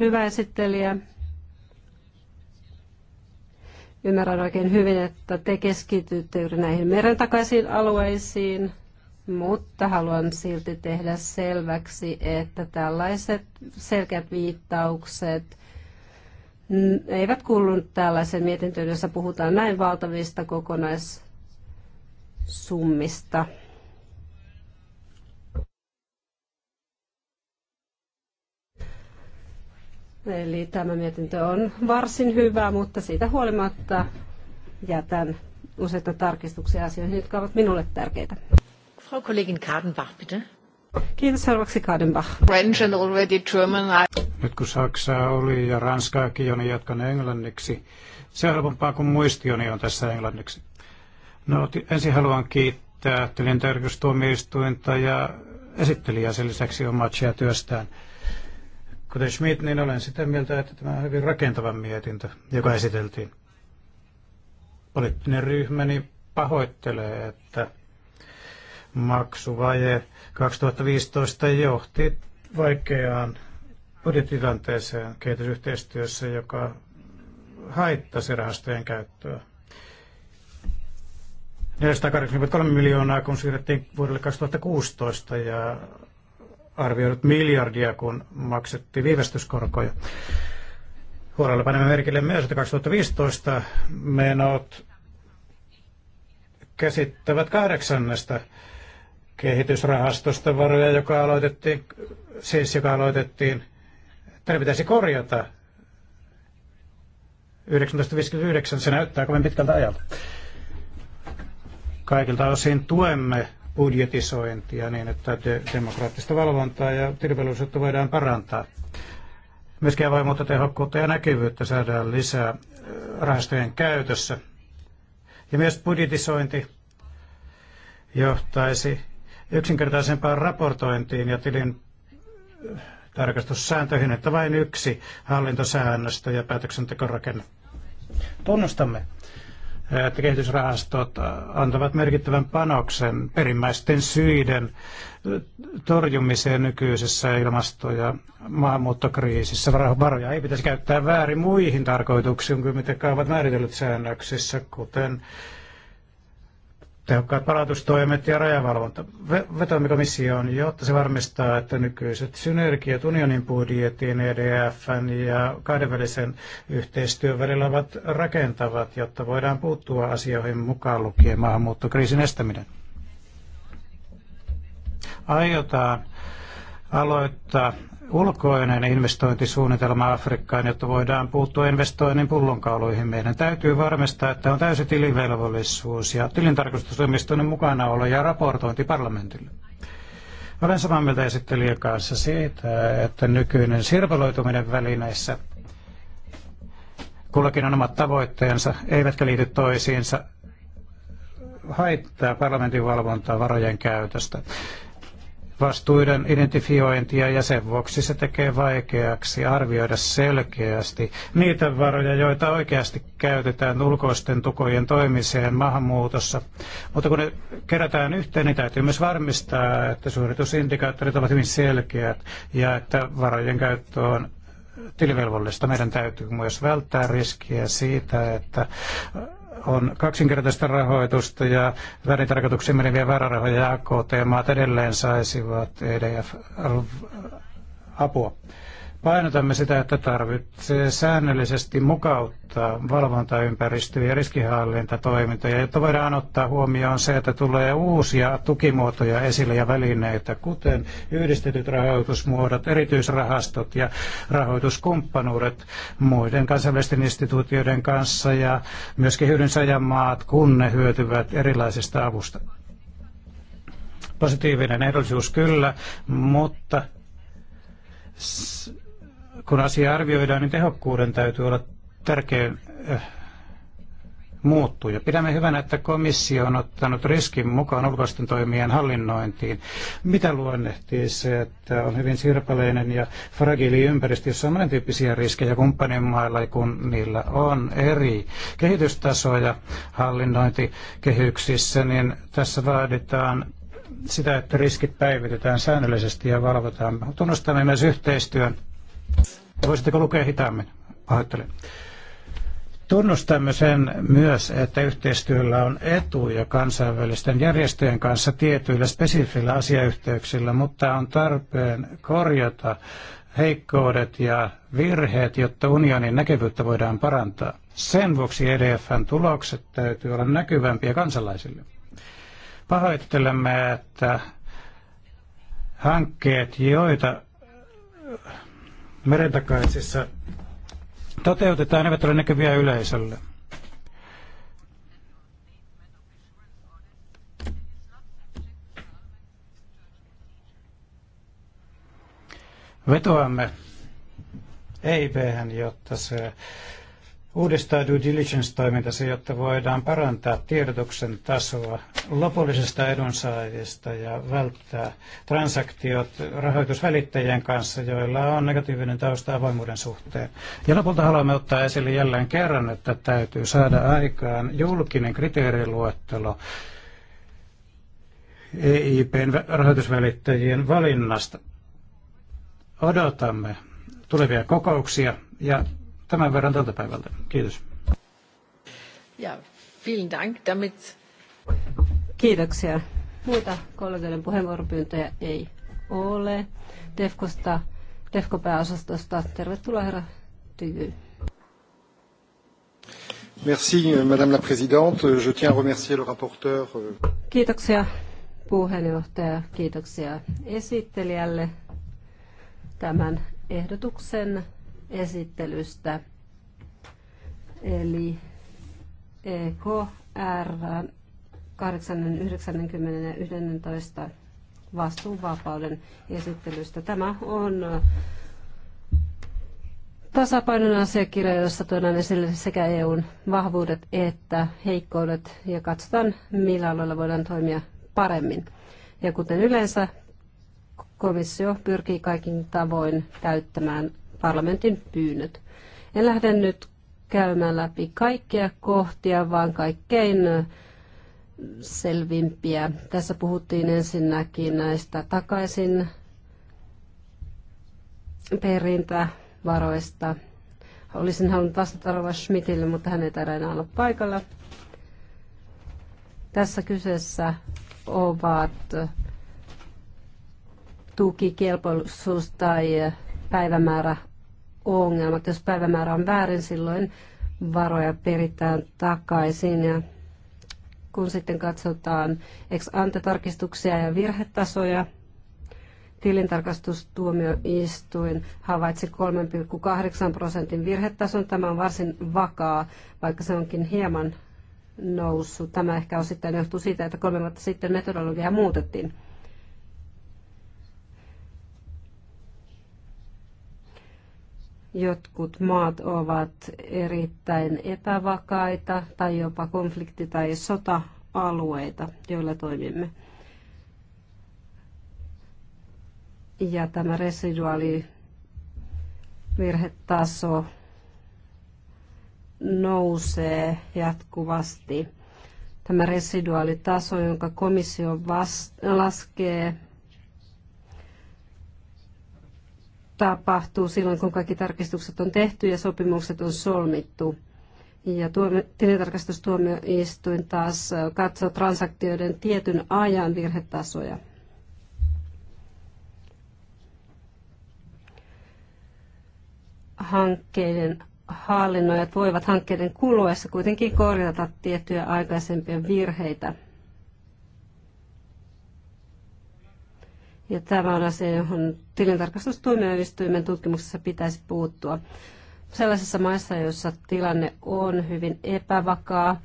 Hyvä esittelijä. Ymmärrän oikein hyvin, että te keskitytte juuri näihin meren takaisiin alueisiin, mutta haluan silti tehdä selväksi, että tällaiset selkeät viittaukset eivät kuulu tällaisen mietintöön, jossa puhutaan näin valtavista kokonais summista. Eli tämä mietintö on varsin hyvä, mutta siitä huolimatta jätän useita tarkistuksia asioihin, jotka ovat minulle tärkeitä. Frau Kollegin Kadenbach, bitte. Kiitos seuraavaksi Kadenbach. French and already German. Nyt kun Saksaa oli ja Ranskaakin on niin jatkan englanniksi. Se on helpompaa, kuin muistioni on tässä englanniksi. No, ensin haluan kiittää tilintarkastustuomioistuinta ja esittelijää sen lisäksi omaatsia työstään. Kuten Schmidt, niin olen sitä mieltä, että tämä on hyvin rakentava mietintö, joka esiteltiin. Poliittinen ryhmäni pahoittelee, että maksuvaje 2015 johti vaikeaan budjettitilanteeseen kehitysyhteistyössä, joka haittasi rahastojen käyttöä. 483 miljoonaa, kun siirrettiin vuodelle 2016 ja arvioidut miljardia, kun maksettiin viivästyskorkoja. Huolella panemme merkille myös, että 2015 menot käsittävät kahdeksannesta kehitysrahastosta varoja, joka aloitettiin, siis joka aloitettiin, tämä pitäisi korjata 1959, se näyttää kovin pitkältä ajalta. Kaikilta osin tuemme budjetisointia niin, että de- demokraattista valvontaa ja tilvellisuutta voidaan parantaa. Myöskin avoimuutta, tehokkuutta ja näkyvyyttä saadaan lisää rahastojen käytössä. Ja myös budjetisointi johtaisi yksinkertaisempaan raportointiin ja tilin tarkastussääntöihin, että vain yksi hallintosäännöstä ja päätöksentekorakenne. Tunnustamme, että kehitysrahastot äh, antavat merkittävän panoksen perimmäisten syiden äh, torjumiseen nykyisessä ilmasto- ja maahanmuuttokriisissä. Varoja ei pitäisi käyttää väärin muihin tarkoituksiin kuin mitkä ovat määritellyt säännöksissä, kuten tehokkaat palautustoimet ja rajavalvonta. Vetoamme komissioon, jotta se varmistaa, että nykyiset synergiat unionin budjetin, EDFn ja kahdenvälisen yhteistyön välillä ovat rakentavat, jotta voidaan puuttua asioihin mukaan lukien maahanmuuttokriisin estäminen. Aiotaan aloittaa ulkoinen investointisuunnitelma Afrikkaan, jotta voidaan puuttua investoinnin pullonkauloihin. Meidän täytyy varmistaa, että on täysi tilivelvollisuus ja tilintarkastustoimistojen mukanaolo ja raportointi parlamentille. Olen samaa mieltä esittelijän kanssa siitä, että nykyinen sirpaloituminen välineissä kullakin on omat tavoitteensa, eivätkä liity toisiinsa, haittaa parlamentin valvontaa varojen käytöstä vastuiden identifiointia ja sen vuoksi se tekee vaikeaksi arvioida selkeästi niitä varoja, joita oikeasti käytetään ulkoisten tukojen toimiseen maahanmuutossa. Mutta kun ne kerätään yhteen, niin täytyy myös varmistaa, että suoritusindikaattorit ovat hyvin selkeät ja että varojen käyttö on tilivelvollista. Meidän täytyy myös välttää riskiä siitä, että on kaksinkertaista rahoitusta ja välitarkoituksiin meneviä vararahoja ja AKT-maat edelleen saisivat EDF-apua. Painotamme sitä, että tarvitsee säännöllisesti mukauttaa valvontaympäristö- ja riskihallintatoimintoja, jotta voidaan ottaa huomioon se, että tulee uusia tukimuotoja esille ja välineitä, kuten yhdistetyt rahoitusmuodot, erityisrahastot ja rahoituskumppanuudet muiden kansainvälisten instituutioiden kanssa ja myöskin hyödynsaajan maat, kun ne hyötyvät erilaisesta avusta. Positiivinen ehdollisuus kyllä, mutta kun asia arvioidaan, niin tehokkuuden täytyy olla tärkeä äh, muuttuja. Pidämme hyvänä, että komissio on ottanut riskin mukaan ulkoisten toimien hallinnointiin. Mitä luonnehtii se, että on hyvin sirpaleinen ja fragiili ympäristö, jossa on monentyyppisiä riskejä mailla, kun niillä on eri kehitystasoja hallinnointikehyksissä, niin tässä vaaditaan sitä, että riskit päivitetään säännöllisesti ja valvotaan. Tunnustamme myös yhteistyön Voisitteko lukea hitaammin? Pahoittelen. Tunnustamme sen myös, että yhteistyöllä on etuja kansainvälisten järjestöjen kanssa tietyillä spesifillä asiayhteyksillä, mutta on tarpeen korjata heikkoudet ja virheet, jotta unionin näkyvyyttä voidaan parantaa. Sen vuoksi EDFn tulokset täytyy olla näkyvämpiä kansalaisille. Pahoittelemme, että hankkeet, joita merentakaisissa toteutetaan, eivät ole näkyviä yleisölle. Vetoamme EIP, jotta se uudistaa due diligence-toimintasi, jotta voidaan parantaa tiedotuksen tasoa lopullisesta edunsaajista ja välttää transaktiot rahoitusvälittäjien kanssa, joilla on negatiivinen tausta avoimuuden suhteen. Ja lopulta haluamme ottaa esille jälleen kerran, että täytyy saada aikaan julkinen kriteeriluettelo EIPn rahoitusvälittäjien valinnasta. Odotamme tulevia kokouksia ja Tämän verran tältä päivältä. Kiitos. Ja, vielen dank, damit... Kiitoksia. Muita kollegoiden puheenvuoropyyntöjä ei ole. Defkosta, Defko-pääosastosta. Tervetuloa herra Tyy. Merci, madame la présidente. Je tiens à remercier le rapporteur. Euh, kiitoksia puheenjohtaja, kiitoksia esittelijälle tämän ehdotuksen esittelystä. Eli EKR 8.9.11 vastuuvapauden esittelystä. Tämä on tasapainon asiakirja, jossa tuodaan esille sekä EUn vahvuudet että heikkoudet ja katsotaan, millä alueella voidaan toimia paremmin. Ja kuten yleensä, komissio pyrkii kaikin tavoin täyttämään parlamentin pyynnöt. En lähde nyt käymään läpi kaikkia kohtia, vaan kaikkein selvimpiä. Tässä puhuttiin ensinnäkin näistä takaisin perintävaroista. Olisin halunnut vastata Rova Schmidtille, mutta hän ei taida enää olla paikalla. Tässä kyseessä ovat tukikelpoisuus tai päivämäärä ongelmat. Jos päivämäärä on väärin, silloin varoja peritään takaisin ja kun sitten katsotaan ex ante tarkistuksia ja virhetasoja, tilintarkastustuomioistuin havaitsi 3,8 prosentin virhetason. Tämä on varsin vakaa, vaikka se onkin hieman noussut. Tämä ehkä osittain johtuu siitä, että kolme vuotta sitten metodologiaa muutettiin. Jotkut maat ovat erittäin epävakaita tai jopa konflikti- tai sota-alueita, joilla toimimme. Ja tämä residuaali virhetaso nousee jatkuvasti. Tämä residuaalitaso, jonka komissio laskee, tapahtuu silloin, kun kaikki tarkistukset on tehty ja sopimukset on solmittu. Ja tilintarkastustuomioistuin taas katsoo transaktioiden tietyn ajan virhetasoja. Hankkeiden hallinnoijat voivat hankkeiden kuluessa kuitenkin korjata tiettyjä aikaisempia virheitä. Ja tämä on asia, johon tilintarkastustuomioistuimen tutkimuksessa pitäisi puuttua. Sellaisissa maissa, joissa tilanne on hyvin epävakaa,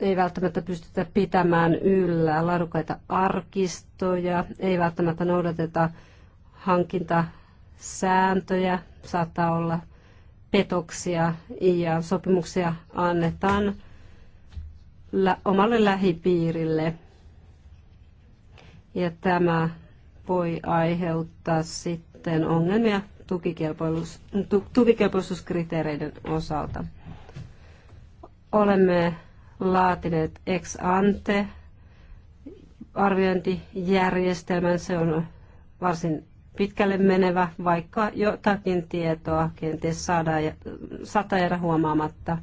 ei välttämättä pystytä pitämään yllä laadukkaita arkistoja, ei välttämättä noudateta hankintasääntöjä, saattaa olla petoksia ja sopimuksia annetaan omalle lähipiirille ja tämä voi aiheuttaa sitten ongelmia tukikelpoisuus, tukikelpoisuuskriteereiden osalta. Olemme laatineet ex ante arviointijärjestelmän. Se on varsin pitkälle menevä, vaikka jotakin tietoa kenties saadaan sata erä huomaamatta.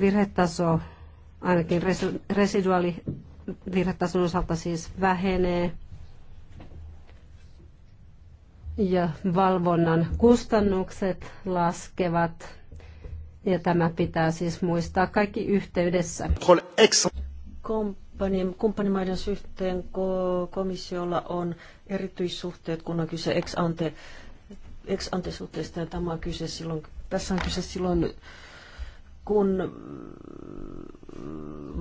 Virhetaso ainakin residuaalivirhetason osalta siis vähenee. Ja valvonnan kustannukset laskevat. Ja tämä pitää siis muistaa kaikki yhteydessä. Kumppani, kumppanimaiden suhteen komissiolla on erityissuhteet, kun on kyse ex ante ex ante suhteista ja tämä on kyse silloin, tässä on kyse silloin kun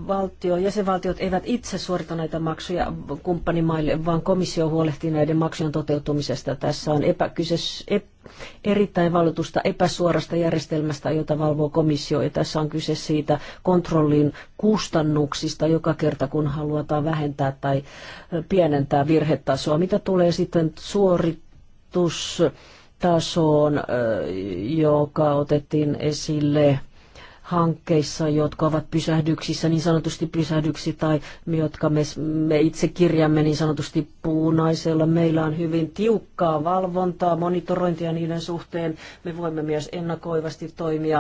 valtio, jäsenvaltiot eivät itse suorita näitä maksuja kumppanimaille, vaan komissio huolehtii näiden maksujen toteutumisesta. Tässä on epäkyse ep, erittäin valitusta epäsuorasta järjestelmästä, jota valvoo komissio, ja tässä on kyse siitä kontrollin kustannuksista joka kerta, kun halutaan vähentää tai pienentää virhetasoa. Mitä tulee sitten suoritustasoon, joka otettiin esille hankkeissa, jotka ovat pysähdyksissä, niin sanotusti pysähdyksi, tai jotka me, me itse kirjamme niin sanotusti puunaisella. Meillä on hyvin tiukkaa valvontaa, monitorointia niiden suhteen. Me voimme myös ennakoivasti toimia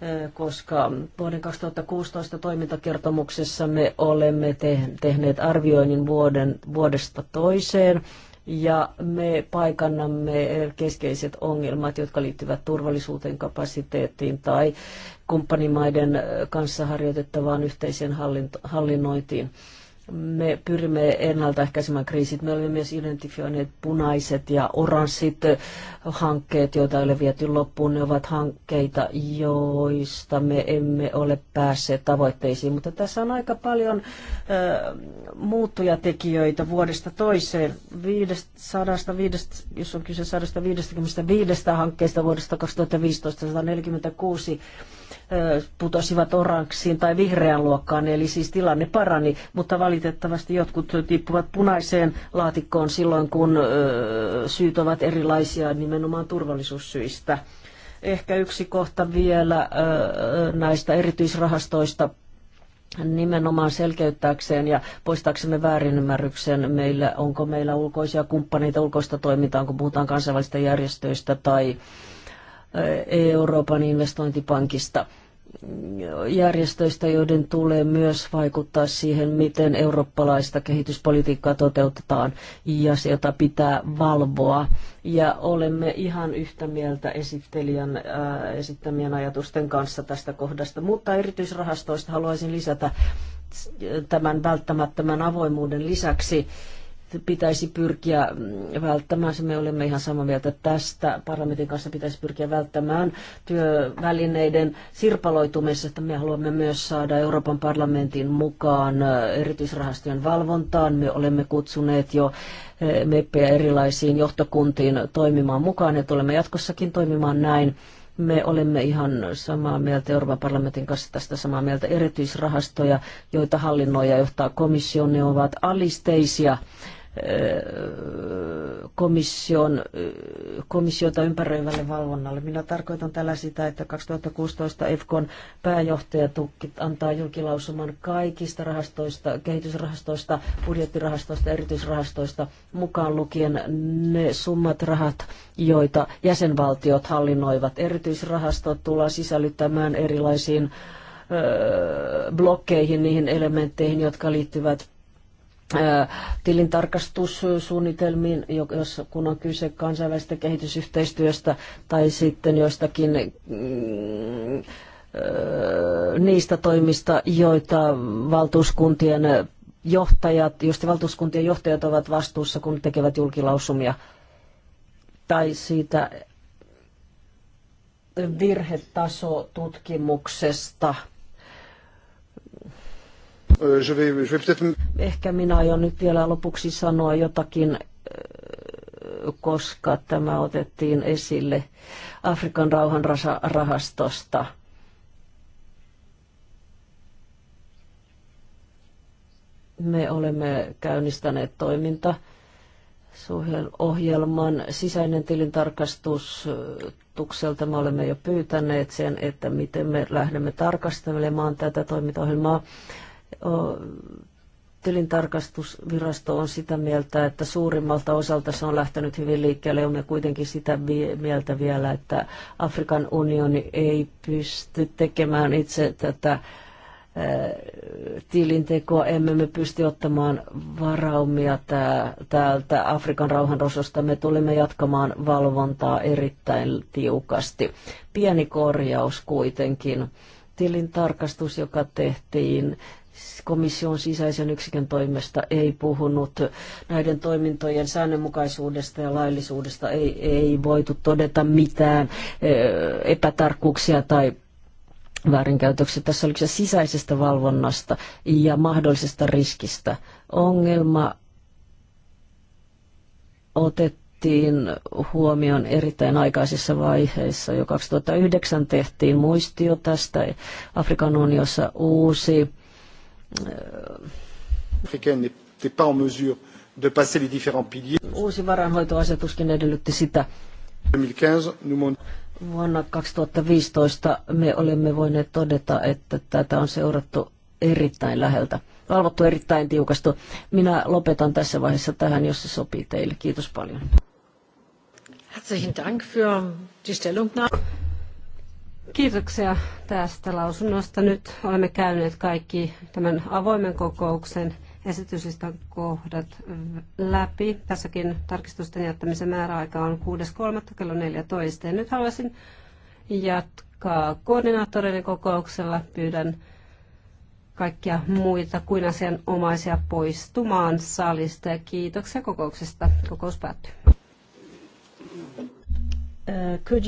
eh, koska vuoden 2016 toimintakertomuksessa me olemme tehneet arvioinnin vuoden, vuodesta toiseen ja me paikannamme eh, keskeiset ongelmat, jotka liittyvät turvallisuuteen, kapasiteettiin tai kumppanimaiden eh, kanssa harjoitettavaan yhteiseen hallinnointiin me pyrimme ennaltaehkäisemään kriisit. Me olemme myös identifioineet punaiset ja oranssit hankkeet, joita ei ole viety loppuun. Ne ovat hankkeita, joista me emme ole päässeet tavoitteisiin, mutta tässä on aika paljon ö, muuttujatekijöitä vuodesta toiseen. 500, jos on kyse 155 hankkeesta vuodesta 2015, 146 putosivat oranssiin tai vihreän luokkaan, eli siis tilanne parani, mutta valitettavasti jotkut tippuvat punaiseen laatikkoon silloin, kun syyt ovat erilaisia nimenomaan turvallisuussyistä. Ehkä yksi kohta vielä näistä erityisrahastoista nimenomaan selkeyttääkseen ja poistaaksemme väärinymmärryksen meillä, onko meillä ulkoisia kumppaneita, ulkoista toimintaa, kun puhutaan kansainvälisistä järjestöistä tai Euroopan investointipankista järjestöistä, joiden tulee myös vaikuttaa siihen, miten eurooppalaista kehityspolitiikkaa toteutetaan ja jota pitää valvoa. Ja olemme ihan yhtä mieltä esittelijän ää, äh, esittämien ajatusten kanssa tästä kohdasta, mutta erityisrahastoista haluaisin lisätä tämän välttämättömän avoimuuden lisäksi pitäisi pyrkiä välttämään. Me olemme ihan samaa mieltä tästä. Parlamentin kanssa pitäisi pyrkiä välttämään työvälineiden sirpaloitumisesta. Me haluamme myös saada Euroopan parlamentin mukaan erityisrahastojen valvontaan. Me olemme kutsuneet jo eh, meppejä erilaisiin johtokuntiin toimimaan mukaan ja tulemme jatkossakin toimimaan näin. Me olemme ihan samaa mieltä Euroopan parlamentin kanssa tästä samaa mieltä. Erityisrahastoja, joita hallinnoja johtaa komissio, ne ovat alisteisia komission, komissiota ympäröivälle valvonnalle. Minä tarkoitan tällä sitä, että 2016 EFKon pääjohtaja tukki, antaa julkilausuman kaikista rahastoista, kehitysrahastoista, budjettirahastoista, erityisrahastoista, mukaan lukien ne summat rahat, joita jäsenvaltiot hallinnoivat. Erityisrahastot tullaan sisällyttämään erilaisiin blokkeihin, niihin elementteihin, jotka liittyvät tilintarkastussuunnitelmiin, jos, kun on kyse kansainvälisestä kehitysyhteistyöstä tai sitten joistakin mm, niistä toimista, joita valtuuskuntien johtajat, just valtuuskuntien johtajat ovat vastuussa, kun tekevät julkilausumia, tai siitä virhetaso tutkimuksesta – Ehkä minä aion nyt vielä lopuksi sanoa jotakin, koska tämä otettiin esille Afrikan rauhanrahastosta. Me olemme käynnistäneet toiminta ohjelman sisäinen tilintarkastus tukselta. Me olemme jo pyytäneet sen, että miten me lähdemme tarkastelemaan tätä toimintaohjelmaa tilintarkastusvirasto on sitä mieltä, että suurimmalta osalta se on lähtenyt hyvin liikkeelle. Olemme kuitenkin sitä mieltä vielä, että Afrikan unioni ei pysty tekemään itse tätä tilintekoa. Emme me pysty ottamaan varaumia täältä Afrikan rauhanrososta. Me tulemme jatkamaan valvontaa erittäin tiukasti. Pieni korjaus kuitenkin. Tilintarkastus, joka tehtiin komission sisäisen yksikön toimesta ei puhunut näiden toimintojen säännönmukaisuudesta ja laillisuudesta. Ei, ei voitu todeta mitään epätarkkuuksia tai väärinkäytöksiä. Tässä oli se sisäisestä valvonnasta ja mahdollisesta riskistä. Ongelma otettiin huomioon erittäin aikaisessa vaiheessa. Jo 2009 tehtiin muistio tästä. Afrikan unionissa uusi Uusi varainhoitoasetuskin edellytti sitä. Vuonna 2015 me olemme voineet todeta, että tätä on seurattu erittäin läheltä, valvottu erittäin tiukasti. Minä lopetan tässä vaiheessa tähän, jos se sopii teille. Kiitos paljon. Herzlichen Dank für die Stellungnahme. Kiitoksia tästä lausunnosta. Nyt olemme käyneet kaikki tämän avoimen kokouksen esityslistan kohdat läpi. Tässäkin tarkistusten jättämisen määräaika on 6.3. kello 14. Ja nyt haluaisin jatkaa koordinaattoreiden kokouksella. Pyydän kaikkia muita kuin asianomaisia poistumaan salista. Ja kiitoksia kokouksesta. Kokous päättyy. Uh,